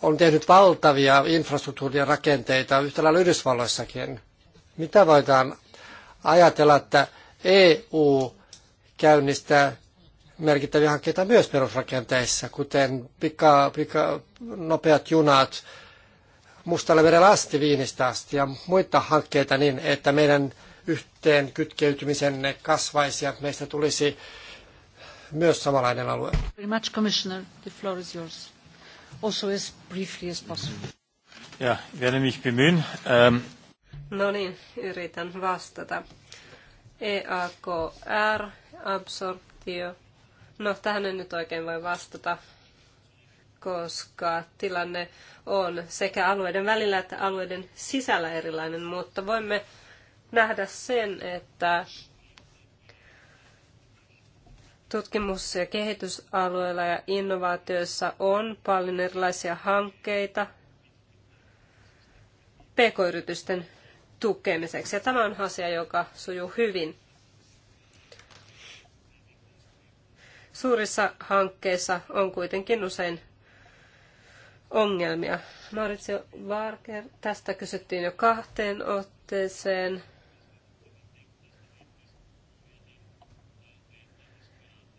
[SPEAKER 4] on tehnyt valtavia infrastruktuuria rakenteita yhtä lailla Yhdysvalloissakin, mitä voidaan ajatella, että EU käynnistää merkittäviä hankkeita myös perusrakenteissa, kuten pika, pika, nopeat junat Mustalle merellä asti, Viinistä asti ja muita hankkeita niin, että meidän yhteen kytkeytymisenne kasvaisi ja meistä tulisi myös samanlainen alue.
[SPEAKER 1] Very much, Commissioner. The floor is yours. Also as briefly as possible.
[SPEAKER 2] Ja, werde mich bemühen. Ähm,
[SPEAKER 3] No niin, yritän vastata. EAKR, absorptio. No, tähän en nyt oikein voi vastata, koska tilanne on sekä alueiden välillä että alueiden sisällä erilainen, mutta voimme nähdä sen, että tutkimus- ja kehitysalueilla ja innovaatioissa on paljon erilaisia hankkeita pk-yritysten tukemiseksi. Ja tämä on asia, joka sujuu hyvin. Suurissa hankkeissa on kuitenkin usein ongelmia. Maritio Varker, tästä kysyttiin jo kahteen otteeseen.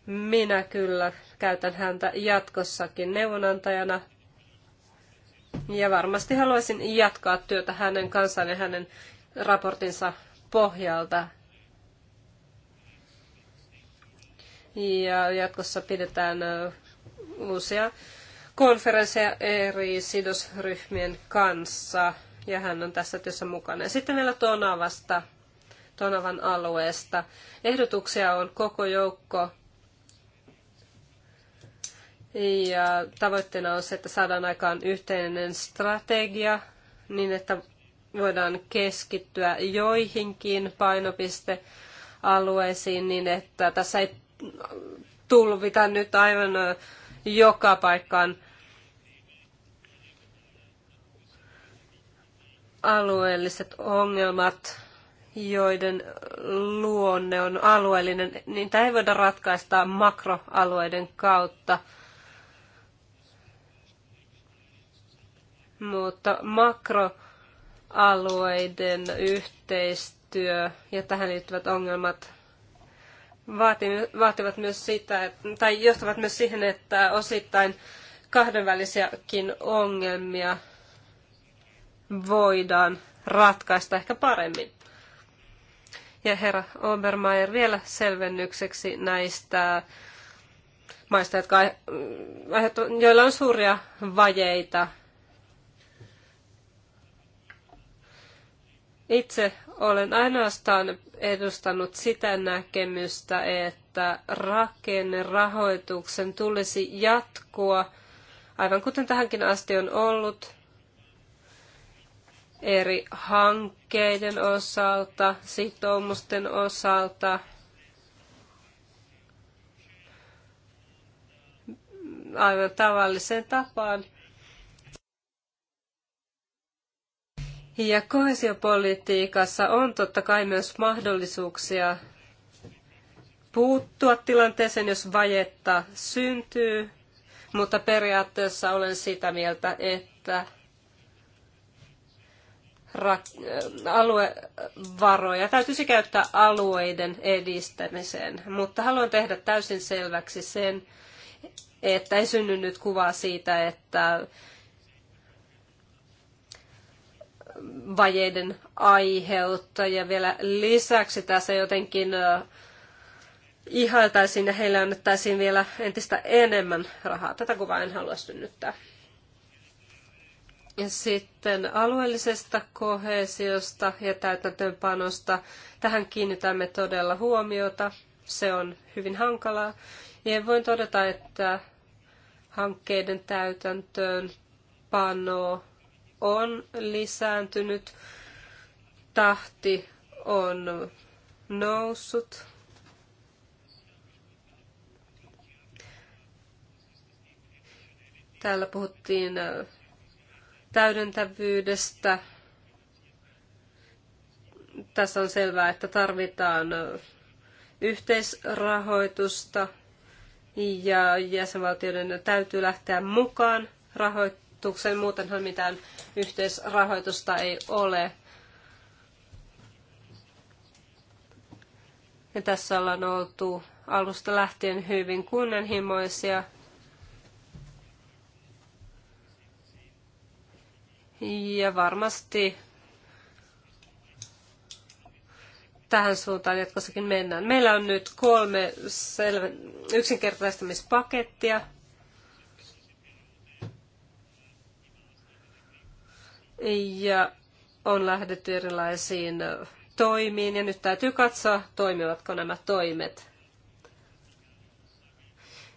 [SPEAKER 3] Minä kyllä käytän häntä jatkossakin neuvonantajana ja varmasti haluaisin jatkaa työtä hänen kanssaan ja hänen raportinsa pohjalta. Ja jatkossa pidetään uusia konferensseja eri sidosryhmien kanssa. Ja hän on tässä työssä mukana. Ja sitten vielä Tonavasta, Tonavan alueesta. Ehdotuksia on koko joukko ja tavoitteena on se, että saadaan aikaan yhteinen strategia niin, että voidaan keskittyä joihinkin painopistealueisiin niin, että tässä ei tulvita nyt aivan joka paikkaan alueelliset ongelmat, joiden luonne on alueellinen, tämä ei voida ratkaista makroalueiden kautta – mutta makroalueiden yhteistyö ja tähän liittyvät ongelmat vaativat myös sitä, tai johtavat myös siihen, että osittain kahdenvälisiäkin ongelmia voidaan ratkaista ehkä paremmin. Ja herra Obermeier, vielä selvennykseksi näistä maista, jotka, joilla on suuria vajeita Itse olen ainoastaan edustanut sitä näkemystä, että rakennerahoituksen tulisi jatkua, aivan kuten tähänkin asti on ollut, eri hankkeiden osalta, sitoumusten osalta, aivan tavalliseen tapaan – Ja koesiopolitiikassa on totta kai myös mahdollisuuksia puuttua tilanteeseen, jos vajetta syntyy, mutta periaatteessa olen sitä mieltä, että aluevaroja täytyisi käyttää alueiden edistämiseen, mutta haluan tehdä täysin selväksi sen, että ei synny nyt kuvaa siitä, että vajeiden aiheuttaja. Vielä lisäksi tässä jotenkin ihailtaisiin ja heille annettaisiin vielä entistä enemmän rahaa. Tätä kuvaa en halua synnyttää. Ja sitten alueellisesta kohesiosta ja täytäntöönpanosta. Tähän kiinnitämme todella huomiota. Se on hyvin hankalaa. Ja voin todeta, että hankkeiden täytäntöön panoo on lisääntynyt, tahti on noussut. Täällä puhuttiin äh, täydentävyydestä. Tässä on selvää, että tarvitaan äh, yhteisrahoitusta ja jäsenvaltioiden täytyy lähteä mukaan rahoittamaan rahoitukseen. Muutenhan mitään yhteisrahoitusta ei ole. Ja tässä ollaan oltu alusta lähtien hyvin kunnianhimoisia. Ja varmasti tähän suuntaan jatkossakin mennään. Meillä on nyt kolme sel- yksinkertaistamispakettia – ja on lähdetty erilaisiin toimiin ja nyt täytyy katsoa, toimivatko nämä toimet.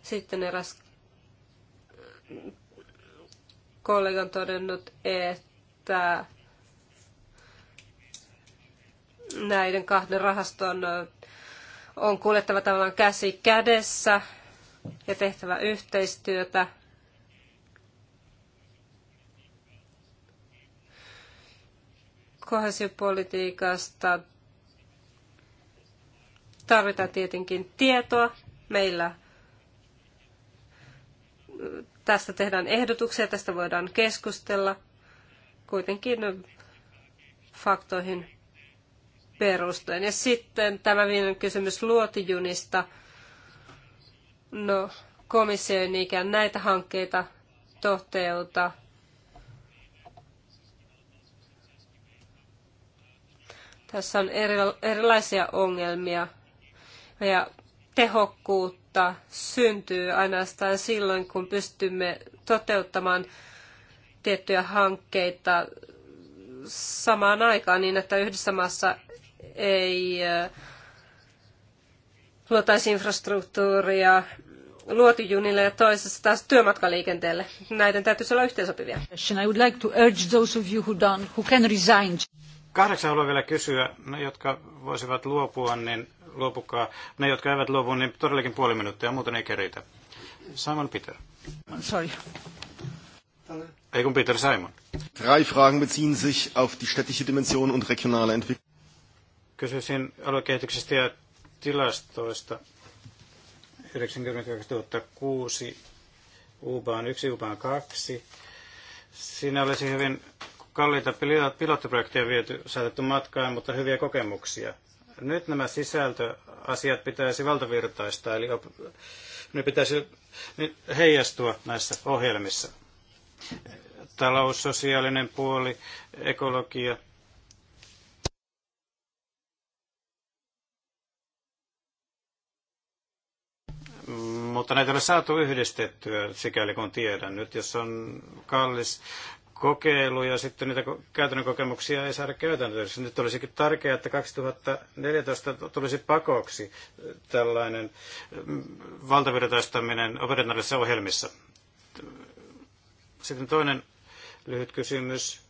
[SPEAKER 3] Sitten eräs kollega on todennut, että näiden kahden rahaston on kuljettava tavallaan käsi kädessä ja tehtävä yhteistyötä – kohesiopolitiikasta tarvitaan tietenkin tietoa. Meillä tästä tehdään ehdotuksia, tästä voidaan keskustella. Kuitenkin faktoihin perustuen. Ja sitten tämä viimeinen kysymys luotijunista. No, komissio ei niinkään näitä hankkeita toteuta. Tässä on erilaisia ongelmia ja tehokkuutta syntyy ainoastaan silloin, kun pystymme toteuttamaan tiettyjä hankkeita samaan aikaan niin, että yhdessä maassa ei äh, luotaisi infrastruktuuria luotijunille ja toisessa taas
[SPEAKER 1] työmatkaliikenteelle. Näiden täytyisi olla yhteensopivia. I would like to urge those of you who, who can resign.
[SPEAKER 2] Kahdeksan haluan vielä kysyä, ne jotka voisivat luopua, niin luopukaa. Ne, jotka eivät luopu, niin todellakin puoli minuuttia, muuten ei keritä. Simon Peter. Sorry. Ei kun Peter Simon.
[SPEAKER 5] Drei Fragen beziehen sich auf die städtische Dimension und regionale Entwicklung.
[SPEAKER 2] Kysyisin aluekehityksestä ja tilastoista. 90-2006, UBAN 1, UBAN 2. Siinä olisi hyvin kalliita pilottiprojekteja viety, saatettu matkaan, mutta hyviä kokemuksia. Nyt nämä sisältöasiat pitäisi valtavirtaistaa, eli ne pitäisi heijastua näissä ohjelmissa. Talous, sosiaalinen puoli, ekologia, mutta näitä ei ole saatu yhdistettyä, sikäli kun tiedän. Nyt jos on kallis kokeiluja, sitten niitä käytännön kokemuksia ei saada käytännössä. Nyt olisikin tärkeää, että 2014 tulisi pakoksi tällainen mm, valtavirtaistaminen operationaalisissa ohjelmissa. Sitten toinen lyhyt kysymys.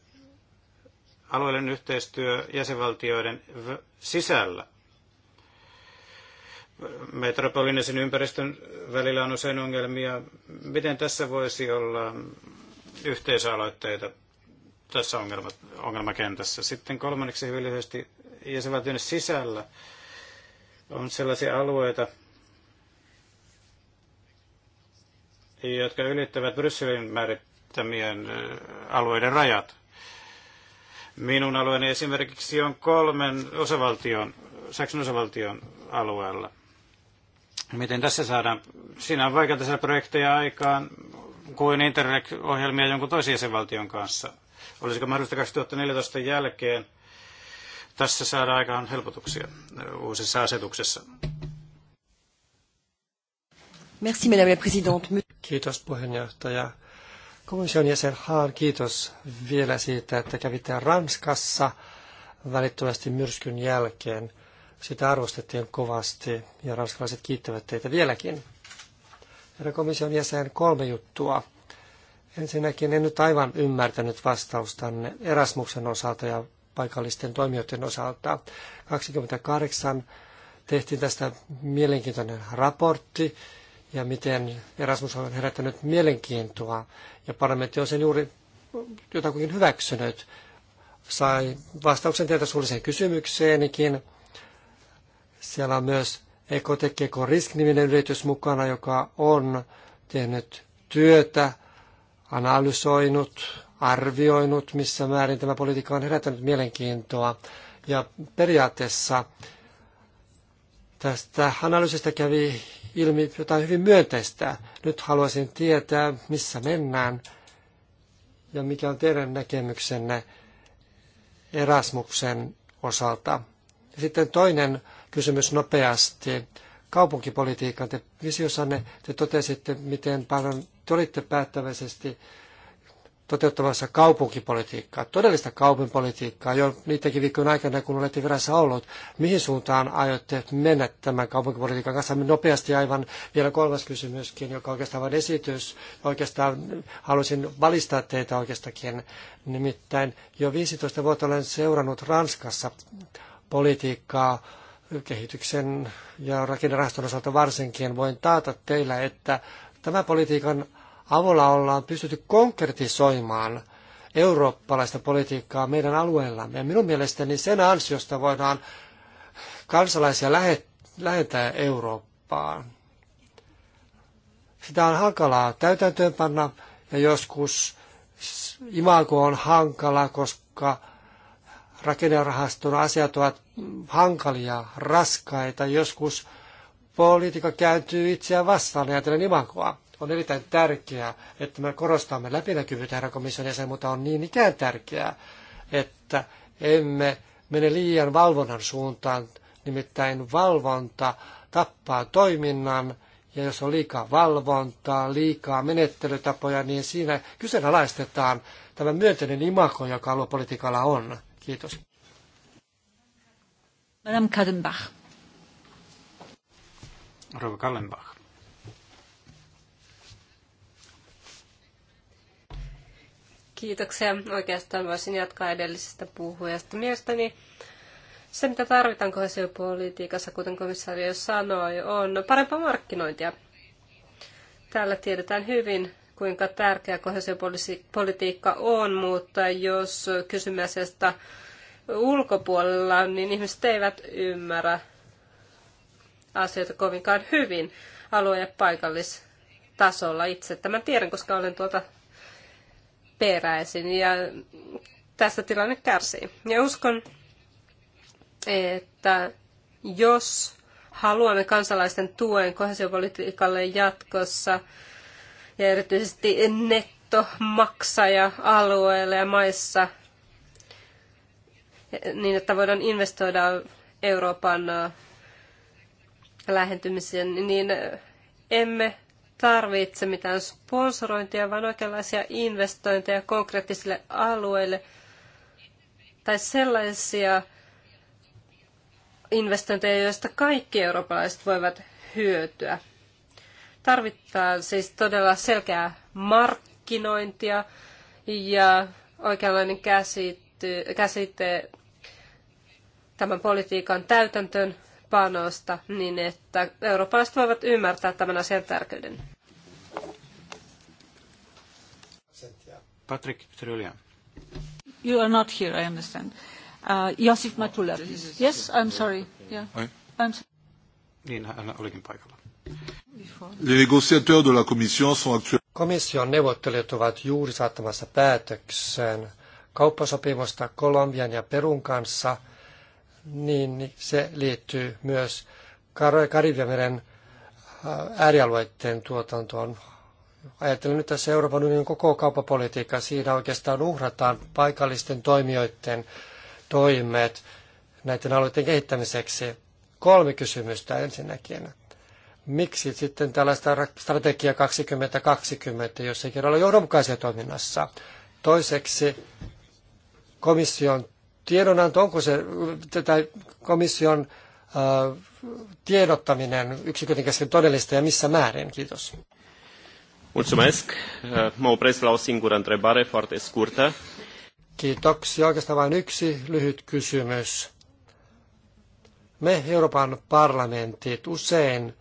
[SPEAKER 2] Alueellinen yhteistyö jäsenvaltioiden sisällä. Metropolinisen ympäristön välillä on usein ongelmia. Miten tässä voisi olla yhteisöaloitteita tässä ongelma, ongelmakentässä. Sitten kolmanneksi hyvin lyhyesti jäsenvaltion sisällä on sellaisia alueita, jotka ylittävät Brysselin määrittämien alueiden rajat. Minun alueeni esimerkiksi on kolmen osavaltion, Saksan osavaltion alueella. Miten tässä saadaan? Siinä on vaikea tässä projekteja aikaan kuin Interreg-ohjelmia jonkun toisen jäsenvaltion kanssa. Olisiko mahdollista 2014 jälkeen tässä saada aikaan helpotuksia uusissa asetuksessa?
[SPEAKER 4] Merci, Madame la Présidente. Kiitos puheenjohtaja. Komission jäsen Haan, kiitos vielä siitä, että kävitte Ranskassa välittömästi myrskyn jälkeen. Sitä arvostettiin kovasti ja ranskalaiset kiittävät teitä vieläkin. Herra komission jäsen, kolme juttua. Ensinnäkin en nyt aivan ymmärtänyt vastaustanne Erasmuksen osalta ja paikallisten toimijoiden osalta. 28 tehtiin tästä mielenkiintoinen raportti ja miten Erasmus on herättänyt mielenkiintoa ja parlamentti on sen juuri jotakin hyväksynyt. Sai vastauksen teiltä suulliseen kysymykseenikin. Siellä on myös Ekotekeko Risk-niminen yritys mukana, joka on tehnyt työtä, analysoinut, arvioinut, missä määrin tämä politiikka on herättänyt mielenkiintoa. Ja periaatteessa tästä analyysistä kävi ilmi jotain hyvin myönteistä. Nyt haluaisin tietää, missä mennään ja mikä on teidän näkemyksenne Erasmuksen osalta. Ja sitten toinen kysymys nopeasti. Kaupunkipolitiikan te visiossanne te totesitte, miten paljon te olitte päättäväisesti toteuttamassa kaupunkipolitiikkaa, todellista kaupunkipolitiikkaa jo niidenkin viikkojen aikana, kun olette virassa ollut. Mihin suuntaan aiotte mennä tämän kaupunkipolitiikan kanssa? Nopeasti aivan vielä kolmas kysymyskin, joka on oikeastaan vain esitys. Oikeastaan haluaisin valistaa teitä oikeastakin. Nimittäin jo 15 vuotta olen seurannut Ranskassa politiikkaa kehityksen ja rakennerahaston osalta varsinkin, voin taata teillä, että tämän politiikan avulla ollaan pystytty konkretisoimaan eurooppalaista politiikkaa meidän alueellamme. Ja minun mielestäni sen ansiosta voidaan kansalaisia lähettää Eurooppaan. Sitä on hankalaa täytäntöönpanna ja joskus imago on hankala, koska rakennerahaston asiat ovat hankalia, raskaita, joskus politiikka kääntyy itseään vastaan ajatellen imakoa. On erittäin tärkeää, että me korostamme läpinäkyvyyttä herra komission jäsen, mutta on niin ikään tärkeää, että emme mene liian valvonnan suuntaan, nimittäin valvonta tappaa toiminnan, ja jos on liikaa valvontaa, liikaa menettelytapoja, niin siinä kyseenalaistetaan tämä myönteinen imako, joka aluepolitiikalla on. Kiitos.
[SPEAKER 1] Madame Kadenbach.
[SPEAKER 2] Rouva Kallenbach.
[SPEAKER 3] Kiitoksia. Oikeastaan voisin jatkaa edellisestä puhujasta. Mielestäni se, mitä tarvitaan kohesiopolitiikassa, kuten komissaari jo sanoi, on parempaa markkinointia. Täällä tiedetään hyvin, kuinka tärkeä kohesiopolitiikka on, mutta jos kysymme asiasta ulkopuolella, niin ihmiset eivät ymmärrä asioita kovinkaan hyvin alue- ja paikallistasolla itse. Tämän tiedän, koska olen tuota peräisin ja tästä tilanne kärsii. Ja uskon, että jos haluamme kansalaisten tuen kohesiopolitiikalle jatkossa, ja erityisesti nettomaksaja-alueilla ja maissa, niin että voidaan investoida Euroopan äh, lähentymiseen, niin äh, emme tarvitse mitään sponsorointia, vaan oikeanlaisia investointeja konkreettisille alueille tai sellaisia investointeja, joista kaikki eurooppalaiset voivat hyötyä. Tarvitaan siis todella selkeää markkinointia ja oikeanlainen käsite, käsite tämän politiikan täytäntöön panosta niin, että eurooppalaiset voivat ymmärtää tämän asian tärkeyden.
[SPEAKER 2] Patrick Petrulia.
[SPEAKER 1] You are not here, I understand. Uh, Josif Matula, please. Oh, yes, I'm sorry. Yeah. I'm sorry.
[SPEAKER 2] Niin, hän olikin
[SPEAKER 4] paikalla. Komission neuvottelijat ovat juuri saattamassa päätökseen kauppasopimusta Kolumbian ja Perun kanssa, niin se liittyy myös Karibianmeren äh, äärialueiden tuotantoon. Ajattelen nyt tässä Euroopan unionin koko kauppapolitiikkaa. Siinä oikeastaan uhrataan paikallisten toimijoiden toimet näiden alueiden kehittämiseksi. Kolme kysymystä ensinnäkin miksi sitten tällaista strategia 2020, jos ei kerralla ole johdonmukaisia toiminnassa. Toiseksi komission tiedonanto, onko se, tai komission äh, tiedottaminen yksiköiden kesken todellista ja missä määrin? Kiitos.
[SPEAKER 2] Mulțumesc. Äh, mă opresc la o singură întrebare foarte scurtă.
[SPEAKER 4] Kiitoksia. Oikeastaan vain yksi lyhyt kysymys. Me Euroopan parlamentit usein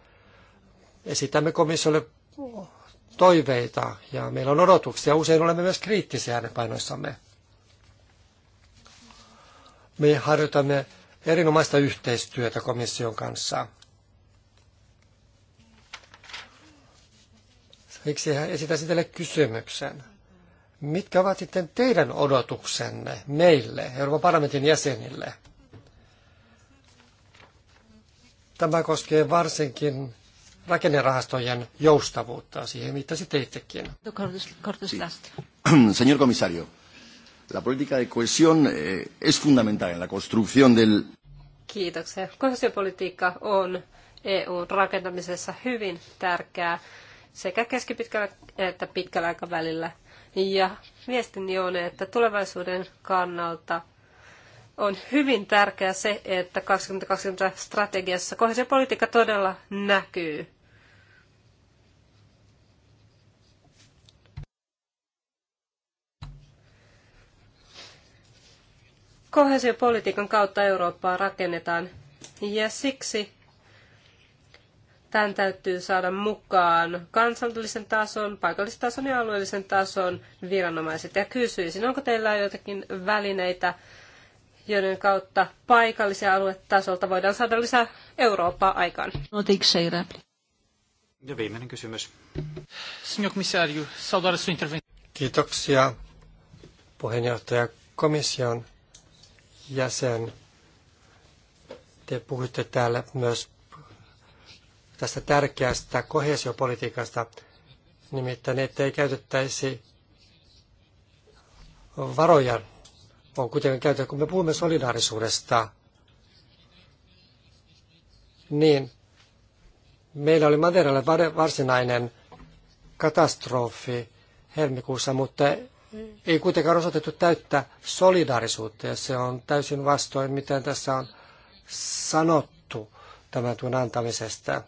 [SPEAKER 4] esitämme komissiolle toiveita ja meillä on odotuksia. Usein olemme myös kriittisiä äänenpainoissamme. Me harjoitamme erinomaista yhteistyötä komission kanssa. Siksi esitäisin teille kysymyksen. Mitkä ovat sitten teidän odotuksenne meille, Euroopan parlamentin jäsenille? Tämä koskee varsinkin rakennerahastojen joustavuutta. Siihen viittasitte itsekin. [CLEARS THROAT] Señor comisario, la política de cohesión eh, es fundamental en la construcción del...
[SPEAKER 3] Kiitoksia. Kohesiopolitiikka on EUn rakentamisessa hyvin tärkeää sekä keskipitkällä että pitkällä aikavälillä. Ja viestini on, että tulevaisuuden kannalta on hyvin tärkeää se, että 2020 strategiassa kohesiopolitiikka todella näkyy. Kohesiopolitiikan kautta Eurooppaa rakennetaan ja siksi tämän täytyy saada mukaan kansallisen tason, tason ja alueellisen tason viranomaiset. Ja kysyisin, onko teillä jotakin välineitä joiden kautta paikallisia aluetasolta voidaan saada lisää Eurooppaa aikaan.
[SPEAKER 2] Ja viimeinen
[SPEAKER 4] kysymys. Signor saudare Kiitoksia puheenjohtaja komission jäsen. Te puhutte täällä myös tästä tärkeästä kohesiopolitiikasta, nimittäin ettei käytettäisi varoja on kuitenkin käytetty, kun me puhumme solidaarisuudesta, niin meillä oli materiaalilla varsinainen katastrofi helmikuussa, mutta ei kuitenkaan osoitettu täyttä solidaarisuutta ja se on täysin vastoin, miten tässä on sanottu tämän tuon antamisesta.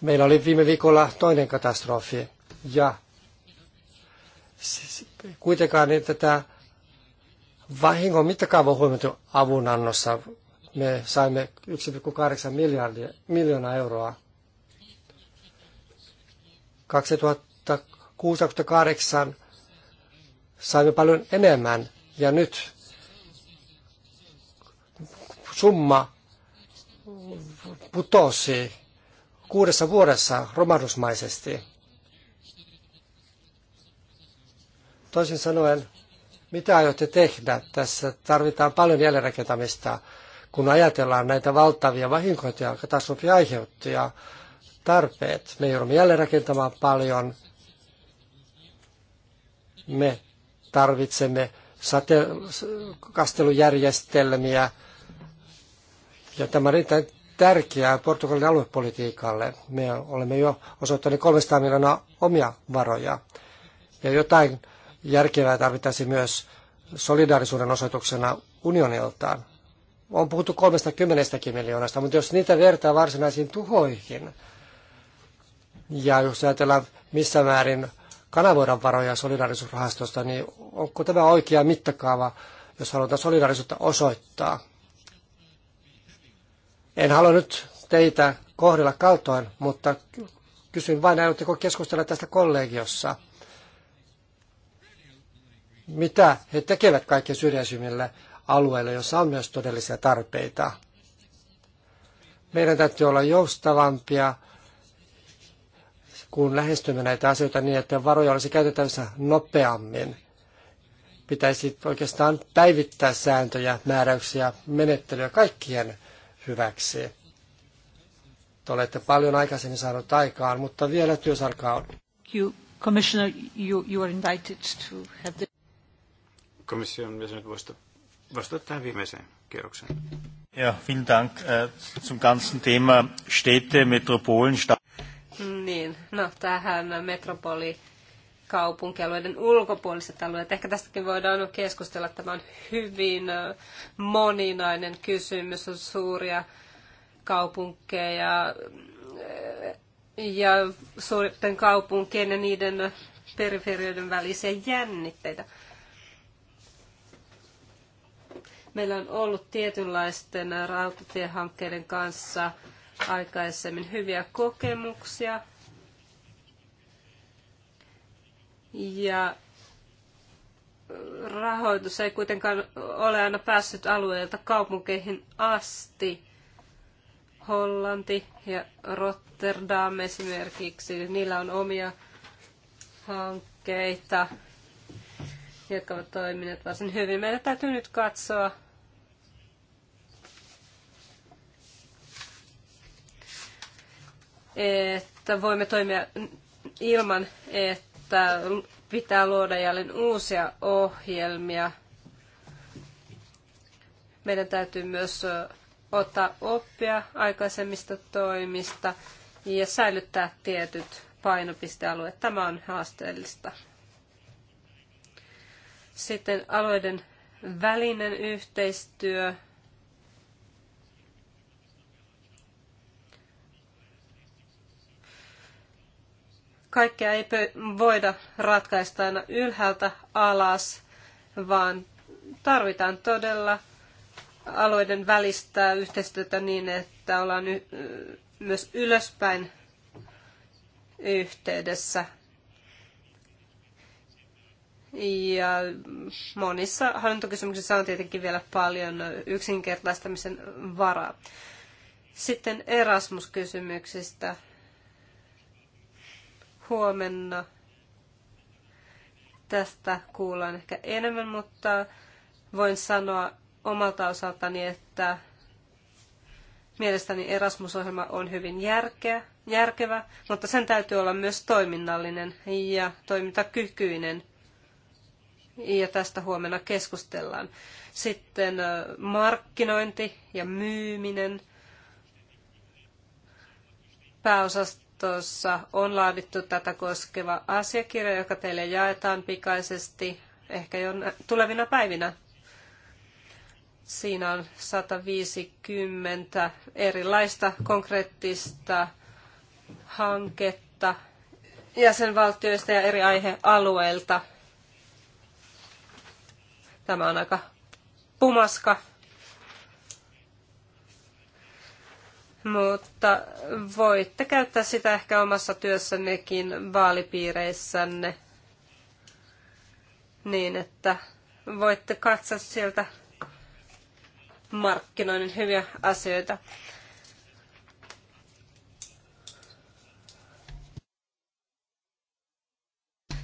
[SPEAKER 4] Meillä oli viime viikolla toinen katastrofi ja Siis kuitenkaan niin tätä vahingon mittakaava on huomioitu avunannossa. Me saimme 1,8 miljardia, miljoonaa euroa. 2006-2008 saimme paljon enemmän ja nyt summa putosi kuudessa vuodessa romahdusmaisesti. Toisin sanoen, mitä aiotte tehdä? Tässä tarvitaan paljon jälleenrakentamista, kun ajatellaan näitä valtavia vahinkoja ja aiheuttuja tarpeet. Me joudumme jälleenrakentamaan paljon. Me tarvitsemme sate- kastelujärjestelmiä. Ja tämä on tärkeää Portugalin aluepolitiikalle. Me olemme jo osoittaneet 300 miljoonaa omia varoja. Ja jotain järkevää tarvittaisi myös solidaarisuuden osoituksena unioniltaan. On puhuttu 30 miljoonasta, mutta jos niitä vertaa varsinaisiin tuhoihin, ja jos ajatellaan missä määrin kanavoidaan varoja solidaarisuusrahastosta, niin onko tämä oikea mittakaava, jos halutaan solidaarisuutta osoittaa? En halua nyt teitä kohdella kaltoin, mutta kysyn vain, aiotteko keskustella tästä kollegiossa – mitä he tekevät kaikkein syrjäisimmillä alueilla, jossa on myös todellisia tarpeita. Meidän täytyy olla joustavampia, kun lähestymme näitä asioita niin, että varoja olisi käytettävissä nopeammin. Pitäisi oikeastaan päivittää sääntöjä, määräyksiä, menettelyä kaikkien hyväksi. Te olette paljon aikaisemmin saanut aikaan, mutta vielä työsarkaa on. You, commissioner, you, you are
[SPEAKER 1] invited to have the
[SPEAKER 2] komission jäsenet voisivat vastata tähän viimeiseen kierrokseen. Ja, vielen Dank äh, zum ganzen Thema Städte, Metropolen, Stadt.
[SPEAKER 3] Niin, no tähän metropoli kaupunkialueiden ulkopuoliset alueet. Ehkä tästäkin voidaan keskustella. Tämä on hyvin äh, moninainen kysymys. On suuria kaupunkeja äh, ja suurten kaupunkien ja niiden periferioiden välisiä jännitteitä. Meillä on ollut tietynlaisten rautatiehankkeiden kanssa aikaisemmin hyviä kokemuksia. Ja rahoitus ei kuitenkaan ole aina päässyt alueelta kaupunkeihin asti. Hollanti ja Rotterdam esimerkiksi, niillä on omia hankkeita jotka ovat toimineet varsin hyvin. Meidän täytyy nyt katsoa, että voimme toimia ilman, että pitää luoda jälleen uusia ohjelmia. Meidän täytyy myös ottaa oppia aikaisemmista toimista ja säilyttää tietyt painopistealueet. Tämä on haasteellista. Sitten alueiden välinen yhteistyö. Kaikkea ei voida ratkaista aina ylhäältä alas, vaan tarvitaan todella alueiden välistä yhteistyötä niin, että ollaan myös ylöspäin yhteydessä. Ja monissa hallintokysymyksissä on tietenkin vielä paljon yksinkertaistamisen varaa. Sitten Erasmus-kysymyksistä. Huomenna tästä kuullaan ehkä enemmän, mutta voin sanoa omalta osaltani, että mielestäni Erasmus-ohjelma on hyvin järkeä, järkevä, mutta sen täytyy olla myös toiminnallinen ja toimintakykyinen – ja tästä huomenna keskustellaan. Sitten markkinointi ja myyminen. Pääosastossa on laadittu tätä koskeva asiakirja, joka teille jaetaan pikaisesti, ehkä jo tulevina päivinä. Siinä on 150 erilaista konkreettista hanketta jäsenvaltioista ja eri aihealueilta – Tämä on aika pumaska. Mutta voitte käyttää sitä ehkä omassa työssännekin vaalipiireissänne niin, että voitte katsoa sieltä markkinoinnin hyviä asioita.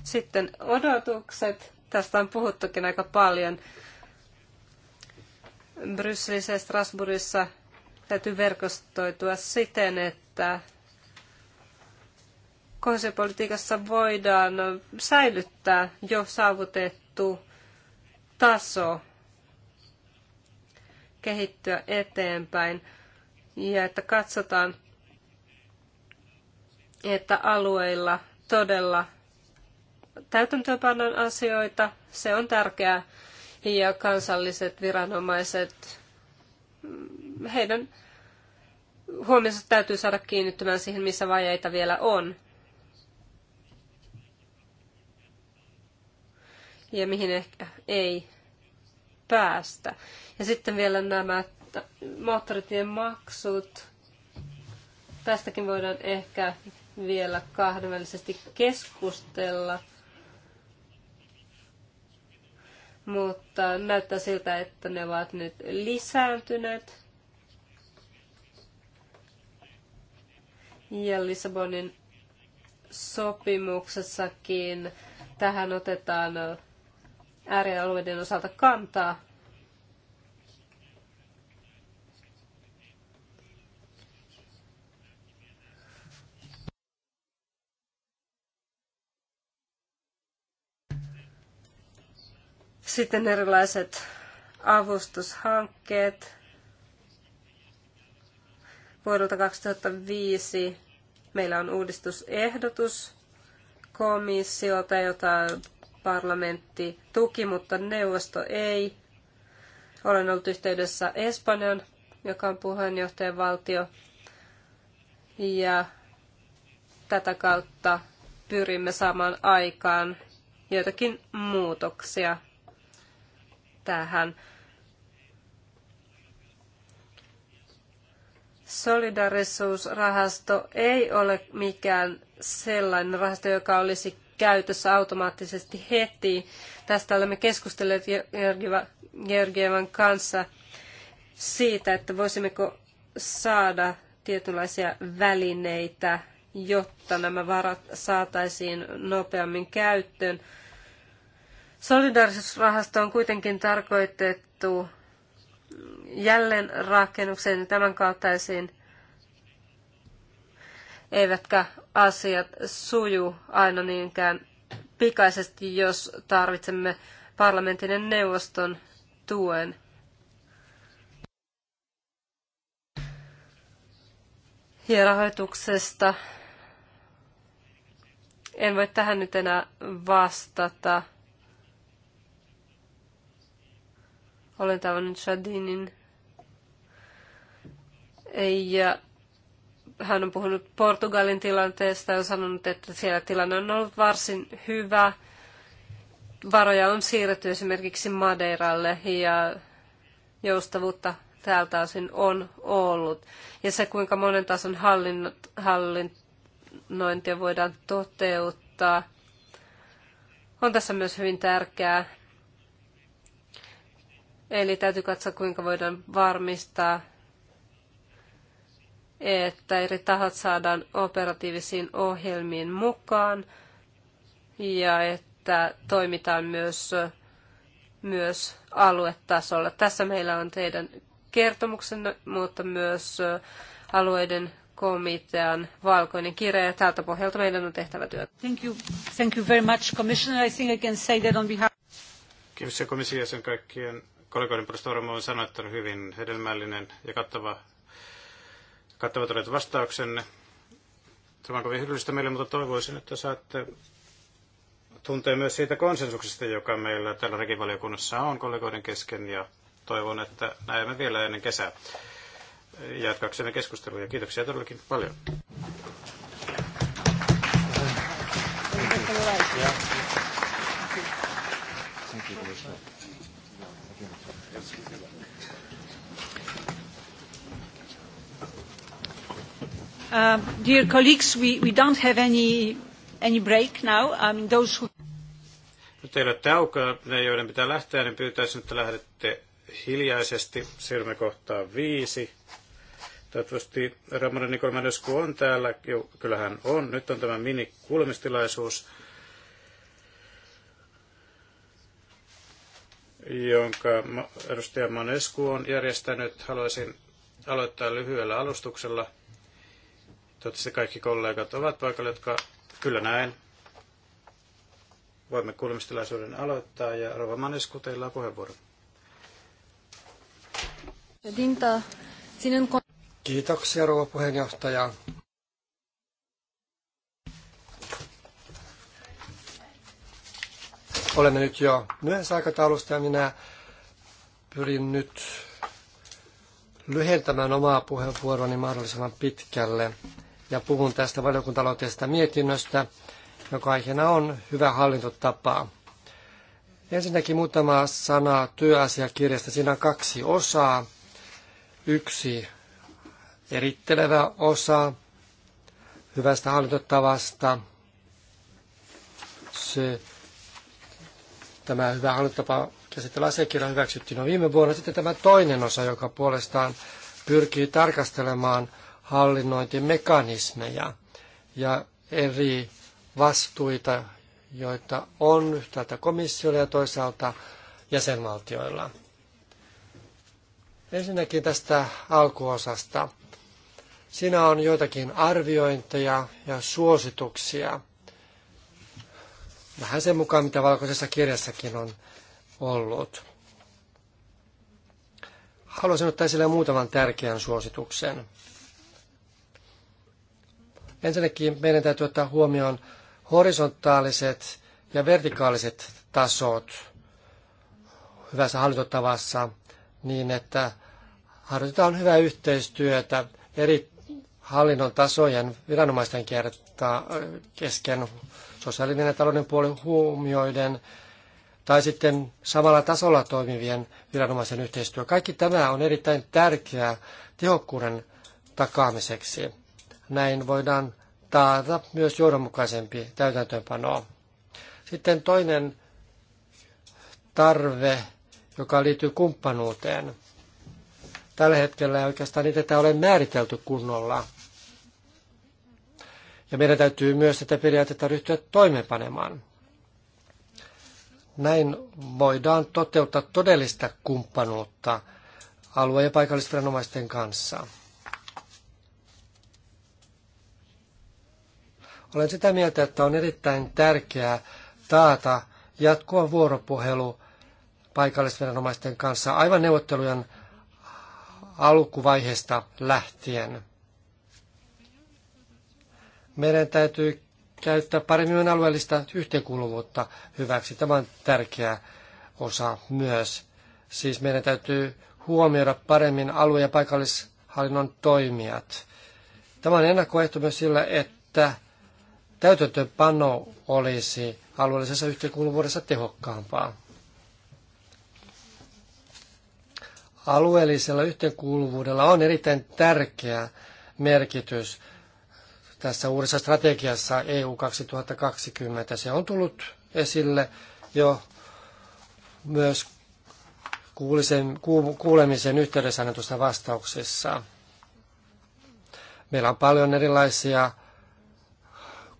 [SPEAKER 3] Sitten odotukset. Tästä on puhuttukin aika paljon. Brysselissä ja Strasbourgissa täytyy verkostoitua siten, että konsepolitiikassa voidaan säilyttää jo saavutettu taso, kehittyä eteenpäin ja että katsotaan, että alueilla todella täytäntöönpannan asioita, se on tärkeää. Ja kansalliset viranomaiset, mm, heidän huomionsa täytyy saada kiinnittymään siihen, missä vajeita vielä on. Ja mihin ehkä ei päästä. Ja sitten vielä nämä moottoritien maksut. Tästäkin voidaan ehkä vielä kahdenvälisesti keskustella – mutta näyttää siltä, että ne ovat nyt lisääntyneet. Ja Lissabonin sopimuksessakin tähän otetaan äärialueiden osalta kantaa, Sitten erilaiset avustushankkeet vuodelta 2005. Meillä on uudistusehdotus komissiolta, jota parlamentti tuki, mutta neuvosto ei. Olen ollut yhteydessä Espanjan, joka on valtio Ja tätä kautta pyrimme saamaan aikaan joitakin muutoksia tähän. Solidarisuusrahasto ei ole mikään sellainen rahasto, joka olisi käytössä automaattisesti heti. Tästä olemme keskustelleet Georgievan kanssa siitä, että voisimmeko saada tietynlaisia välineitä, jotta nämä varat saataisiin nopeammin käyttöön Solidarisuusrahasto on kuitenkin tarkoitettu jälleen ja tämän kaltaisiin eivätkä asiat suju aina niinkään pikaisesti, jos tarvitsemme parlamentin ja neuvoston tuen. Ja rahoituksesta en voi tähän nyt enää vastata. Olen tavannut Shadinin ja hän on puhunut Portugalin tilanteesta ja on sanonut, että siellä tilanne on ollut varsin hyvä. Varoja on siirretty esimerkiksi Madeiralle ja joustavuutta täältä osin on ollut. Ja se, kuinka monen tason hallinnointia voidaan toteuttaa, on tässä myös hyvin tärkeää. Eli täytyy katsoa, kuinka voidaan varmistaa, että eri tahot saadaan operatiivisiin ohjelmiin mukaan ja että toimitaan myös, myös aluetasolla. Tässä meillä on teidän kertomuksenne, mutta myös alueiden komitean
[SPEAKER 1] valkoinen kirja ja tältä pohjalta meidän on tehtävä työtä. Thank you. Thank you very much, Commissioner. I think I can say that on behalf...
[SPEAKER 2] Kiitos ja komission jäsen kaikkien kollegoiden puolesta varmaan on hyvin hedelmällinen ja kattava, kattavat olivat vastauksenne. Tämä on kovin hyödyllistä meille, mutta toivoisin, että saatte tuntea myös siitä konsensuksesta, joka meillä täällä regivaliokunnassa on kollegoiden kesken ja toivon, että näemme vielä ennen kesää keskustelua keskusteluja. Kiitoksia todellakin paljon.
[SPEAKER 1] Thank you. Um, dear colleagues, we, we don't have any, any break now. I um, mean, those who...
[SPEAKER 2] Nyt ei ole taukoa, ne joiden pitää lähteä, niin pyytäisin, että lähdette hiljaisesti. Siirrymme kohtaan viisi. Toivottavasti Ramona Nikolmanesku on täällä. Jo, kyllähän on. Nyt on tämä mini kuulemistilaisuus, jonka edustaja Manescu on järjestänyt. Haluaisin aloittaa lyhyellä alustuksella Toivottavasti kaikki kollegat ovat paikalla, jotka kyllä näen. Voimme kuulemistilaisuuden aloittaa ja Rova Manesku, teillä on puheenvuoro.
[SPEAKER 4] Kiitoksia, Rova puheenjohtaja. Olemme nyt jo myöhässä aikataulusta ja minä pyrin nyt lyhentämään omaa puheenvuoroani mahdollisimman pitkälle ja puhun tästä valiokuntaloitteesta mietinnöstä, joka aiheena on hyvä hallintotapa. Ensinnäkin muutama sana työasiakirjasta. Siinä on kaksi osaa. Yksi erittelevä osa hyvästä hallintotavasta. Se, tämä hyvä hallintotapa käsitellä asiakirja hyväksyttiin viime vuonna. Sitten tämä toinen osa, joka puolestaan pyrkii tarkastelemaan – hallinnointimekanismeja ja eri vastuita, joita on yhtäältä komissiolla ja toisaalta jäsenvaltioilla. Ensinnäkin tästä alkuosasta. Siinä on joitakin arviointeja ja suosituksia. Vähän sen mukaan, mitä valkoisessa kirjassakin on ollut. Haluaisin ottaa esille muutaman tärkeän suosituksen. Ensinnäkin meidän täytyy ottaa huomioon horisontaaliset ja vertikaaliset tasot hyvässä hallintotavassa niin, että harjoitetaan hyvää yhteistyötä eri hallinnon tasojen viranomaisten kertaa, kesken sosiaalinen ja talouden puoli huomioiden tai sitten samalla tasolla toimivien viranomaisen yhteistyö. Kaikki tämä on erittäin tärkeää tehokkuuden takaamiseksi. Näin voidaan taata myös johdonmukaisempi täytäntöönpano. Sitten toinen tarve, joka liittyy kumppanuuteen. Tällä hetkellä ei oikeastaan niitä ole määritelty kunnolla. Ja meidän täytyy myös tätä periaatetta ryhtyä toimeenpanemaan. Näin voidaan toteuttaa todellista kumppanuutta alue- ja paikallisviranomaisten kanssa. Olen sitä mieltä, että on erittäin tärkeää taata jatkuva vuoropuhelu paikallisviranomaisten kanssa aivan neuvottelujen alkuvaiheesta lähtien. Meidän täytyy käyttää paremmin alueellista yhteenkuuluvuutta hyväksi. Tämä on tärkeä osa myös. Siis meidän täytyy huomioida paremmin alue- ja paikallishallinnon toimijat. Tämä on ennakkoehto myös sillä, että täytäntöpano olisi alueellisessa yhteenkuuluvuudessa tehokkaampaa. Alueellisella yhteenkuuluvuudella on erittäin tärkeä merkitys tässä uudessa strategiassa EU 2020. Se on tullut esille jo myös kuulisen, kuulemisen yhteydessä annetusta vastauksessa. Meillä on paljon erilaisia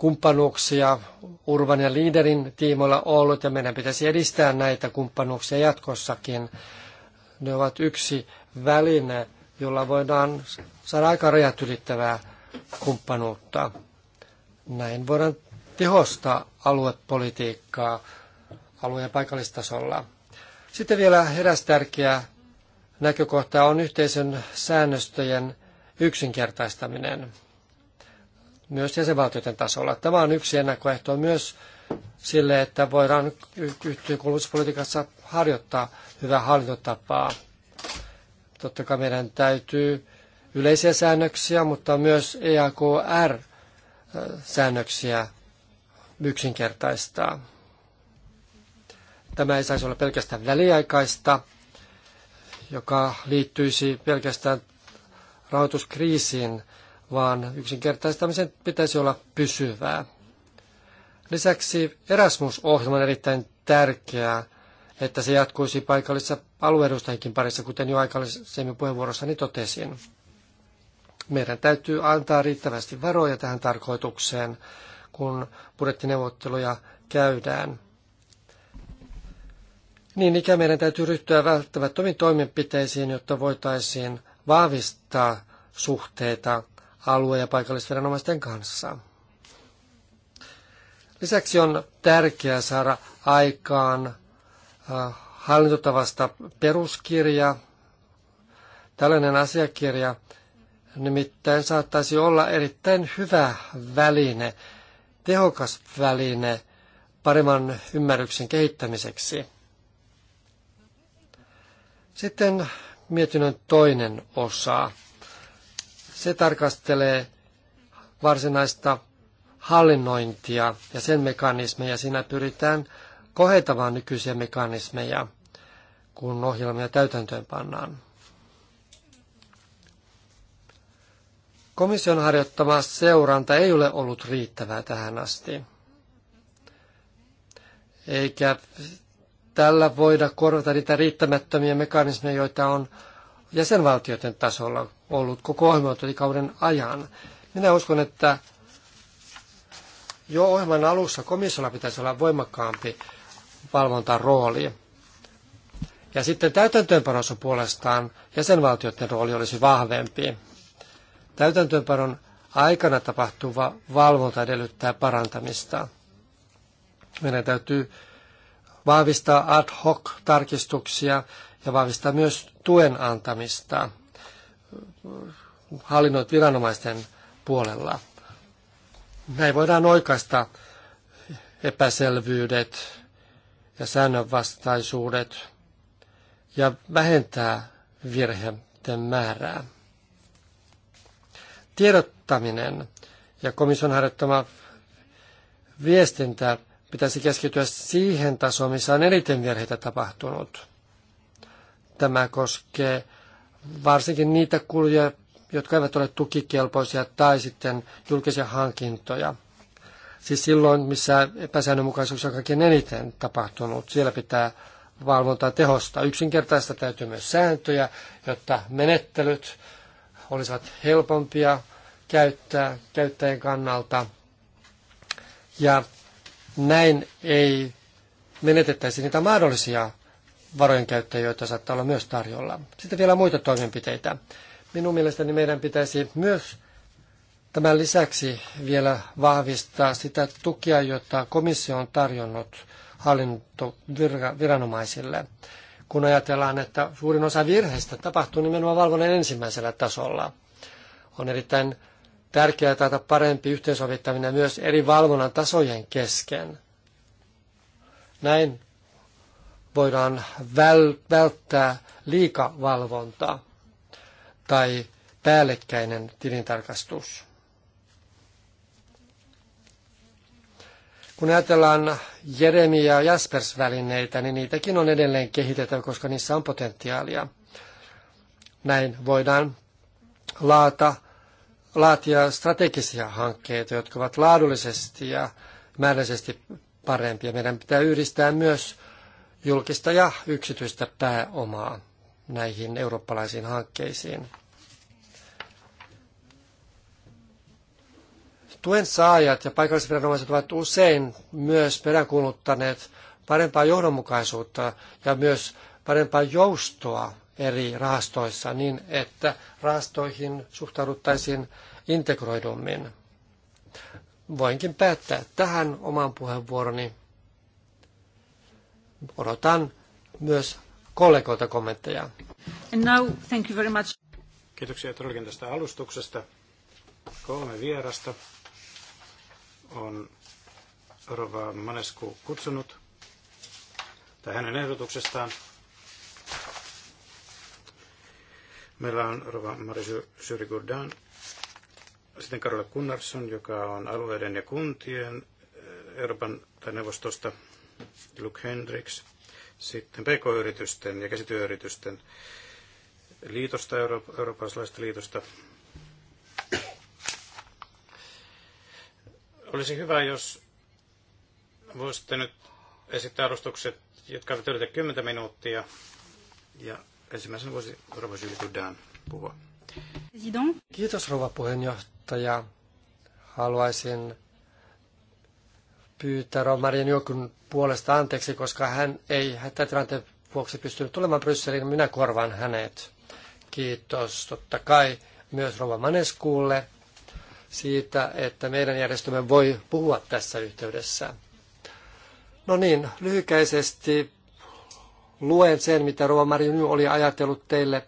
[SPEAKER 4] kumppanuuksia Urban ja Liiderin tiimoilla ollut ja meidän pitäisi edistää näitä kumppanuuksia jatkossakin. Ne ovat yksi väline, jolla voidaan saada aika rajat ylittävää kumppanuutta. Näin voidaan tehostaa aluepolitiikkaa alueen paikallistasolla. Sitten vielä eräs tärkeä näkökohta on yhteisön säännöstöjen yksinkertaistaminen myös jäsenvaltioiden tasolla. Tämä on yksi ennakkoehto myös sille, että voidaan yhteenkuuluvuuspolitiikassa harjoittaa hyvää hallintotapaa. Totta kai meidän täytyy yleisiä säännöksiä, mutta myös EAKR-säännöksiä yksinkertaistaa. Tämä ei saisi olla pelkästään väliaikaista, joka liittyisi pelkästään rahoituskriisiin, vaan yksinkertaistamisen pitäisi olla pysyvää. Lisäksi Erasmus-ohjelma on erittäin tärkeää, että se jatkuisi paikallisissa alueedustajienkin parissa, kuten jo aikaisemmin puheenvuorossani totesin. Meidän täytyy antaa riittävästi varoja tähän tarkoitukseen, kun budjettineuvotteluja käydään. Niin ikään meidän täytyy ryhtyä välttämättömiin toimenpiteisiin, jotta voitaisiin vahvistaa suhteita alue- ja paikallisviranomaisten kanssa. Lisäksi on tärkeää saada aikaan äh, hallintotavasta peruskirja. Tällainen asiakirja nimittäin saattaisi olla erittäin hyvä väline, tehokas väline paremman ymmärryksen kehittämiseksi. Sitten mietinnön toinen osa. Se tarkastelee varsinaista hallinnointia ja sen mekanismeja. Siinä pyritään kohetamaan nykyisiä mekanismeja, kun ohjelmia täytäntöön pannaan. Komission harjoittama seuranta ei ole ollut riittävää tähän asti. Eikä tällä voida korvata niitä riittämättömiä mekanismeja, joita on jäsenvaltioiden tasolla ollut koko ohjelmointikauden ajan. Minä uskon, että jo ohjelman alussa komissiolla pitäisi olla voimakkaampi valvontarooli. Ja sitten täytäntöönpanossa puolestaan jäsenvaltioiden rooli olisi vahvempi. Täytäntöönpanon aikana tapahtuva valvonta edellyttää parantamista. Meidän täytyy vahvistaa ad hoc tarkistuksia ja vahvistaa myös tuen antamista hallinnoit viranomaisten puolella. Näin voidaan oikaista epäselvyydet ja säännönvastaisuudet ja vähentää virheiden määrää. Tiedottaminen ja komission harjoittama viestintä pitäisi keskittyä siihen tasoon, missä on eniten virheitä tapahtunut. Tämä koskee varsinkin niitä kuluja, jotka eivät ole tukikelpoisia tai sitten julkisia hankintoja. Siis silloin, missä epäsäännönmukaisuus on kaikkein eniten tapahtunut, siellä pitää valvontaa tehostaa. Yksinkertaista täytyy myös sääntöjä, jotta menettelyt olisivat helpompia käyttää, käyttäjän kannalta. Ja näin ei menetettäisi niitä mahdollisia varojen käyttöä, joita saattaa olla myös tarjolla. Sitten vielä muita toimenpiteitä. Minun mielestäni meidän pitäisi myös tämän lisäksi vielä vahvistaa sitä tukia, jota komissio on tarjonnut hallintoviranomaisille. Kun ajatellaan, että suurin osa virheistä tapahtuu nimenomaan valvonnan ensimmäisellä tasolla, on erittäin tärkeää taata parempi yhteensovittaminen myös eri valvonnan tasojen kesken. Näin voidaan välttää liikavalvonta tai päällekkäinen tilintarkastus. Kun ajatellaan Jeremia ja Jaspers-välineitä, niin niitäkin on edelleen kehitettävä, koska niissä on potentiaalia. Näin voidaan laata, laatia strategisia hankkeita, jotka ovat laadullisesti ja määrällisesti parempia. Meidän pitää yhdistää myös julkista ja yksityistä pääomaa näihin eurooppalaisiin hankkeisiin. Tuen saajat ja paikallisviranomaiset ovat usein myös peräänkuuluttaneet parempaa johdonmukaisuutta ja myös parempaa joustoa eri rahastoissa niin, että rahastoihin suhtauduttaisiin integroidummin. Voinkin päättää tähän oman puheenvuoroni odotan myös kollegoilta kommentteja.
[SPEAKER 1] And now, thank you very
[SPEAKER 2] much. Kiitoksia todellakin tästä alustuksesta. Kolme vierasta on Rova Manesku kutsunut, tai hänen ehdotuksestaan. Meillä on Rova Marisu Syrigurdan, sitten Karola Kunnarsson, joka on alueiden ja kuntien eh, Euroopan tai neuvostosta Luke Hendricks. Sitten PK-yritysten ja käsityöyritysten liitosta, eurooppalaisesta liitosta. Olisi hyvä, jos voisitte nyt esittää arvostukset, jotka ovat ylitä 10 minuuttia. Ja ensimmäisenä voisi Rova Sylitudaan
[SPEAKER 4] puhua. Kiitos rouva puheenjohtaja. Haluaisin pyytää Marian Jokun puolesta anteeksi, koska hän ei hätätilanteen vuoksi pystynyt tulemaan Brysseliin. Niin minä korvaan hänet. Kiitos totta kai myös Rova Maneskuulle siitä, että meidän järjestömme voi puhua tässä yhteydessä. No niin, lyhykäisesti luen sen, mitä Rova Marjunu oli ajatellut teille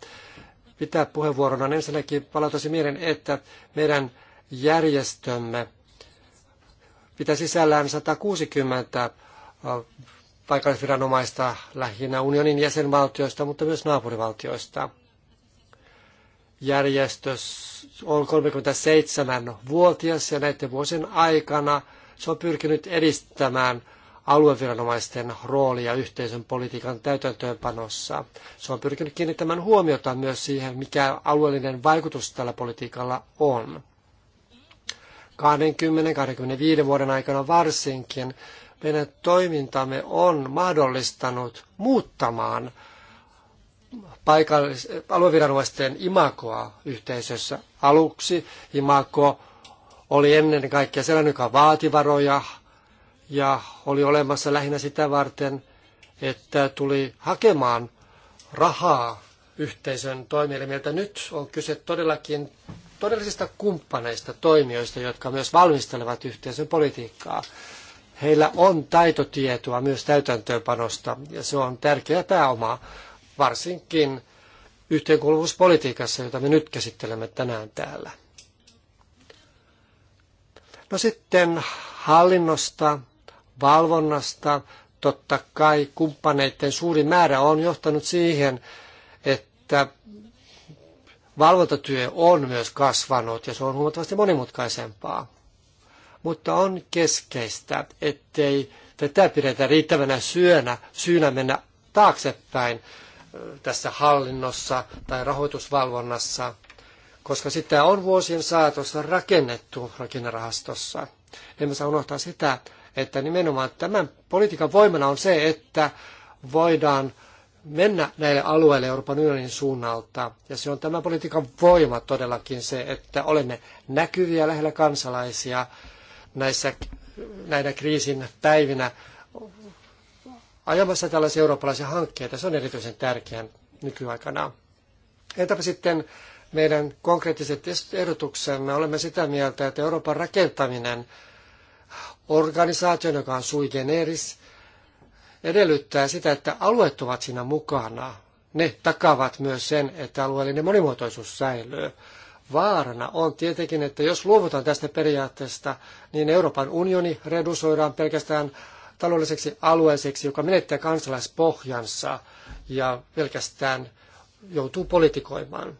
[SPEAKER 4] pitää puheenvuorona. Ensinnäkin palautaisin mielen, että meidän järjestömme pitää sisällään 160 paikallisviranomaista lähinnä unionin jäsenvaltioista, mutta myös naapurivaltioista. Järjestös on 37-vuotias ja näiden vuosien aikana se on pyrkinyt edistämään alueviranomaisten roolia yhteisön politiikan täytäntöönpanossa. Se on pyrkinyt kiinnittämään huomiota myös siihen, mikä alueellinen vaikutus tällä politiikalla on. 20-25 vuoden aikana varsinkin meidän toimintamme on mahdollistanut muuttamaan paikallis- alueviranomaisten imakoa yhteisössä. Aluksi imako oli ennen kaikkea sellainen, joka vaati varoja ja oli olemassa lähinnä sitä varten, että tuli hakemaan rahaa yhteisön toimielimiltä. Nyt on kyse todellakin todellisista kumppaneista, toimijoista, jotka myös valmistelevat yhteisön politiikkaa. Heillä on taitotietoa myös täytäntöönpanosta ja se on tärkeä pääoma, varsinkin yhteenkuuluvuuspolitiikassa, jota me nyt käsittelemme tänään täällä. No sitten hallinnosta, valvonnasta, totta kai kumppaneiden suuri määrä on johtanut siihen, että valvontatyö on myös kasvanut ja se on huomattavasti monimutkaisempaa. Mutta on keskeistä, ettei tätä pidetä riittävänä syönä, syynä mennä taaksepäin tässä hallinnossa tai rahoitusvalvonnassa, koska sitä on vuosien saatossa rakennettu rakennerahastossa. Emme saa unohtaa sitä, että nimenomaan tämän politiikan voimana on se, että voidaan mennä näille alueille Euroopan unionin suunnalta. Ja se on tämän politiikan voima todellakin se, että olemme näkyviä lähellä kansalaisia näissä, näinä kriisin päivinä ajamassa tällaisia eurooppalaisia hankkeita. Se on erityisen tärkeää nykyaikana. Entäpä sitten meidän konkreettiset ehdotuksemme? Olemme sitä mieltä, että Euroopan rakentaminen organisaatio, joka on sui generis, edellyttää sitä, että alueet ovat siinä mukana. Ne takavat myös sen, että alueellinen monimuotoisuus säilyy. Vaarana on tietenkin, että jos luovutaan tästä periaatteesta, niin Euroopan unioni redusoidaan pelkästään taloudelliseksi alueeseksi, joka menettää kansalaispohjansa ja pelkästään joutuu politikoimaan.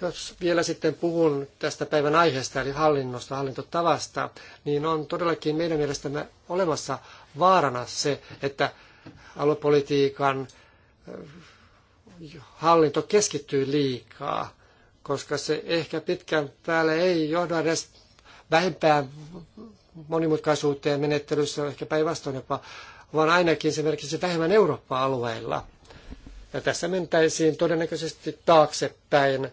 [SPEAKER 4] Jos vielä sitten puhun tästä päivän aiheesta, eli hallinnosta, hallintotavasta, niin on todellakin meidän mielestämme olemassa vaarana se, että aluepolitiikan hallinto keskittyy liikaa, koska se ehkä pitkän päälle ei johda edes vähempään monimutkaisuuteen menettelyssä, ehkä päinvastoin jopa, vaan ainakin se vähemmän eurooppa alueilla. Ja tässä mentäisiin todennäköisesti taaksepäin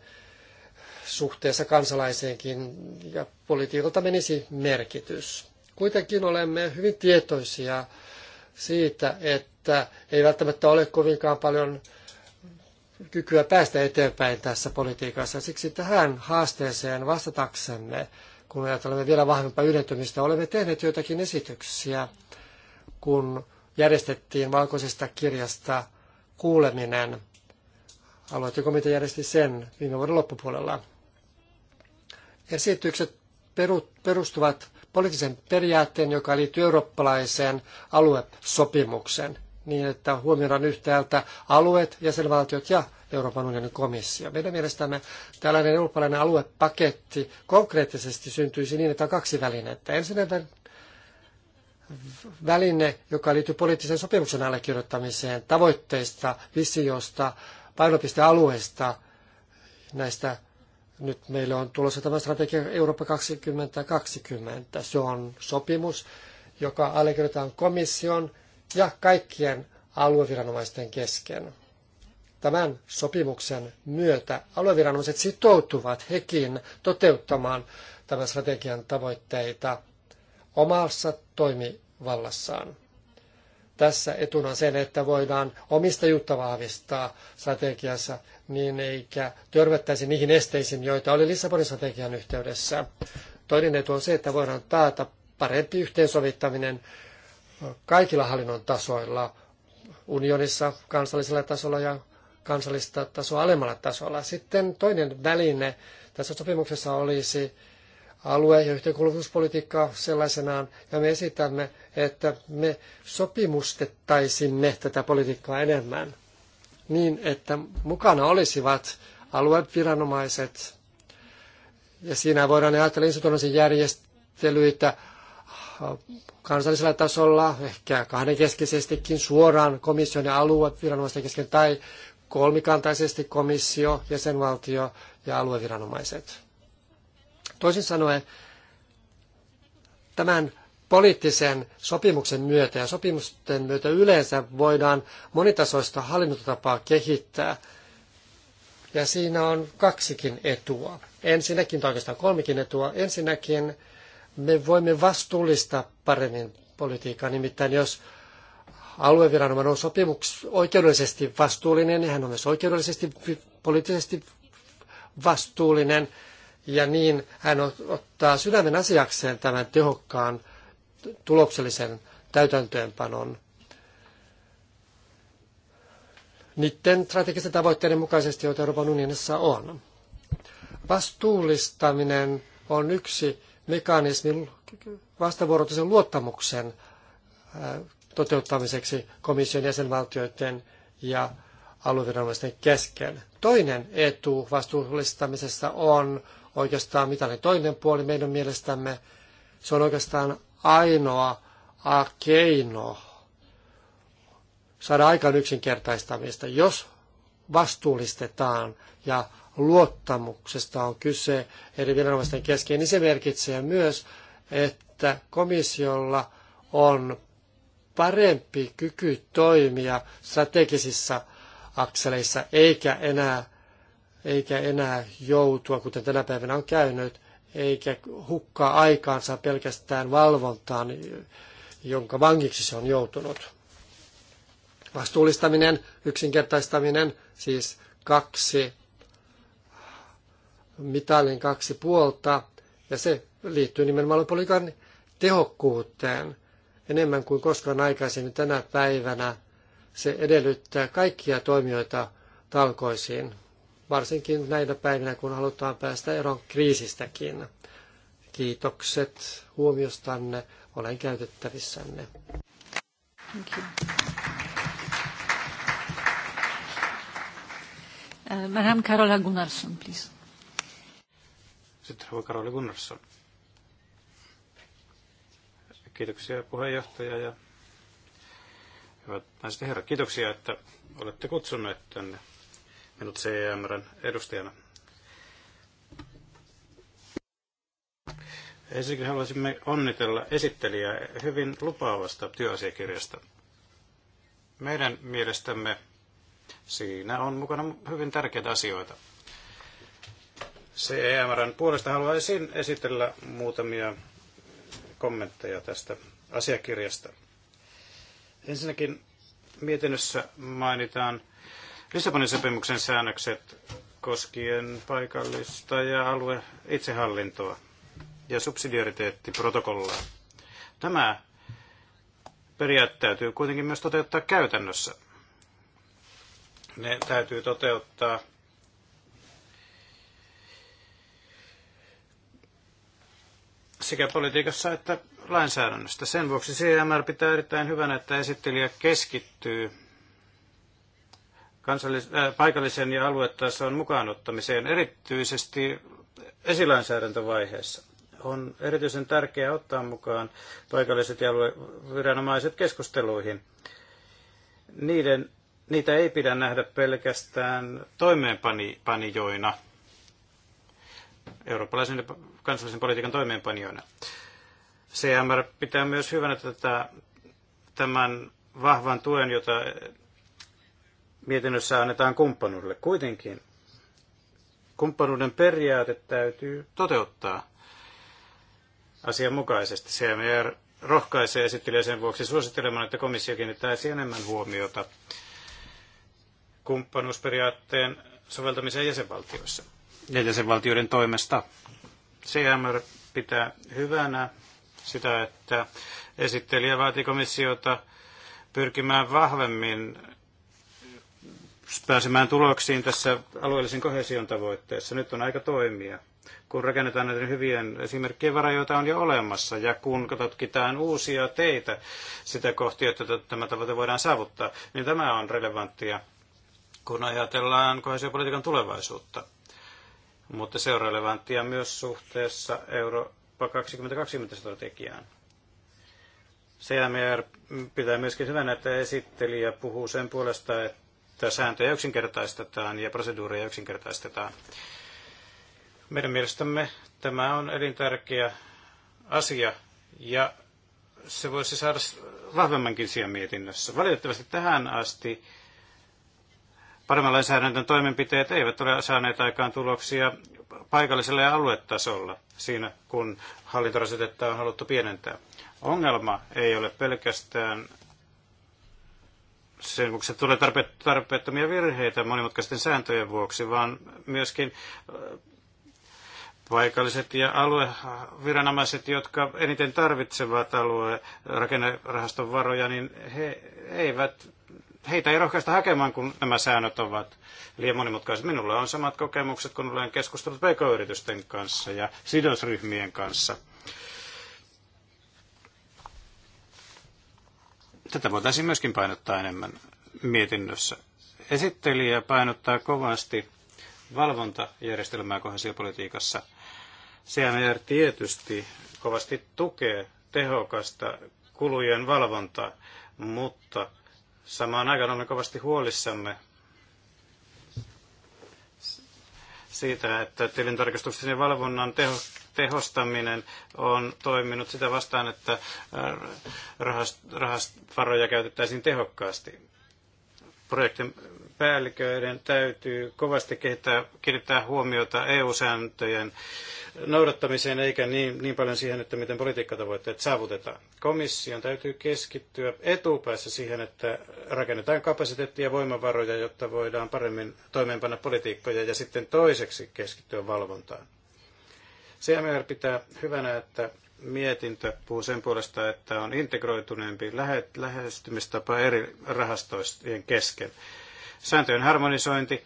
[SPEAKER 4] suhteessa kansalaiseenkin ja politiikalta menisi merkitys. Kuitenkin olemme hyvin tietoisia siitä, että ei välttämättä ole kovinkaan paljon kykyä päästä eteenpäin tässä politiikassa. Siksi tähän haasteeseen vastataksemme, kun ajattelemme vielä vahvempaa yhdentymistä, olemme tehneet joitakin esityksiä, kun järjestettiin valkoisesta kirjasta kuuleminen. Aloitekomitea järjesti sen viime vuoden loppupuolella. Esitykset perustuvat poliittisen periaatteen, joka liittyy eurooppalaiseen aluesopimukseen, niin että huomioidaan yhtäältä alueet, jäsenvaltiot ja Euroopan unionin komissio. Meidän mielestämme tällainen eurooppalainen aluepaketti konkreettisesti syntyisi niin, että on kaksi välinettä. Ensinnäkin väline, joka liittyy poliittisen sopimuksen allekirjoittamiseen, tavoitteista, visiosta, painopistealueista, näistä nyt meillä on tulossa tämä strategia Eurooppa 2020. Se on sopimus, joka allekirjoitetaan komission ja kaikkien alueviranomaisten kesken. Tämän sopimuksen myötä alueviranomaiset sitoutuvat hekin toteuttamaan tämän strategian tavoitteita omassa toimivallassaan. Tässä etuna on sen, että voidaan omistajuutta vahvistaa strategiassa niin eikä törmättäisi niihin esteisiin, joita oli Lissabonin strategian yhteydessä. Toinen etu on se, että voidaan taata parempi yhteensovittaminen kaikilla hallinnon tasoilla, unionissa, kansallisella tasolla ja kansallista tasoa alemmalla tasolla. Sitten toinen väline tässä sopimuksessa olisi alue- ja yhteenkuuluvuuspolitiikka sellaisenaan, ja me esitämme, että me sopimustettaisimme tätä politiikkaa enemmän niin, että mukana olisivat alueviranomaiset. Ja siinä voidaan ajatella instituutioiden järjestelyitä äh, kansallisella tasolla, ehkä kahdenkeskeisestikin suoraan komission ja alueviranomaisten kesken, tai kolmikantaisesti komissio, jäsenvaltio ja alueviranomaiset. Toisin sanoen, tämän poliittisen sopimuksen myötä ja sopimusten myötä yleensä voidaan monitasoista hallintotapaa kehittää. Ja siinä on kaksikin etua. Ensinnäkin, tai oikeastaan kolmikin etua. Ensinnäkin me voimme vastuullistaa paremmin politiikkaa. Nimittäin jos alueviranomainen on sopimuks oikeudellisesti vastuullinen, niin hän on myös oikeudellisesti, poliittisesti vastuullinen. Ja niin hän ottaa sydämen asiakseen tämän tehokkaan tuloksellisen täytäntöönpanon. Niiden strategisten tavoitteiden mukaisesti, joita Euroopan unionissa on. Vastuullistaminen on yksi mekanismi vastavuoroisen luottamuksen äh, toteuttamiseksi komission jäsenvaltioiden ja alueviranomaisten kesken. Toinen etu vastuullistamisessa on oikeastaan mitä toinen puoli meidän mielestämme. Se on oikeastaan ainoa keino saada aikaan yksinkertaistamista, jos vastuullistetaan ja luottamuksesta on kyse eri viranomaisten kesken, niin se merkitsee myös, että komissiolla on parempi kyky toimia strategisissa akseleissa, eikä enää, eikä enää joutua, kuten tänä päivänä on käynyt, eikä hukkaa aikaansa pelkästään valvontaan, jonka vangiksi se on joutunut. Vastuullistaminen, yksinkertaistaminen, siis kaksi mitalin kaksi puolta, ja se liittyy nimenomaan politiikan tehokkuuteen enemmän kuin koskaan aikaisemmin tänä päivänä. Se edellyttää kaikkia toimijoita talkoisiin varsinkin näinä päivinä, kun halutaan päästä eroon kriisistäkin. Kiitokset huomiostanne, olen käytettävissänne. Thank you.
[SPEAKER 1] Äh, Madame Carola Gunnarsson, please.
[SPEAKER 2] Sitten rouva Carola Gunnarsson. Kiitoksia puheenjohtaja ja hyvät naiset ja herrat. Kiitoksia, että olette kutsuneet tänne minut CMRn edustajana. Ensinnäkin haluaisimme onnitella esittelijää hyvin lupaavasta työasiakirjasta. Meidän mielestämme siinä on mukana hyvin tärkeitä asioita. CEMRn puolesta haluaisin esitellä muutamia kommentteja tästä asiakirjasta. Ensinnäkin mietinnössä mainitaan – Lissabonin sopimuksen säännökset koskien paikallista ja alue itsehallintoa ja subsidiariteettiprotokollaa. Tämä periaate täytyy kuitenkin myös toteuttaa käytännössä. Ne täytyy toteuttaa sekä politiikassa että lainsäädännöstä. Sen vuoksi CMR pitää erittäin hyvänä, että esittelijä keskittyy kansallis- äh, paikallisen ja aluetason mukaanottamiseen, erityisesti esilainsäädäntövaiheessa. On erityisen tärkeää ottaa mukaan paikalliset ja alueviranomaiset keskusteluihin. Niiden, niitä ei pidä nähdä pelkästään toimeenpanijoina, eurooppalaisen ja kansallisen politiikan toimeenpanijoina. CMR pitää myös hyvänä tätä, tämän vahvan tuen, jota mietinnössä annetaan kumppanuudelle. Kuitenkin kumppanuuden periaate täytyy toteuttaa asianmukaisesti. CMR rohkaisee esittelijä sen vuoksi suosittelemaan, että komissio kiinnittäisi enemmän huomiota kumppanuusperiaatteen soveltamiseen jäsenvaltioissa ja jäsenvaltioiden toimesta. CMR pitää hyvänä sitä, että esittelijä vaati komissiota pyrkimään vahvemmin pääsemään tuloksiin tässä alueellisen kohesion tavoitteessa. Nyt on aika toimia, kun rakennetaan näiden hyvien esimerkkien varaa, joita on jo olemassa, ja kun tutkitaan uusia teitä sitä kohti, että tämä tavoite voidaan saavuttaa, niin tämä on relevanttia, kun ajatellaan kohesiopolitiikan tulevaisuutta. Mutta se on relevanttia myös suhteessa Eurooppa 2020-strategiaan. CMR pitää myöskin hyvänä, että esittelijä puhuu sen puolesta, että että sääntöjä yksinkertaistetaan ja proseduureja yksinkertaistetaan. Meidän mielestämme tämä on elintärkeä asia ja se voisi saada vahvemmankin siellä mietinnössä. Valitettavasti tähän asti paremman lainsäädännön toimenpiteet eivät ole saaneet aikaan tuloksia paikallisella ja aluetasolla siinä, kun hallintorasitetta on haluttu pienentää. Ongelma ei ole pelkästään sen vuoksi tulee tarpe- tarpeettomia virheitä monimutkaisten sääntöjen vuoksi, vaan myöskin äh, paikalliset ja alueviranomaiset, jotka eniten tarvitsevat rakennerahaston varoja, niin he eivät, heitä ei rohkaista hakemaan, kun nämä säännöt ovat liian monimutkaiset. Minulla on samat kokemukset, kun olen keskustellut pk-yritysten kanssa ja sidosryhmien kanssa Tätä voitaisiin myöskin painottaa enemmän mietinnössä. Esittelijä painottaa kovasti valvontajärjestelmää kohesiopolitiikassa. CMR tietysti kovasti tukee tehokasta kulujen valvontaa, mutta samaan aikaan olemme kovasti huolissamme siitä, että tilintarkastuksen ja valvonnan teho, tehostaminen on toiminut sitä vastaan, että äh, rahastvaroja käytettäisiin tehokkaasti. Projektin päälliköiden täytyy kovasti kehittää, kiinnittää huomiota EU-sääntöjen noudattamiseen eikä niin, niin paljon siihen, että miten politiikkatavoitteet saavutetaan. Komission täytyy keskittyä etupäässä siihen, että rakennetaan kapasiteettia ja voimavaroja, jotta voidaan paremmin toimeenpanna politiikkoja ja sitten toiseksi keskittyä valvontaan. CMR pitää hyvänä, että mietintö puhuu sen puolesta, että on integroituneempi lähestymistapa eri rahastojen kesken. Sääntöjen harmonisointi,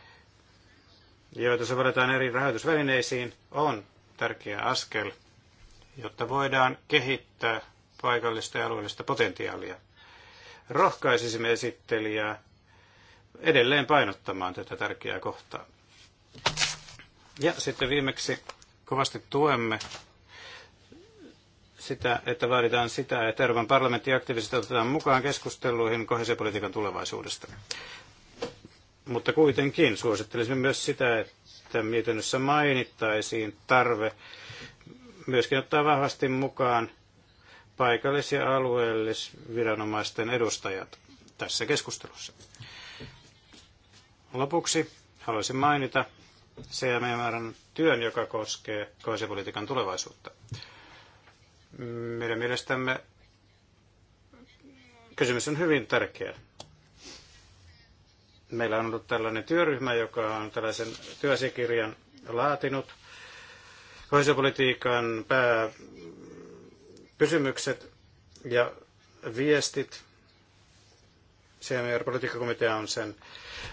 [SPEAKER 2] joita sovelletaan eri rahoitusvälineisiin, on tärkeä askel, jotta voidaan kehittää paikallista ja alueellista potentiaalia. Rohkaisisimme esittelijää edelleen painottamaan tätä tärkeää kohtaa. Ja sitten viimeksi kovasti tuemme sitä, että vaaditaan sitä, että Euroopan parlamentti aktiivisesti otetaan mukaan keskusteluihin kohesiopolitiikan tulevaisuudesta. Mutta kuitenkin suosittelisimme myös sitä, että mietinnössä mainittaisiin tarve myöskin ottaa vahvasti mukaan paikallis- ja alueellisviranomaisten edustajat tässä keskustelussa. Lopuksi haluaisin mainita, CME-määrän työn, joka koskee kohesiopolitiikan tulevaisuutta. Meidän mielestämme kysymys on hyvin tärkeä. Meillä on ollut tällainen työryhmä, joka on tällaisen työasiakirjan laatinut. Kohesiopolitiikan pääkysymykset ja viestit cmr komitea on sen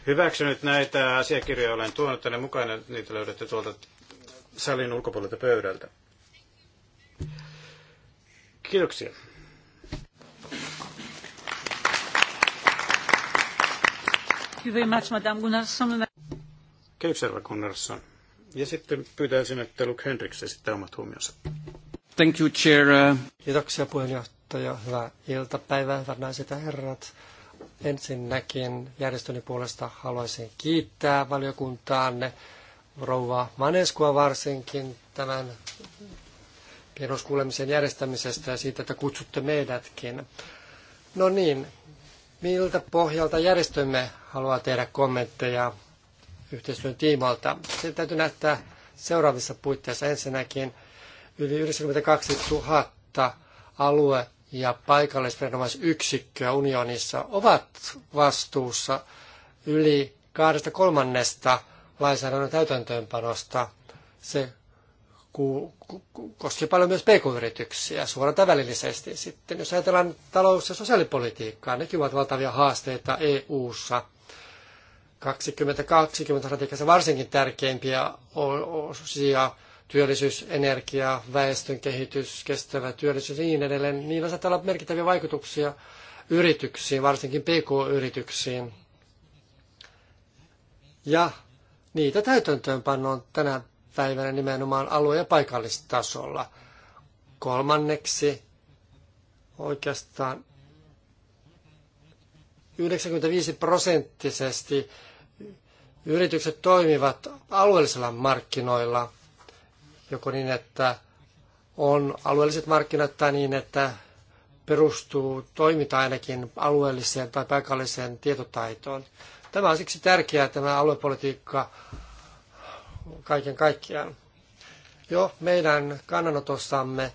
[SPEAKER 2] hyväksynyt. Näitä asiakirjoja olen tuonut tänne mukaan ja niitä löydätte tuolta salin ulkopuolelta pöydältä. Kiitoksia. Kiitoksia, Herra Gunnarsson. Ja sitten pyytäisin, että Luke Henriks esittää omat huomionsa.
[SPEAKER 4] Thank you, Chair. Kiitoksia puheenjohtaja. Hyvää iltapäivää, hyvät naiset ja herrat. Ensinnäkin järjestöni puolesta haluaisin kiittää valiokuntaanne, rouva Maneskua varsinkin tämän kerroskuulemisen järjestämisestä ja siitä, että kutsutte meidätkin. No niin, miltä pohjalta järjestömme haluaa tehdä kommentteja yhteistyön tiimoilta? Se täytyy näyttää seuraavissa puitteissa ensinnäkin yli 92 000 alue ja paikallisviranomaisyksikköä unionissa ovat vastuussa yli kahdesta kolmannesta lainsäädännön täytäntöönpanosta. Se koskee paljon myös pk-yrityksiä suoraan tai välillisesti. Sitten jos ajatellaan talous- ja sosiaalipolitiikkaa, nekin ovat valtavia haasteita EU-ssa. 2020 strategiassa varsinkin tärkeimpiä osia työllisyys, energia, väestön kehitys, kestävä työllisyys ja niin edelleen, niillä saattaa olla merkittäviä vaikutuksia yrityksiin, varsinkin PK-yrityksiin. Ja niitä täytäntöönpannaan tänä päivänä nimenomaan alue- ja paikallistasolla. Kolmanneksi oikeastaan 95 prosenttisesti yritykset toimivat alueellisilla markkinoilla joko niin, että on alueelliset markkinat tai niin, että perustuu toiminta ainakin alueelliseen tai paikalliseen tietotaitoon. Tämä on siksi tärkeää, tämä aluepolitiikka kaiken kaikkiaan. Jo meidän kannanotossamme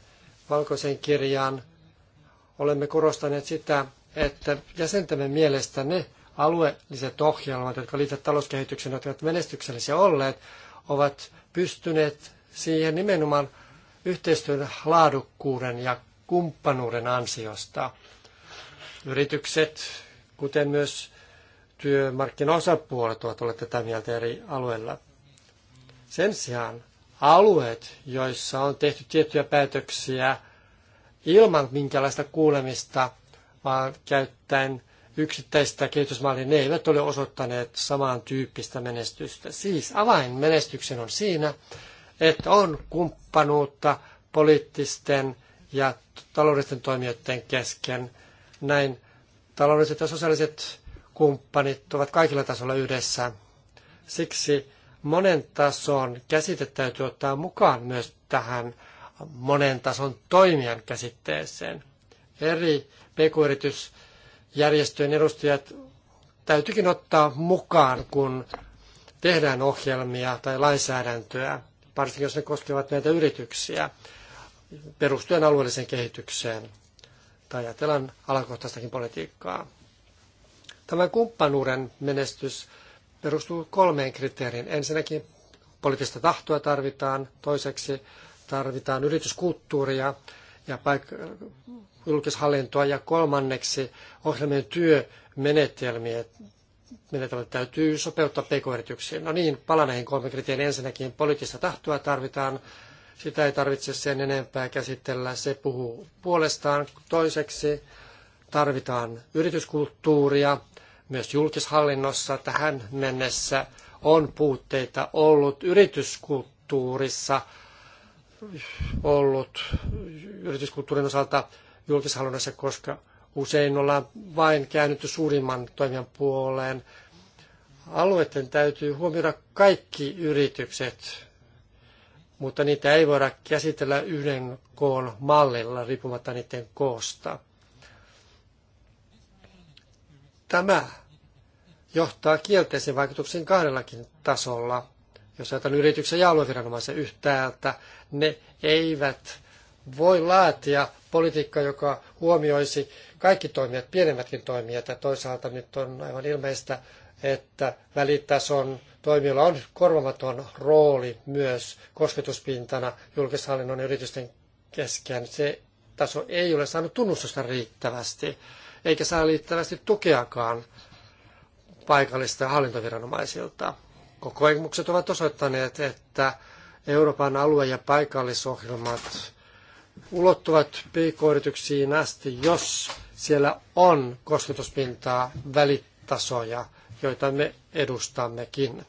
[SPEAKER 4] valkoisen kirjaan olemme korostaneet sitä, että jäsentämme mielestä ne alueelliset ohjelmat, jotka liittyvät talouskehityksen, jotka ovat menestyksellisiä olleet, ovat pystyneet siihen nimenomaan yhteistyön laadukkuuden ja kumppanuuden ansiosta. Yritykset, kuten myös työmarkkinaosapuolet ovat olleet tätä mieltä eri alueilla. Sen sijaan alueet, joissa on tehty tiettyjä päätöksiä ilman minkälaista kuulemista, vaan käyttäen yksittäistä kehitysmallia, ne eivät ole osoittaneet samaan tyyppistä menestystä. Siis avain menestyksen on siinä, että on kumppanuutta poliittisten ja taloudellisten toimijoiden kesken. Näin taloudelliset ja sosiaaliset kumppanit ovat kaikilla tasolla yhdessä. Siksi monen tason käsite täytyy ottaa mukaan myös tähän monen tason toimijan käsitteeseen. Eri pk-yritysjärjestöjen edustajat täytyykin ottaa mukaan, kun tehdään ohjelmia tai lainsäädäntöä varsinkin jos ne koskevat näitä yrityksiä, perustuen alueelliseen kehitykseen tai ajatellaan alakohtaistakin politiikkaa. Tämän kumppanuuden menestys perustuu kolmeen kriteeriin. Ensinnäkin poliittista tahtoa tarvitaan, toiseksi tarvitaan yrityskulttuuria ja paik- julkishallintoa ja kolmanneksi ohjelmien työmenetelmiä millä tavalla täytyy sopeuttaa pk-yrityksiin. No niin, palaan näihin kolme kriteeriin. Ensinnäkin poliittista tahtoa tarvitaan. Sitä ei tarvitse sen enempää käsitellä. Se puhuu puolestaan. Toiseksi tarvitaan yrityskulttuuria myös julkishallinnossa. Tähän mennessä on puutteita ollut yrityskulttuurissa, ollut yrityskulttuurin osalta julkishallinnossa, koska Usein ollaan vain käännytty suurimman toimijan puoleen. Alueiden täytyy huomioida kaikki yritykset, mutta niitä ei voida käsitellä yhden koon mallilla riippumatta niiden koosta. Tämä johtaa kielteisen vaikutuksen kahdellakin tasolla. Jos ajatellaan yrityksen ja alueviranomaisen yhtäältä, ne eivät voi laatia politiikkaa, joka huomioisi kaikki toimijat, pienemmätkin toimijat. Ja toisaalta nyt on aivan ilmeistä, että välitason toimijoilla on korvamaton rooli myös kosketuspintana julkishallinnon ja yritysten kesken. Se taso ei ole saanut tunnustusta riittävästi, eikä saa riittävästi tukeakaan paikallista hallintoviranomaisilta. Kokemukset ovat osoittaneet, että Euroopan alue- ja paikallisohjelmat ulottuvat pk-yrityksiin asti, jos siellä on kosketuspintaa välitasoja, joita me edustammekin.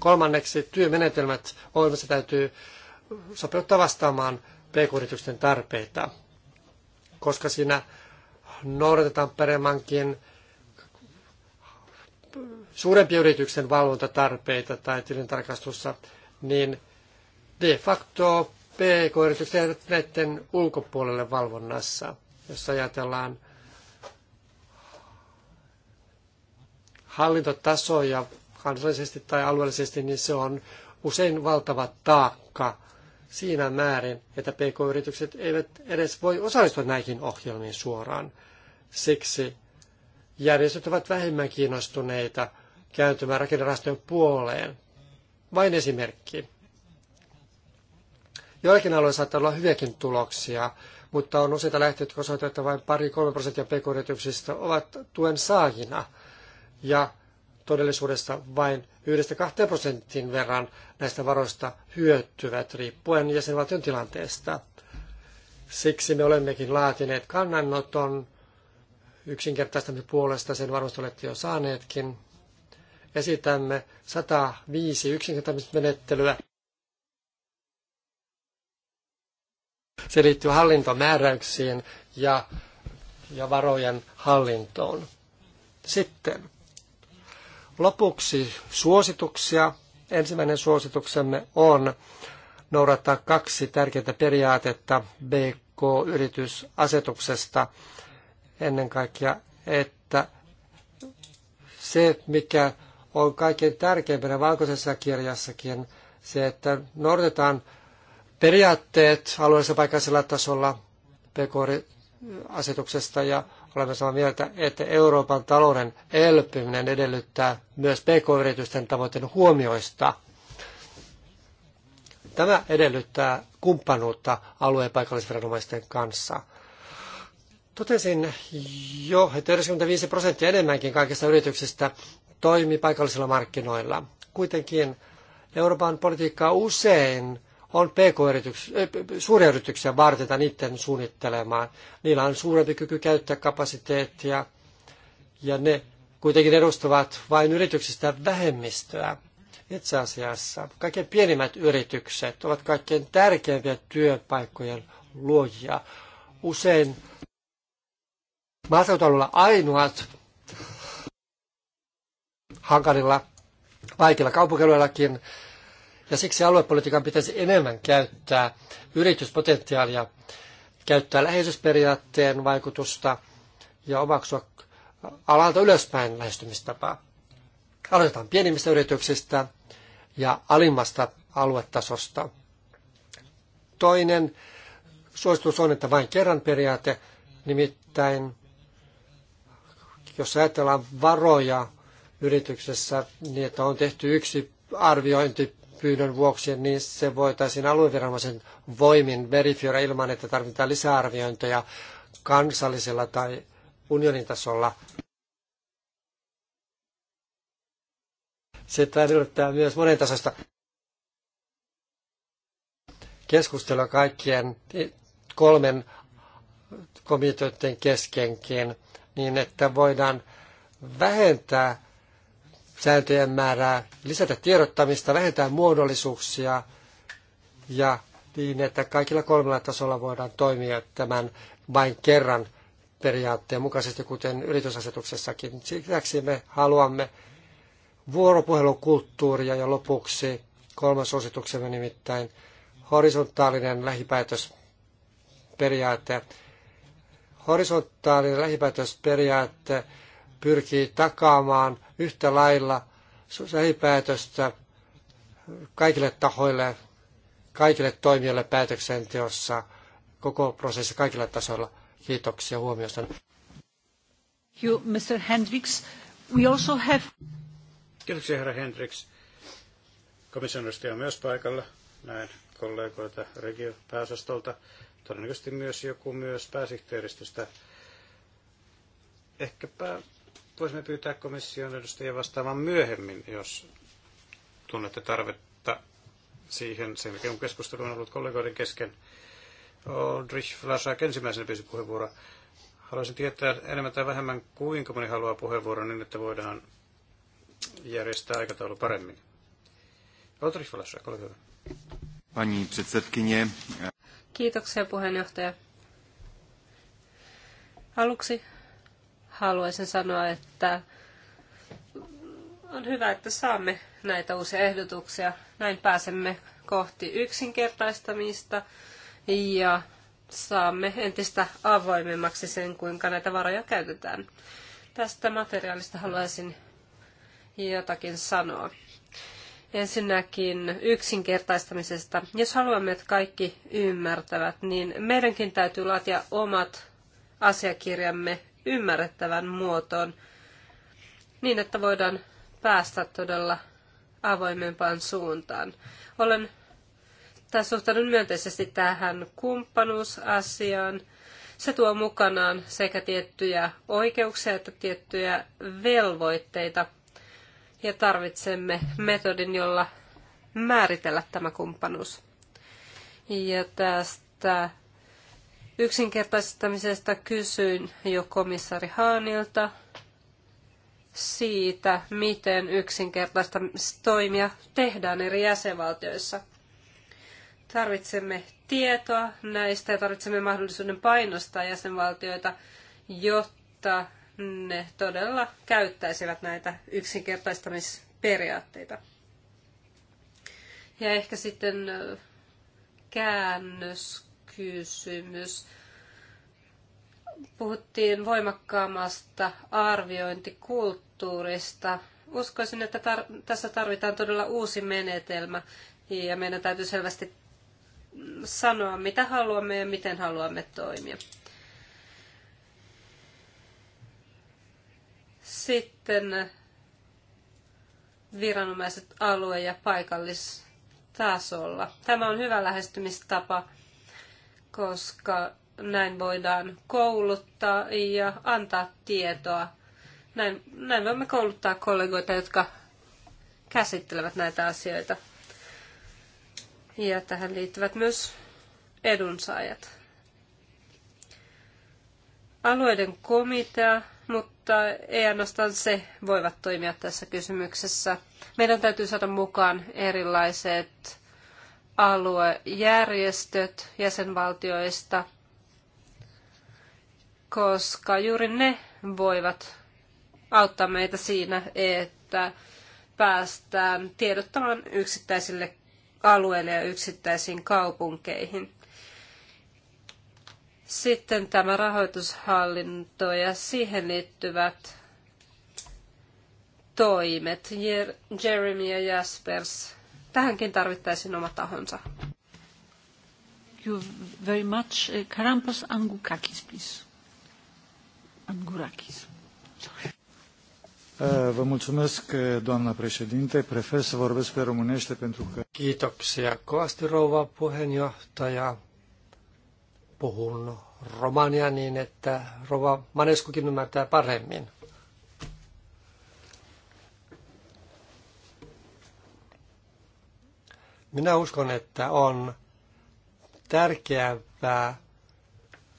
[SPEAKER 4] Kolmanneksi työmenetelmät ohjelmassa täytyy sopeuttaa vastaamaan pk-yritysten tarpeita, koska siinä noudatetaan paremmankin suurempien yrityksen valvontatarpeita tai tilintarkastussa, niin de facto PK-yritykset jäävät näiden ulkopuolelle valvonnassa, jos ajatellaan hallintotasoja kansallisesti tai alueellisesti, niin se on usein valtava taakka siinä määrin, että PK-yritykset eivät edes voi osallistua näihin ohjelmiin suoraan. Siksi järjestöt ovat vähemmän kiinnostuneita kääntymään rakennerahastojen puoleen. Vain esimerkki. Joillakin aloilla saattaa olla hyviäkin tuloksia, mutta on useita lähteitä, jotka osoittavat, että vain pari-kolme prosenttia pk-yrityksistä ovat tuen saajina. Ja todellisuudessa vain 1-2 prosentin verran näistä varoista hyötyvät riippuen jäsenvaltion tilanteesta. Siksi me olemmekin laatineet kannanoton yksinkertaistamisen puolesta, sen varmasti olette jo saaneetkin. Esitämme 105 yksinkertaistamismenettelyä Se liittyy hallintomääräyksiin ja, ja varojen hallintoon. Sitten lopuksi suosituksia. Ensimmäinen suosituksemme on noudattaa kaksi tärkeintä periaatetta BK-yritysasetuksesta. Ennen kaikkea, että se, mikä on kaikkein tärkeimpänä valkoisessa kirjassakin, se, että noudatetaan periaatteet alueellisella paikallisella tasolla PK-asetuksesta ja olemme samaa mieltä, että Euroopan talouden elpyminen edellyttää myös PK-yritysten tavoitteiden huomioista. Tämä edellyttää kumppanuutta alueen paikallisviranomaisten kanssa. Totesin jo, että 95 prosenttia enemmänkin kaikista yrityksistä toimii paikallisilla markkinoilla. Kuitenkin Euroopan politiikkaa usein on pk-yrityksiä, eh, suuria yrityksiä varten niiden suunnittelemaan. Niillä on suurempi kyky käyttää kapasiteettia ja ne kuitenkin edustavat vain yrityksistä vähemmistöä. Itse asiassa kaikkein pienimmät yritykset ovat kaikkein tärkeimpiä työpaikkojen luojia. Usein maaseutualueella ainoat hankalilla, vaikeilla kaupunkialueillakin ja siksi aluepolitiikan pitäisi enemmän käyttää yrityspotentiaalia, käyttää läheisyysperiaatteen vaikutusta ja omaksua alalta ylöspäin lähestymistapaa. Aloitetaan pienimmistä yrityksistä ja alimmasta aluetasosta. Toinen suositus on, että vain kerran periaate, nimittäin jos ajatellaan varoja yrityksessä niin, että on tehty yksi arviointi pyynnön vuoksi, niin se voitaisiin alueviranomaisen voimin verifioida ilman, että tarvitaan lisäarviointeja kansallisella tai unionin tasolla. Se edellyttää myös monen tasosta keskustelua kaikkien kolmen komiteoiden keskenkin, niin että voidaan vähentää sääntöjen määrää, lisätä tiedottamista, vähentää muodollisuuksia ja niin, että kaikilla kolmella tasolla voidaan toimia tämän vain kerran periaatteen mukaisesti, kuten yritysasetuksessakin. Siksi me haluamme vuoropuhelukulttuuria ja lopuksi kolmas suosituksemme nimittäin horisontaalinen lähipäätösperiaate. Horisontaalinen lähipäätösperiaate pyrkii takaamaan yhtä lailla päätöstä kaikille tahoille, kaikille toimijoille päätöksenteossa, koko prosessissa kaikilla tasoilla. Kiitoksia huomiosta.
[SPEAKER 1] You, Mr. Hendricks. We also have...
[SPEAKER 2] Kiitoksia, herra Hendricks. Komissionaristi on myös paikalla. Näin kollegoita regio Todennäköisesti myös joku myös pääsihteeristöstä. Ehkäpä Voisimme pyytää komission edustajia vastaamaan myöhemmin, jos tunnette tarvetta siihen, sen jälkeen kun keskustelu on ollut kollegoiden kesken. Aldrich Flasak ensimmäisenä pyysi puheenvuoroa. Haluaisin tietää enemmän tai vähemmän, kuinka moni haluaa puheenvuoron niin, että voidaan järjestää aikataulu paremmin. Aldrich Flasak, ole hyvä.
[SPEAKER 4] Pani předsedkyně.
[SPEAKER 3] Kiitoksia puheenjohtaja. Aluksi haluaisin sanoa, että on hyvä, että saamme näitä uusia ehdotuksia. Näin pääsemme kohti yksinkertaistamista ja saamme entistä avoimemmaksi sen, kuinka näitä varoja käytetään. Tästä materiaalista haluaisin jotakin sanoa. Ensinnäkin yksinkertaistamisesta. Jos haluamme, että kaikki ymmärtävät, niin meidänkin täytyy laatia omat asiakirjamme ymmärrettävän muotoon niin, että voidaan päästä todella avoimempaan suuntaan. Olen tässä suhtaudun myönteisesti tähän kumppanuusasiaan. Se tuo mukanaan sekä tiettyjä oikeuksia että tiettyjä velvoitteita. Ja tarvitsemme metodin, jolla määritellä tämä kumppanuus. Ja tästä yksinkertaistamisesta kysyin jo komissari Haanilta siitä, miten yksinkertaistamistoimia tehdään eri jäsenvaltioissa. Tarvitsemme tietoa näistä ja tarvitsemme mahdollisuuden painostaa jäsenvaltioita, jotta ne todella käyttäisivät näitä yksinkertaistamisperiaatteita. Ja ehkä sitten käännös kysymys. Puhuttiin voimakkaammasta arviointikulttuurista. Uskoisin, että tar- tässä tarvitaan todella uusi menetelmä ja meidän täytyy selvästi sanoa, mitä haluamme ja miten haluamme toimia. Sitten viranomaiset alue- ja paikallistasolla. Tämä on hyvä lähestymistapa koska näin voidaan kouluttaa ja antaa tietoa. Näin, näin voimme kouluttaa kollegoita, jotka käsittelevät näitä asioita. Ja tähän liittyvät myös edunsaajat. Alueiden komitea, mutta ei ainoastaan se voivat toimia tässä kysymyksessä. Meidän täytyy saada mukaan erilaiset aluejärjestöt jäsenvaltioista, koska juuri ne voivat auttaa meitä siinä, että päästään tiedottamaan yksittäisille alueille ja yksittäisiin kaupunkeihin. Sitten tämä rahoitushallinto ja siihen liittyvät toimet. Jeremy ja Jaspers Tähänkin tarvittaisiin oma tahonsa.
[SPEAKER 1] You very much. Eh, Karampos Angukakis, please. Angurakis. Sorry.
[SPEAKER 4] Eh, vă mulțumesc, eh, doamna președinte. Prefer să vorbesc pe românește pentru că... Kiitoksia kovasti, rouva puheenjohtaja. Puhun romania niin, että rouva Maneskukin ymmärtää paremmin. Minä uskon, että on tärkeää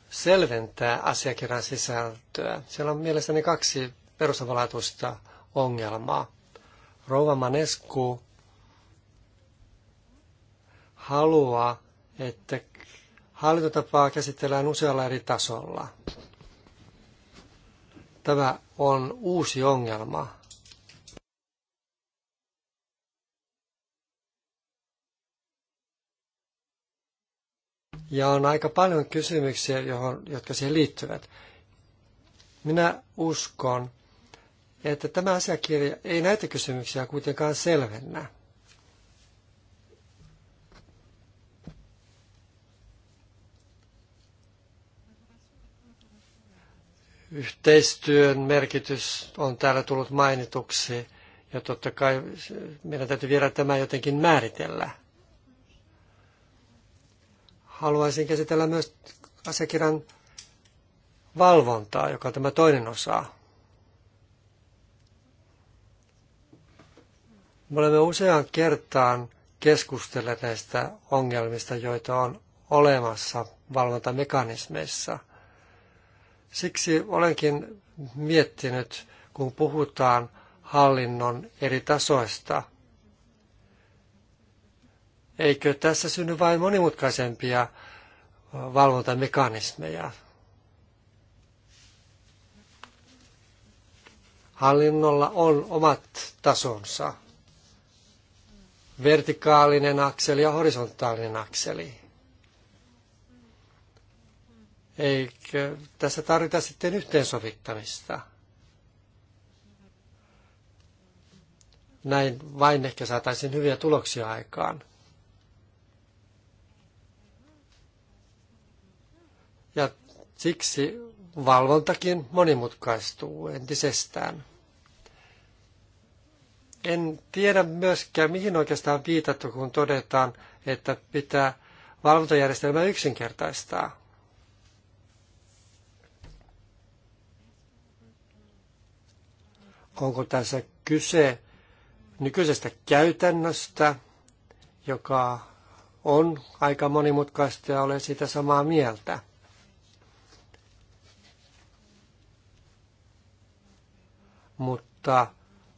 [SPEAKER 4] selventää asiakirjan sisältöä. Siellä on mielestäni kaksi perustavalaatuista ongelmaa. Rouva Manescu haluaa, että hallintotapaa käsitellään usealla eri tasolla. Tämä on uusi ongelma. Ja on aika paljon kysymyksiä, johon, jotka siihen liittyvät. Minä uskon, että tämä asiakirja ei näitä kysymyksiä kuitenkaan selvennä. Yhteistyön merkitys on täällä tullut mainituksi, ja totta kai meidän täytyy vielä tämä jotenkin määritellä haluaisin käsitellä myös asiakirjan valvontaa, joka on tämä toinen osa. Me olemme useaan kertaan keskustelleet näistä ongelmista, joita on olemassa valvontamekanismeissa. Siksi olenkin miettinyt, kun puhutaan hallinnon eri tasoista – Eikö tässä synny vain monimutkaisempia valvontamekanismeja? Hallinnolla on omat tasonsa. Vertikaalinen akseli ja horisontaalinen akseli. Eikö tässä tarvita sitten yhteensovittamista? Näin vain ehkä saataisiin hyviä tuloksia aikaan. Siksi valvontakin monimutkaistuu entisestään. En tiedä myöskään, mihin oikeastaan viitattu, kun todetaan, että pitää valvontajärjestelmä yksinkertaistaa. Onko tässä kyse nykyisestä käytännöstä, joka on aika monimutkaista ja olen siitä samaa mieltä. mutta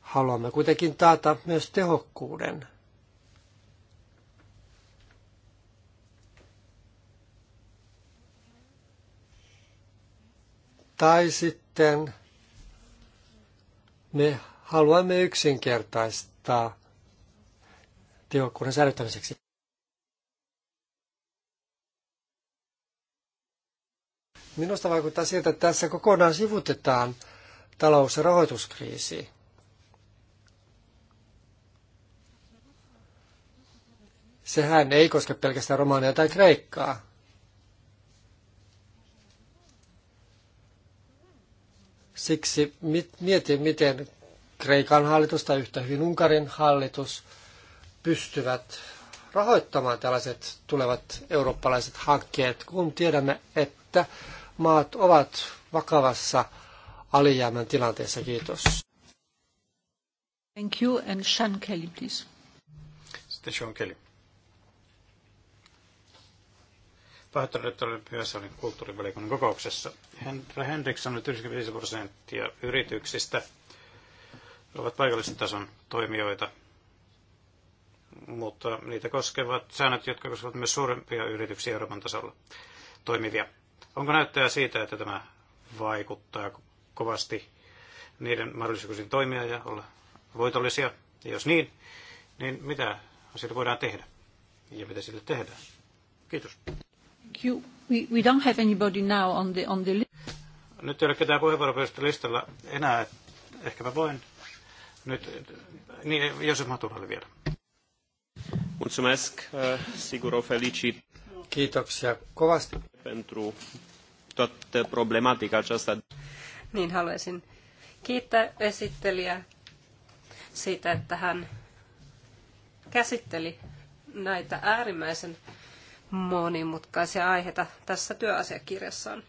[SPEAKER 4] haluamme kuitenkin taata myös tehokkuuden. Tai sitten me haluamme yksinkertaistaa tehokkuuden säilyttämiseksi. Minusta vaikuttaa siltä, että tässä kokonaan sivutetaan talous- ja rahoituskriisiin. Sehän ei koske pelkästään Romania tai Kreikkaa. Siksi mietin, miten Kreikan hallitus tai yhtä hyvin Unkarin hallitus pystyvät rahoittamaan tällaiset tulevat eurooppalaiset hankkeet, kun tiedämme, että maat ovat vakavassa alijäämän tilanteessa. Kiitos.
[SPEAKER 1] Thank you and Sean Kelly, please.
[SPEAKER 4] Sitten Sean Kelly.
[SPEAKER 2] Pahoittelen, että olin kulttuurivaliokunnan kokouksessa. Henry Henriksson 95 prosenttia yrityksistä ovat paikallisen tason toimijoita, mutta niitä koskevat säännöt, jotka koskevat myös suurempia yrityksiä Euroopan tasolla toimivia. Onko näyttöä siitä, että tämä vaikuttaa kovasti niiden mahdollisuuksien toimia ja olla voitollisia. Ja jos niin, niin mitä asioita voidaan tehdä ja mitä sille tehdään? Kiitos.
[SPEAKER 1] You, we, we don't have anybody now on the, on the list.
[SPEAKER 2] Nyt ei ole ketään puheenvuoropyystä listalla enää. Ehkäpä voin. Nyt, niin, Josef Maturalle vielä.
[SPEAKER 1] Mulțumesc,
[SPEAKER 2] uh, sigur felicit. Kiitoksia kovasti. Pentru toată problematica aceasta
[SPEAKER 3] niin haluaisin kiittää esittelijää siitä, että hän käsitteli näitä äärimmäisen monimutkaisia aiheita tässä työasiakirjassaan.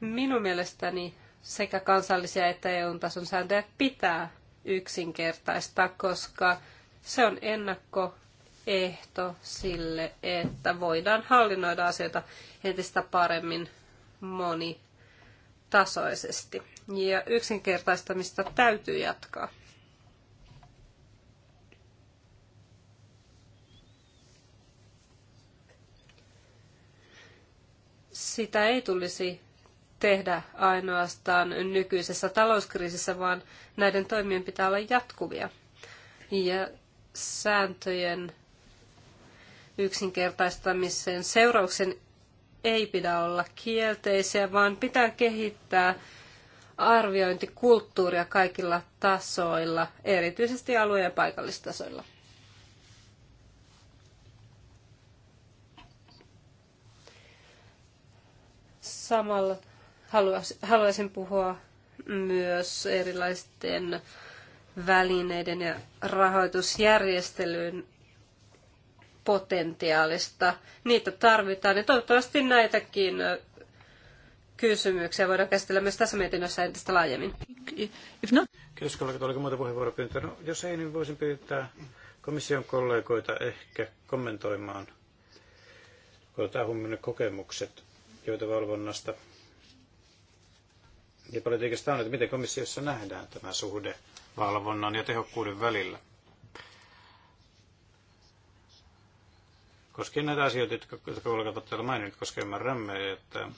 [SPEAKER 3] Minun mielestäni sekä kansallisia että EU-tason sääntöjä pitää yksinkertaistaa, koska se on ennakko ehto sille, että voidaan hallinnoida asioita entistä paremmin monitasoisesti. Ja yksinkertaistamista täytyy jatkaa. Sitä ei tulisi tehdä ainoastaan nykyisessä talouskriisissä, vaan näiden toimien pitää olla jatkuvia. Ja sääntöjen yksinkertaistamisen seurauksen ei pidä olla kielteisiä, vaan pitää kehittää arviointikulttuuria kaikilla tasoilla, erityisesti alue- ja paikallistasoilla. Samalla haluaisin puhua myös erilaisten välineiden ja rahoitusjärjestelyjen potentiaalista. Niitä tarvitaan ja toivottavasti näitäkin kysymyksiä voidaan käsitellä myös tässä mietinnössä entistä laajemmin. If
[SPEAKER 2] Kiitos kollegat, oliko muuta puheenvuoropyyntöä? No, jos ei, niin voisin pyytää komission kollegoita ehkä kommentoimaan. Otetaan huomioon kokemukset, joita valvonnasta ja politiikasta on, että miten komissiossa nähdään tämä suhde valvonnan ja tehokkuuden välillä. koskien näitä asioita, jotka, jotka kollegat täällä mainit, koska ymmärrämme, että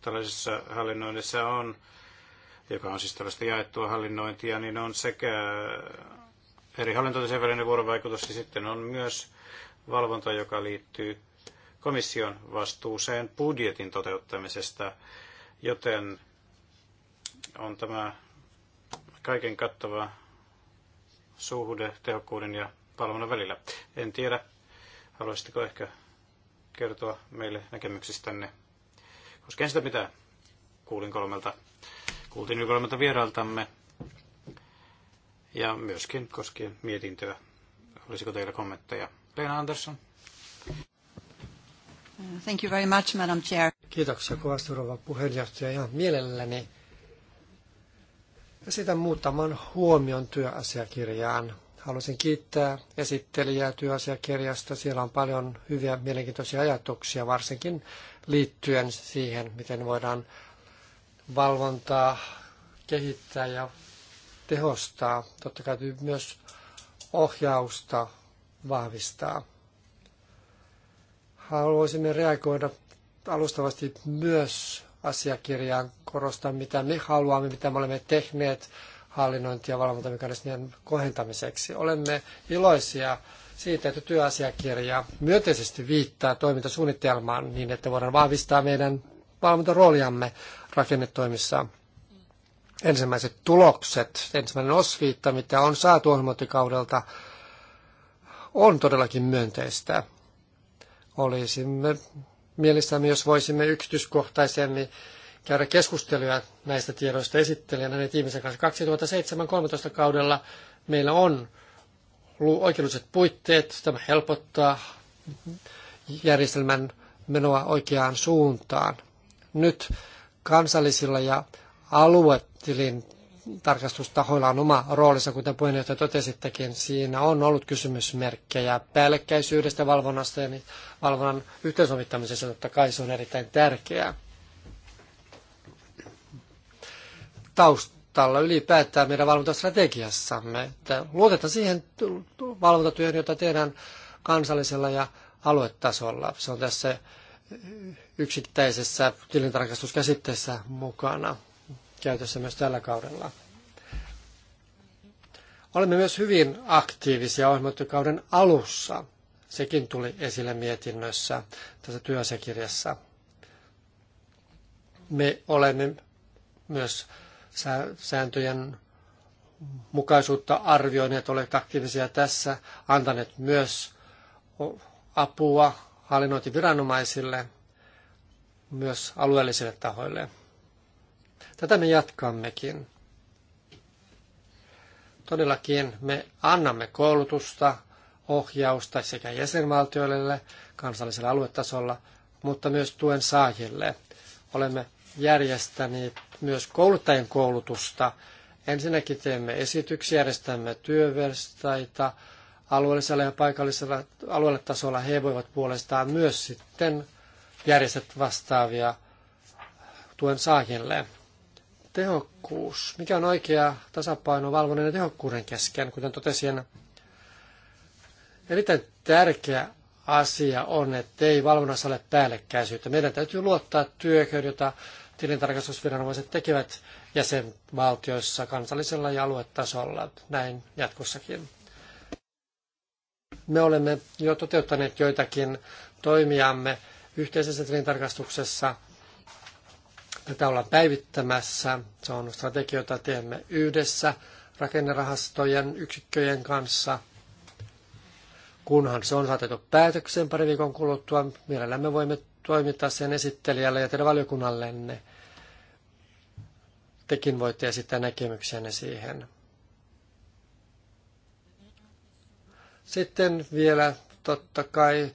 [SPEAKER 2] tällaisessa hallinnoinnissa on, joka on siis tällaista jaettua hallinnointia, niin on sekä eri hallintotasojen välinen vuorovaikutus ja sitten on myös valvonta, joka liittyy komission vastuuseen budjetin toteuttamisesta, joten on tämä kaiken kattava suhde tehokkuuden ja palvelun välillä. En tiedä, haluaisitteko ehkä kertoa meille näkemyksistänne koskien sitä, mitä kuulin kolmelta, kuultiin kolmelta vierailtamme ja myöskin koskien mietintöä. Olisiko teillä kommentteja?
[SPEAKER 4] Leena Andersson. Thank you very much, Madam Chair. Kiitoksia kovasti rouva puheenjohtaja ja mielelläni esitän muutaman huomion työasiakirjaan. Haluaisin kiittää esittelijää työasiakirjasta. Siellä on paljon hyviä mielenkiintoisia ajatuksia, varsinkin liittyen siihen, miten voidaan valvontaa kehittää ja tehostaa. Totta kai myös ohjausta vahvistaa. Haluaisimme reagoida alustavasti myös asiakirjaan, korostaa mitä me haluamme, mitä me olemme tehneet hallinnointi- ja valvontamekanismien kohentamiseksi. Olemme iloisia siitä, että työasiakirja myönteisesti viittaa toimintasuunnitelmaan niin, että voidaan vahvistaa meidän valvontarooliamme rakennetoimissa. Ensimmäiset tulokset, ensimmäinen osviitta, mitä on saatu ohjelmointikaudelta, on todellakin myönteistä. Olisimme mielissämme, jos voisimme yksityiskohtaisemmin käydä keskusteluja näistä tiedoista esittelijänä näiden ihmisen kanssa. 2007-2013 kaudella meillä on oikeudelliset puitteet, tämä helpottaa järjestelmän menoa oikeaan suuntaan. Nyt kansallisilla ja aluetilin tarkastustahoilla on oma roolinsa, kuten puheenjohtaja totesittekin. Siinä on ollut kysymysmerkkejä päällekkäisyydestä valvonnasta ja valvonnan yhteensovittamisessa totta kai se on erittäin tärkeää. taustalla ylipäätään meidän valvontastrategiassamme. Että luotetaan siihen valvontatyöhön, jota tehdään kansallisella ja aluetasolla. Se on tässä yksittäisessä tilintarkastuskäsitteessä mukana käytössä myös tällä kaudella. Olemme myös hyvin aktiivisia ohjelmatyökauden alussa. Sekin tuli esille mietinnössä tässä työasiakirjassa. Me olemme myös sääntöjen mukaisuutta arvioineet, olet aktiivisia tässä, antaneet myös apua hallinnointiviranomaisille, myös alueellisille tahoille. Tätä me jatkammekin. Todellakin me annamme koulutusta, ohjausta sekä jäsenvaltioille kansallisella aluetasolla, mutta myös tuen saajille. Olemme järjestäneet myös kouluttajien koulutusta. Ensinnäkin teemme esityksiä, järjestämme työverstaita alueellisella ja paikallisella tasolla. He voivat puolestaan myös sitten järjestää vastaavia tuen saajille. Tehokkuus. Mikä on oikea tasapaino valvonnan ja tehokkuuden kesken? Kuten totesin, erittäin tärkeä asia on, että ei valvonnassa ole päällekkäisyyttä. Meidän täytyy luottaa työhön, jota tilintarkastusviranomaiset tekevät jäsenvaltioissa kansallisella ja aluetasolla, näin jatkossakin. Me olemme jo toteuttaneet joitakin toimiamme yhteisessä tilintarkastuksessa. Tätä ollaan päivittämässä. Se on strategia, jota teemme yhdessä rakennerahastojen yksikköjen kanssa. Kunhan se on saatettu päätökseen pari viikon kuluttua, mielellämme voimme toimittaa sen esittelijälle ja teidän valiokunnallenne. Tekin voitte esittää näkemyksenne siihen. Sitten vielä totta kai,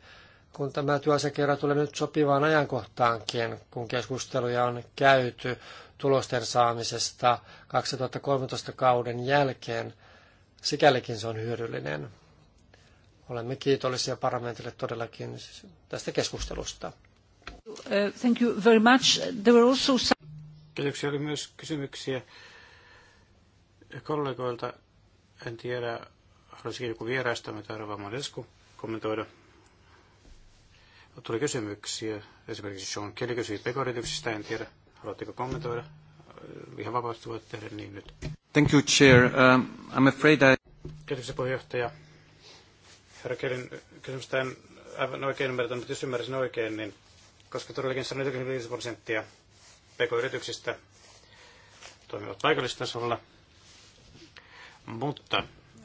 [SPEAKER 4] kun tämä työasiakirja tulee nyt sopivaan ajankohtaankin, kun keskusteluja on käyty tulosten saamisesta 2013 kauden jälkeen, sikälikin se on hyödyllinen. Olemme kiitollisia parlamentille todellakin tästä keskustelusta.
[SPEAKER 1] Uh, thank you very much. There were also some...
[SPEAKER 4] Kiitoksia. Oli myös kysymyksiä
[SPEAKER 2] kollegoilta. En tiedä, haluaisiko joku vieraista, mitä Rova Modesku kommentoida. Tuli kysymyksiä. Esimerkiksi Sean Kelly kysyi pekoyrityksistä. En tiedä, haluatteko kommentoida. Äh, ihan vapaasti voit tehdä niin nyt. Thank you, Chair. Um, I'm afraid I... Kiitoksia puheenjohtaja. Herra Kelin kysymystä en aivan oikein ymmärtänyt, mutta jos ymmärsin oikein, niin koska todellakin 145 prosenttia pk-yrityksistä toimivat paikallistasolla, mutta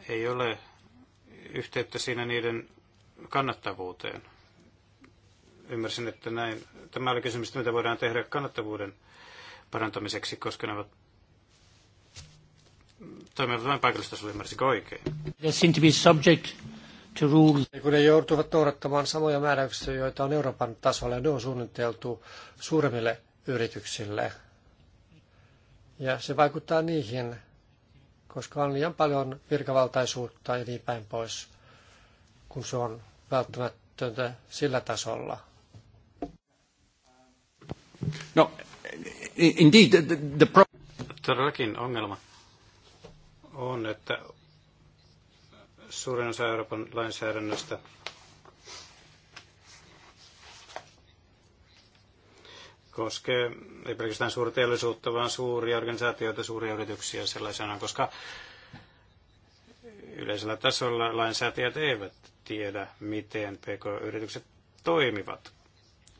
[SPEAKER 2] ei ole yhteyttä siinä niiden kannattavuuteen. Ymmärsin, että näin. Tämä oli kysymys, mitä voidaan tehdä kannattavuuden parantamiseksi, koska ne ovat toimivat vain paikallistasolla, ymmärsikö oikein?
[SPEAKER 4] There seem to be subject to rule. Ja kun ne joutuvat noudattamaan samoja määräyksiä, joita on Euroopan tasolla, ne on suunniteltu suuremmille yrityksille. Ja se vaikuttaa niihin, koska on liian paljon virkavaltaisuutta ja niin päin pois, kun se on välttämätöntä sillä tasolla. No, indeed, the, the pro-
[SPEAKER 2] Todellakin ongelma on, että Suurin osa Euroopan lainsäädännöstä koskee ei pelkästään suurteollisuutta, vaan suuria organisaatioita, suuria yrityksiä sellaisena, koska yleisellä tasolla lainsäätäjät eivät tiedä, miten pk-yritykset toimivat.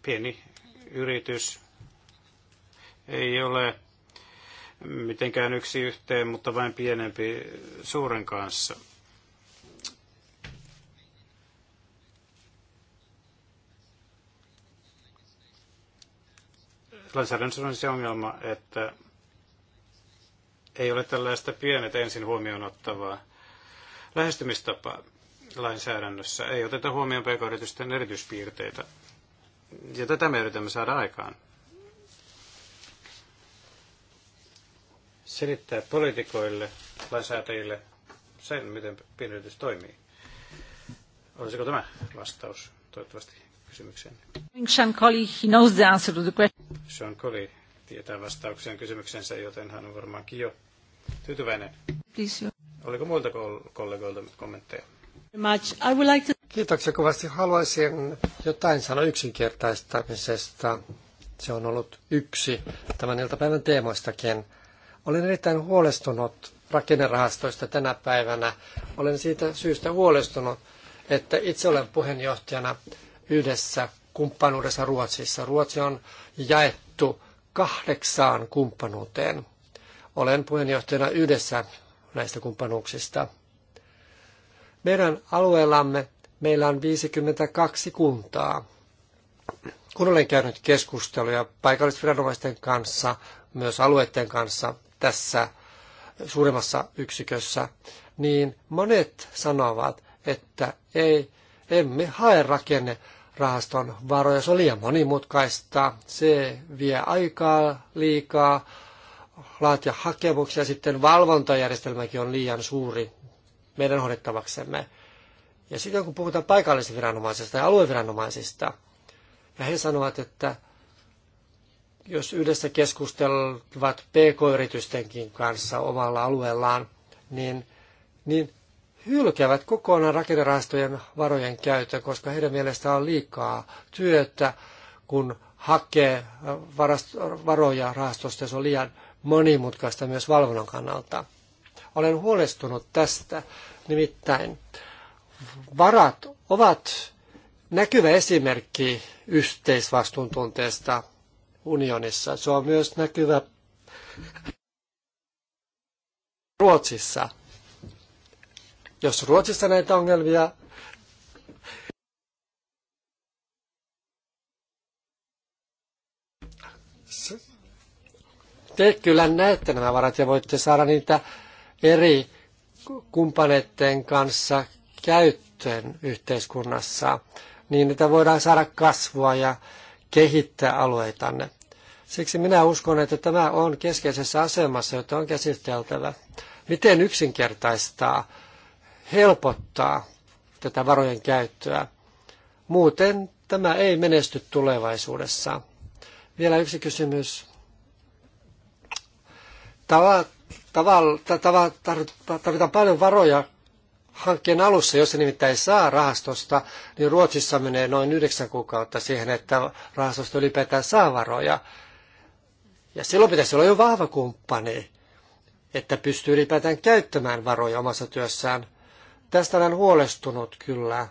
[SPEAKER 2] Pieni yritys ei ole mitenkään yksi yhteen, mutta vain pienempi suuren kanssa. lainsäädännössä on se ongelma, että ei ole tällaista pienet ensin huomioon ottavaa lähestymistapaa lainsäädännössä. Ei oteta huomioon pk-yritysten erityispiirteitä. Ja tätä me yritämme saada aikaan. Selittää poliitikoille, lainsäätäjille sen, miten pienyritys toimii. Olisiko tämä vastaus? Toivottavasti kysymykseen.
[SPEAKER 1] Sean Colley, he knows the answer to the question.
[SPEAKER 2] Sean Colley tietää vastauksen kysymyksensä, joten hän on varmaankin jo tyytyväinen. Please, Oliko muilta kollegoilta kommentteja?
[SPEAKER 1] Much. I would like to... Kiitoksia
[SPEAKER 4] kovasti. Haluaisin jotain sanoa yksinkertaistamisesta. Se on ollut yksi tämän iltapäivän teemoistakin. Olen erittäin huolestunut rakennerahastoista tänä päivänä. Olen siitä syystä huolestunut, että itse olen puheenjohtajana yhdessä kumppanuudessa Ruotsissa. Ruotsi on jaettu kahdeksaan kumppanuuteen. Olen puheenjohtajana yhdessä näistä kumppanuuksista. Meidän alueellamme meillä on 52 kuntaa. Kun olen käynyt keskusteluja paikallisviranomaisten kanssa, myös alueiden kanssa tässä suuremmassa yksikössä, niin monet sanovat, että ei emme hae rakenne rahaston varoja. Se on liian monimutkaista. Se vie aikaa liikaa laatia hakemuksia. Sitten valvontajärjestelmäkin on liian suuri meidän hoidettavaksemme. Ja sitten kun puhutaan paikallisista viranomaisista ja alueviranomaisista, ja he sanovat, että jos yhdessä keskustelvat pk-yritystenkin kanssa omalla alueellaan, niin, niin hylkäävät kokonaan rakennerahastojen varojen käytön, koska heidän mielestään on liikaa työtä, kun hakee varoja rahastosta ja se on liian monimutkaista myös valvonnan kannalta. Olen huolestunut tästä, nimittäin varat ovat näkyvä esimerkki tunteesta unionissa. Se on myös näkyvä Ruotsissa – jos Ruotsissa näitä ongelmia te kyllä näette nämä varat ja voitte saada niitä eri kumppaneiden kanssa käyttöön yhteiskunnassa, niin että voidaan saada kasvua ja kehittää alueitanne. Siksi minä uskon, että tämä on keskeisessä asemassa, jota on käsiteltävä. Miten yksinkertaistaa helpottaa tätä varojen käyttöä. Muuten tämä ei menesty tulevaisuudessa. Vielä yksi kysymys. Tava, tava, tava, tarvitaan paljon varoja hankkeen alussa, jos se nimittäin saa rahastosta, niin Ruotsissa menee noin yhdeksän kuukautta siihen, että rahastosta ylipäätään saa varoja. Ja silloin pitäisi olla jo vahva kumppani, että pystyy ylipäätään käyttämään varoja omassa työssään. Tästä olen huolestunut kyllä.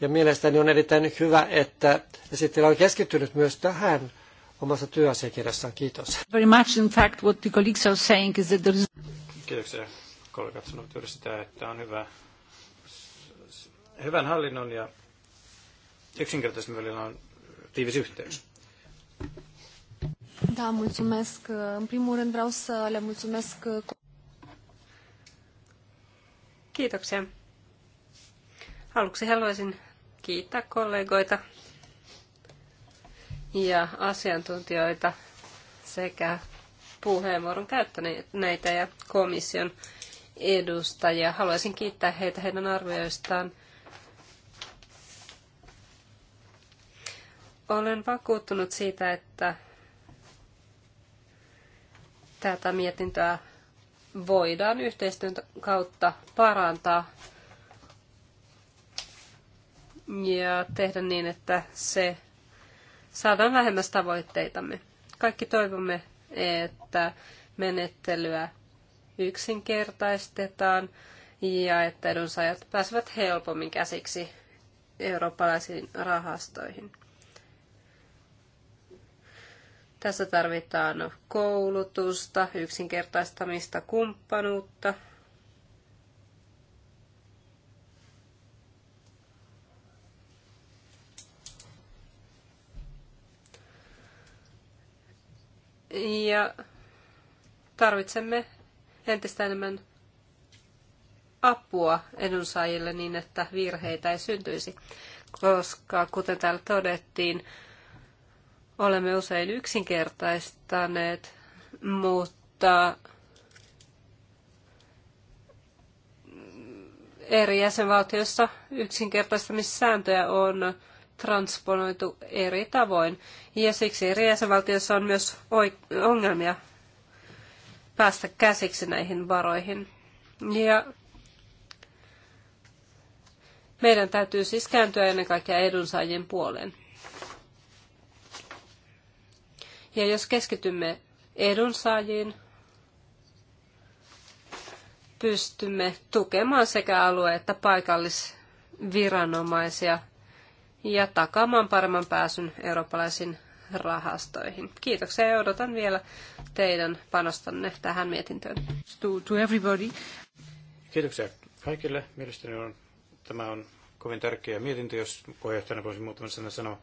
[SPEAKER 4] Ja mielestäni on erittäin hyvä, että esittelijä on keskittynyt myös tähän omassa työasiakirjassaan. Kiitos.
[SPEAKER 1] Very much in fact what the colleagues are saying is that there is...
[SPEAKER 4] Kiitoksia.
[SPEAKER 2] Kollegat sanovat juuri sitä, että on hyvä, hyvän hallinnon ja yksinkertaisen välillä on tiivis yhteys.
[SPEAKER 5] Da, mulțumesc. În primul rând vreau să le mulțumesc
[SPEAKER 3] Kiitoksia. Aluksi haluaisin kiittää kollegoita ja asiantuntijoita sekä puheenvuoron käyttäneitä ja komission edustajia. Haluaisin kiittää heitä heidän arvioistaan. Olen vakuuttunut siitä, että tätä mietintöä voidaan yhteistyön kautta parantaa ja tehdä niin, että se saadaan vähemmäs tavoitteitamme. Kaikki toivomme, että menettelyä yksinkertaistetaan ja että edunsaajat pääsevät helpommin käsiksi eurooppalaisiin rahastoihin. Tässä tarvitaan koulutusta, yksinkertaistamista, kumppanuutta. Ja tarvitsemme entistä enemmän apua edunsaajille niin, että virheitä ei syntyisi, koska kuten täällä todettiin, Olemme usein yksinkertaistaneet, mutta eri jäsenvaltioissa yksinkertaistamissääntöjä on transponoitu eri tavoin. Ja siksi eri jäsenvaltioissa on myös ongelmia päästä käsiksi näihin varoihin. Ja meidän täytyy siis kääntyä ennen kaikkea edunsaajien puoleen. Ja jos keskitymme edunsaajiin, pystymme tukemaan sekä alue- että paikallisviranomaisia ja takaamaan paremman pääsyn eurooppalaisiin rahastoihin. Kiitoksia ja odotan vielä teidän panostanne tähän mietintöön. To,
[SPEAKER 1] to everybody.
[SPEAKER 2] Kiitoksia kaikille. Mielestäni on, tämä on kovin tärkeä mietintö, jos puheenjohtajana voisin muutaman sanan sanoa.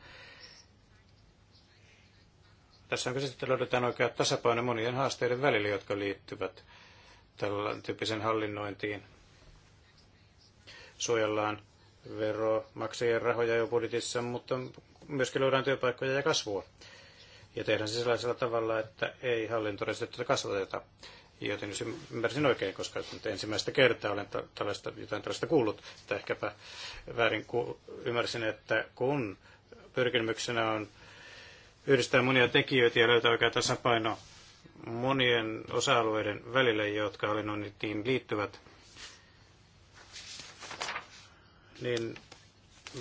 [SPEAKER 2] Tässä on että löydetään oikea tasapaino monien haasteiden välillä, jotka liittyvät tällaisen tyyppisen hallinnointiin. Suojellaan veromaksajien rahoja jo budjetissa, mutta myöskin löydään työpaikkoja ja kasvua. Ja tehdään se sellaisella tavalla, että ei hallintoreseptiota kasvateta. Joten jos ymmärsin oikein, koska nyt ensimmäistä kertaa olen tällaista, jotain tällaista kuullut, että ehkäpä väärin ku- ymmärsin, että kun pyrkimyksenä on yhdistää monia tekijöitä ja löytää oikea tasapaino monien osa-alueiden välille, jotka hallinnointiin liittyvät, niin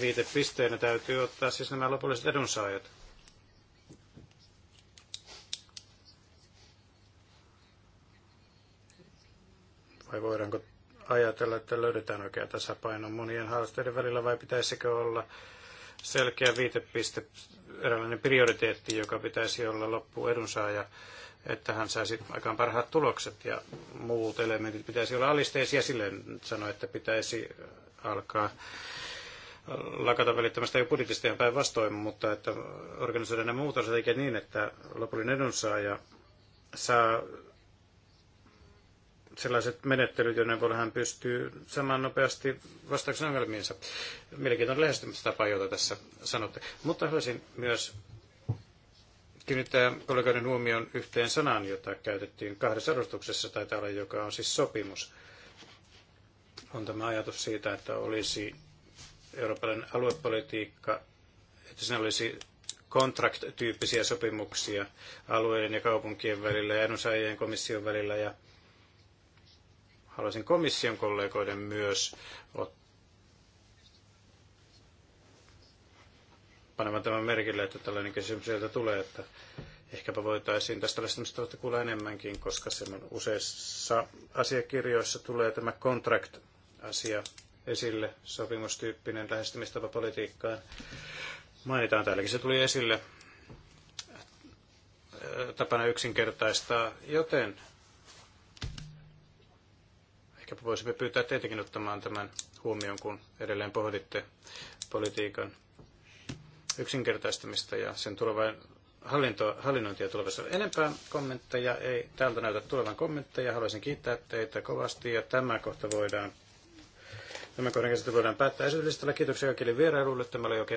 [SPEAKER 2] viitepisteenä täytyy ottaa siis nämä lopulliset edunsaajat. Vai voidaanko ajatella, että löydetään oikea tasapaino monien haasteiden välillä vai pitäisikö olla selkeä viitepiste, eräänlainen prioriteetti, joka pitäisi olla loppu edunsaaja, että hän saisi aikaan parhaat tulokset ja muut elementit pitäisi olla alisteisia. Sille sanoa, että pitäisi alkaa lakata välittämästä jo budjetista ihan päinvastoin, mutta että organisoida nämä muut osat eikä niin, että lopullinen edunsaaja saa sellaiset menettelyt, joiden voi hän pystyy saamaan nopeasti vastauksen ongelmiinsa. Mielenkiintoinen lähestymistapa, jota tässä sanotte. Mutta haluaisin myös kiinnittää kollegoiden huomioon yhteen sanaan, jota käytettiin kahdessa arvostuksessa, tai täällä, joka on siis sopimus. On tämä ajatus siitä, että olisi eurooppalainen aluepolitiikka, että siinä olisi kontrakt tyyppisiä sopimuksia alueiden ja kaupunkien välillä ja edunsaajien komission välillä ja Haluaisin komission kollegoiden myös ottaa panemaan tämän merkille, että tällainen kysymys sieltä tulee, että ehkäpä voitaisiin tästä lähestymistavasta kuulla enemmänkin, koska sen useissa asiakirjoissa tulee tämä contract-asia esille, sopimustyyppinen lähestymistapa politiikkaan. Mainitaan täälläkin, se tuli esille äh, tapana yksinkertaistaa, joten Ehkä voisimme pyytää teitäkin ottamaan tämän huomioon, kun edelleen pohditte politiikan yksinkertaistamista ja sen tulevan hallinto, hallinnointia tulevassa. Enempää kommentteja ei täältä näytä tulevan kommentteja. Haluaisin kiittää teitä kovasti ja tämä kohta voidaan Tämä kohdan käsittely voidaan päättää esityslistalla. Kiitoksia kaikille vierailuille. Tämä oli oikein